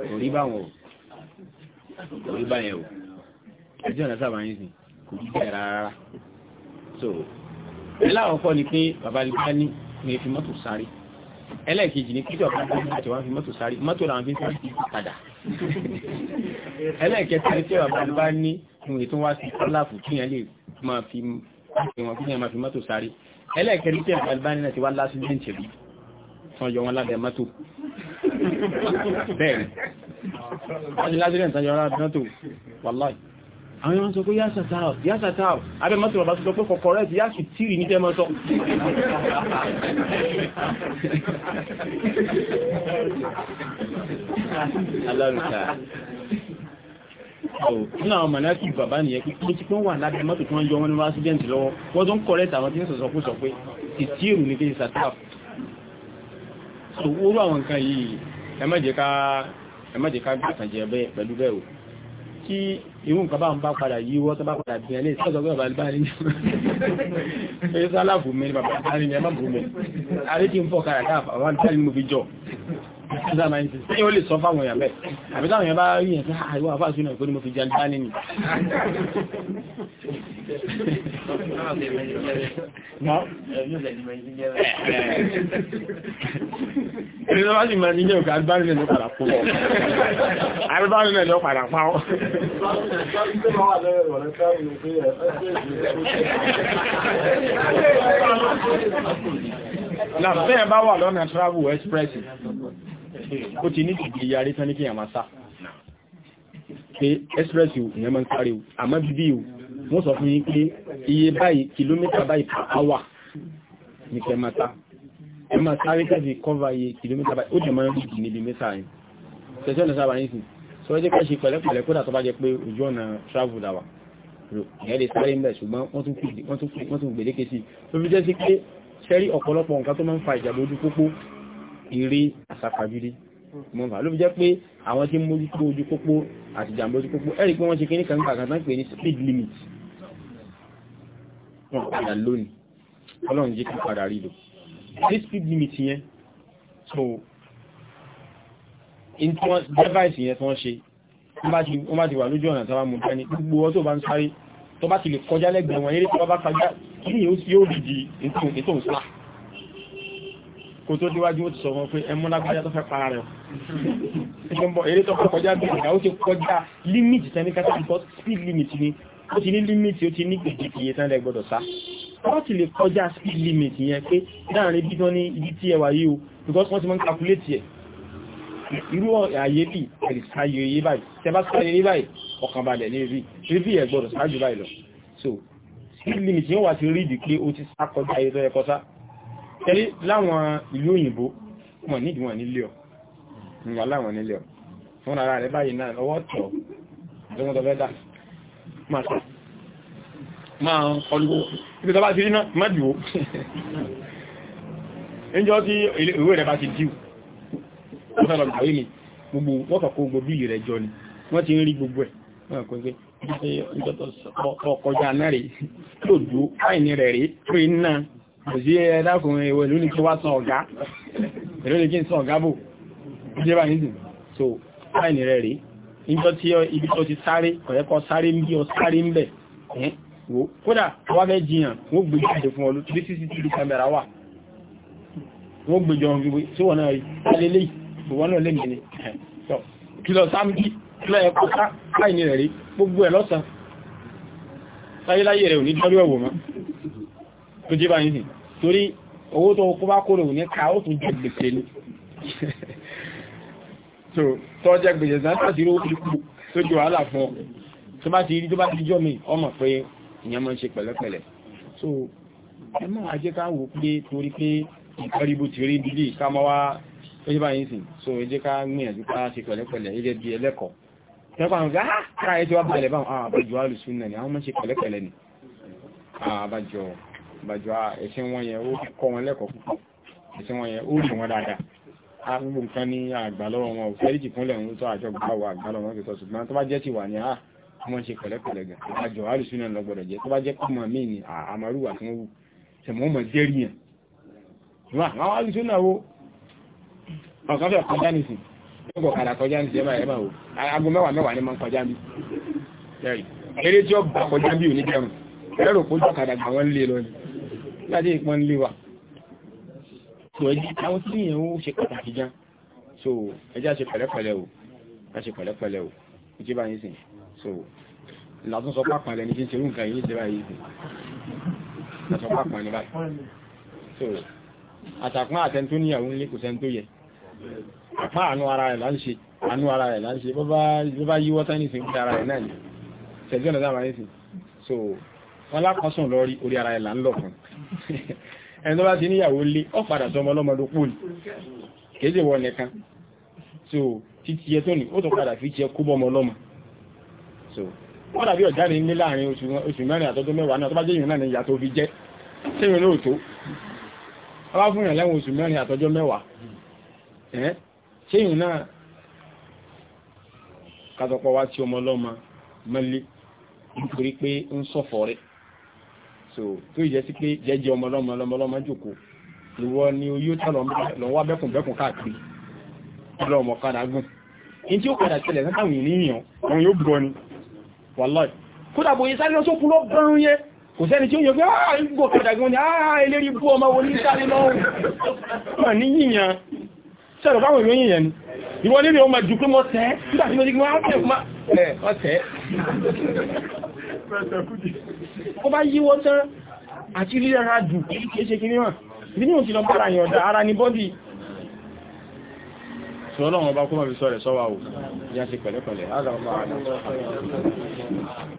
kò rí báwọn o kò rí báyẹn o ẹjọ́ ọ̀nà sábà yín sìn kò rí bẹ́ẹ̀ rárá so ẹláwọ̀kọ́ ni pé bàbá lè bá ní ní fi mọ́tò sáré ẹlẹ́ẹ̀kejì ni kíjọ bá ní àti wọ́n fi mọ́tò sáré mọ́tò làwọn fi ń sáré sí padà ẹlẹ́ẹ̀kẹta ni pé bàbá lè bá ní ìwé tó wá sí kọ́láàfù kí yẹn lè máa fi mọ́tò sáré ẹlẹ́ẹ̀kẹta ni pé bàbá lè bá ní láti wá lásìlẹ́ǹtì rí tán yọ wọn lábẹ́ mọ́tò bẹ́ẹ̀ wọ́n ti lásìrẹ̀ tán yọ lábẹ́ mọ́tò wàláì àwọn yọ́n sọ pé yásà táàwù yásà táàwù abẹ́ mọ́tò bàbá sọ pé kọ̀kọ́ rẹ̀ ti yásù tírì ní tẹ́mọ́ sọ alárùkà nínú àwọn mọ̀láìkì bàbá nìyẹn pé kí wọ́n wà lábẹ́ mọ́tò tí wọ́n yọ wọn ní wọ́n accident lọ́wọ́ wọ́n tó ń kọ̀rẹ́tà àwọn tí ń sọ̀sọ̀ pé sọ pé ìtírù ní kí so orú àwọn nǹkan yìí ẹ má jẹ́ ká gbàtàn jẹ bẹ́ẹ̀ pẹ̀lú bẹ́ẹ̀ o kí irú nǹkan bá ń bá padà yí wọ́n tó bá padà bí ẹlé ìsọ́jọ́ pé bàbá bá rí pé sálàfù mi ni bàbá bá rí ni ẹ má bù mi ẹ̀yìn ó lè sọ fáwọn èèyàn bẹ́ẹ̀ àbí táwọn èèyàn bá rí yẹn sí àìwá àfáàsù náà ìkóní mo fi jẹ alìbáni ni ẹni tó bá sì máa níjẹ́ òkè alìbáni náà ló padà kó bọ̀ alìbáni náà ló padà pa ọ́ Nàfẹ́ bá wà lọ́nà travel express ó ti ní ìdí yarí tán ní kí àmà sá pé express yóò ìyẹn máa ń sáré o àmọ́ bíbí o wọ́n sọ fún yín pé iye báyìí kìlómítà báyìí per hour ní kẹ́ máa sá ẹ máa sáré kẹ́sì kọ́va iye kìlómítà báyìí ó jẹ́ máa ń rí níbi mẹ́ta yìí ṣẹ̀ṣẹ̀ ọ̀nà sábà nísìn sọ jẹ́ ká ṣe pẹ̀lẹ́pẹ̀lẹ́ kódà tó bá jẹ́ pé ojú ọ̀nà travel dàwà ìyẹn lè sáré ń bẹ̀ ṣùgbọ́n wọ́n tún gbèdéke sí i tó fi jẹ́ sí pé ṣẹ́rí ọ̀pọ̀lọpọ̀ nǹkan tó máa ń fa ìjàmbá pópó eré àsápajúdé mọ́fà ló fi jẹ́ pé àwọn tí mójútó ojú pópó àti jàmbá ojú pópó ẹ̀rí pé wọ́n ṣe kíní kan kàkà tán pè ní speed limit wọ́n padà lónìí ọlọ́run jẹ́ kí padà rí lò ní speed limit yẹn so in tí wọ́n device yẹn tí wọ́n ṣe wọ́n bá ti wà lójú ọ̀nà tàbá mú dání gbogbo ọ tó bá ń sáré tó bá ti lè kọjá lẹ́gbẹ̀ẹ́ wọn eré tó bá bá kọjá kí ni yóò rí di ètò ìsá kò tó díwájú ó ti sọ wọn pé ẹmú lágbájá tó fẹ́ para rẹ̀ ìṣẹ́mbọ̀ eré tó kọjá bí ìgbà ó ti kọjá límìtì tẹ́ní ìkọ́ speed limit ni ó ti ní límìtì ó ti ní gbèdéke iye tán lẹ gbọdọ̀ sá wọ́n ti lè kọjá speed limit yẹn pé láàrin bí tán ní ibi tí ẹ o because wọ́n ti máa ń calculate ẹ̀ irú àyè bí ẹ̀rì sáyé iye báyìí tẹ́ bá sáyé iye báyìí ọkàn balẹ̀ ní ibi ibi ẹ̀ gbọdọ̀ sáájú báyìí lọ so speed limit yẹn wà ti rí ìdí pé ó ti sá kọjá tó yẹ kọ ẹ̀rí láwọn ìlú òyìnbó wọ́n nídìí wọn nílé ọ̀ wọ́n láwọn nílé ọ̀ fún ara rẹ̀ báyìí náà ọwọ́ tọ̀ ọ̀dọ́mọdọ́lẹ́dà máa sọ máa ọlúwó ibi tọ́bá ti rí náà má dìwó ẹjọ́ tí ìwé rẹ̀ bá ti dìw wọ́n sọ̀rọ̀ gbàwé mi gbogbo wọ́n kọ̀kọ́ gbogbo bíìlì rẹ̀ jọ ni wọ́n ti ń rí gbogbo ẹ̀ wọ́n kọ́ pé ọkọjá náà rèé tó dúó káìní rẹ̀ rèé pé náà kò sí ẹ̀dàkùnrin ìwọ̀ ìlú ní kí wá san ọ̀gá ìlú ní kí n san ọ̀gá bò jẹ́ bá nìsìn so láìní rẹ̀ rí níjọ́ tí ibi tó ti sáré ọ̀yẹ́kọ́ sáré ń bí ọ sáré ń bẹ̀ wò kódà wá fẹ́ jiyàn wọ́n gbé jáde fún ọlú tí cctv camera wà wọ́n gbé jọ wípé tí wọ́n náà rí alélé ìwọ́n náà lè mìíní kìlọ̀ sáàmì kìlọ̀ ẹ̀kọ́ láìní rẹ̀ rí gbogbo ẹ̀ lọ́sàn-án láyé láyé rẹ̀ ò ní dọ́rí ọ̀wọ̀ mọ́ tó jẹ́ báyìí sí torí owó tó kó bá kó lòun ní ká ó tún jẹ́ gbèsè ní so tó jẹ́ gbèsè náà tó ti rí owó tó jù wàhálà fún ọ tó bá ti rí tó bá ti jọ mi ọmọ pé ìyẹn máa ń ṣe pẹ̀lẹ́pẹ̀lẹ́ so ẹ mọ̀ ajẹ́ ká wò pé torí pé ìkọríbù ti rí bíbí ká mọ́ wá tó jẹ́ báyìí sí so ẹ jẹ́ ká gbìyànjú ká ṣe pẹ̀lẹ́pẹ̀lẹ́ ilé bí ẹlẹ́kọ̀ọ́ tẹ́kọ̀ àwọn ọ̀gá káyẹ́ tí wá bẹ̀rẹ̀ báwọn ah, àbájọ́ alùsùn náà ni àwọn mọ́ ṣe pẹ̀lẹ́pẹ̀lẹ́ ni ah, àbájọ́ bàjọ́ ẹ̀sìn wọn yẹn ó kọ́ wọn lẹ́kọ̀ọ́ púpọ̀ ẹ̀sìn wọn yẹn ó rí wọn dáadáa gbogbo nǹkan ní àgbà lọ́wọ́ wọn ò fẹ́ríjì fúnlẹ̀ ń tó àjọ gbáwọ̀ àgbà lọ́wọ́ wọn kìtọ̀ ṣùgbọ́n tó bá jẹ́ ti wà ní àá wọ́n ṣe pẹ̀lẹ́pẹ̀lẹ́ gan àjọ àrùsùn náà lọ́gbọ̀dọ̀ jẹ́ tó bá jẹ́ kọ́mọ míì ní àmàrúwà tí wọ́n wù tẹ̀mọ́ mọ̀ jẹ́rì yẹn àwọn àrùsùn náà wo ọ̀kan fẹ́ kọjá nìsín lọ́gbọ̀ kàdà kọjá nìsín ẹ̀mà ẹ̀mà o aago mẹ́wàá mẹ́wàá ni máa ń kọjá bí eré tí ó bà kọjá bí ò ní jẹun ẹ̀rọ kó jọ kàdà gbà wọ́n lé lọ ni láti ìpọn nílé wa so ẹjí àwọn tí yẹn ó ṣe pàtàkì gan so ẹjí a ṣe pẹ̀lẹ́pẹ̀lẹ́ o a ṣe pẹ̀lẹ́pẹ̀lẹ́ o ìjẹ́ bá yìí sìn so látún sọ pápá lẹni tí ń ṣerú nǹkan yìí ṣe báyìí sìn látún pápá ní báyìí so àtàkùn àtẹni tó níyàwó nílé kò sẹ́ni tó yẹ àpá àánú ara rẹ̀ láń ṣe àánú ara rẹ̀ láń ṣe bó bá yíwọ́ ni tẹ̀síọ̀nà dáa máa ń sìn so wọn lákọ̀ọ́sùn lọ rí orí ẹni tó bá ti níyàwó lé ọ padà sọmọ ọlọ́mọdé pòlì kéèsè wọ nìkan so títí ẹ tó ní ó tó padà fi tiẹ kó bọmọ ọlọ́mọ so wọ́n dàbí ọ̀já ní ní láàrin oṣù mẹ́rin àtọ́jọ́ mẹ́wàá náà tó bá jẹ́ ìrìn náà ni ìyà tó fi jẹ́ sẹ́yìn náà tó ọba fún ìrìn lẹ́wọ̀n oṣù so tó yẹ sí pé jẹjẹ ọmọ lọmọ lọmọ lọmọ jòkó ìwọ ni oyó tá lọ wá bẹ́kùn bẹ́kùn káàkiri lọ ọmọ kadà gùn in tí ó padà tẹlẹ sátàwọn ènìyàn àwọn yóò gbọ́ ni wàláì kódà bóyí sáré lọ sókú lọ gbọ́rún yẹ kò sẹ́ni tí ó yẹ pé àà ah, ìgbò padà gùn ni àà ah, eléri bú ọmọ wo ní sáré lọ́wọ́ mà ní yìnyàn sẹ́rọ̀ báwọn ìwé yìnyàn ni ìwọ nílé ọmọ jù pé mọ́ tẹ́ nígbà tí mo ti gbọ́n ó bá yíwọ́ tán àti ríra jù kìí ṣe kìí mọ̀ bí ní òtí bára yàn ọ̀dá ara ní bọ́dì sọ́lọ́wọ́n bá kó fi sọ́rẹ̀ sọ́wà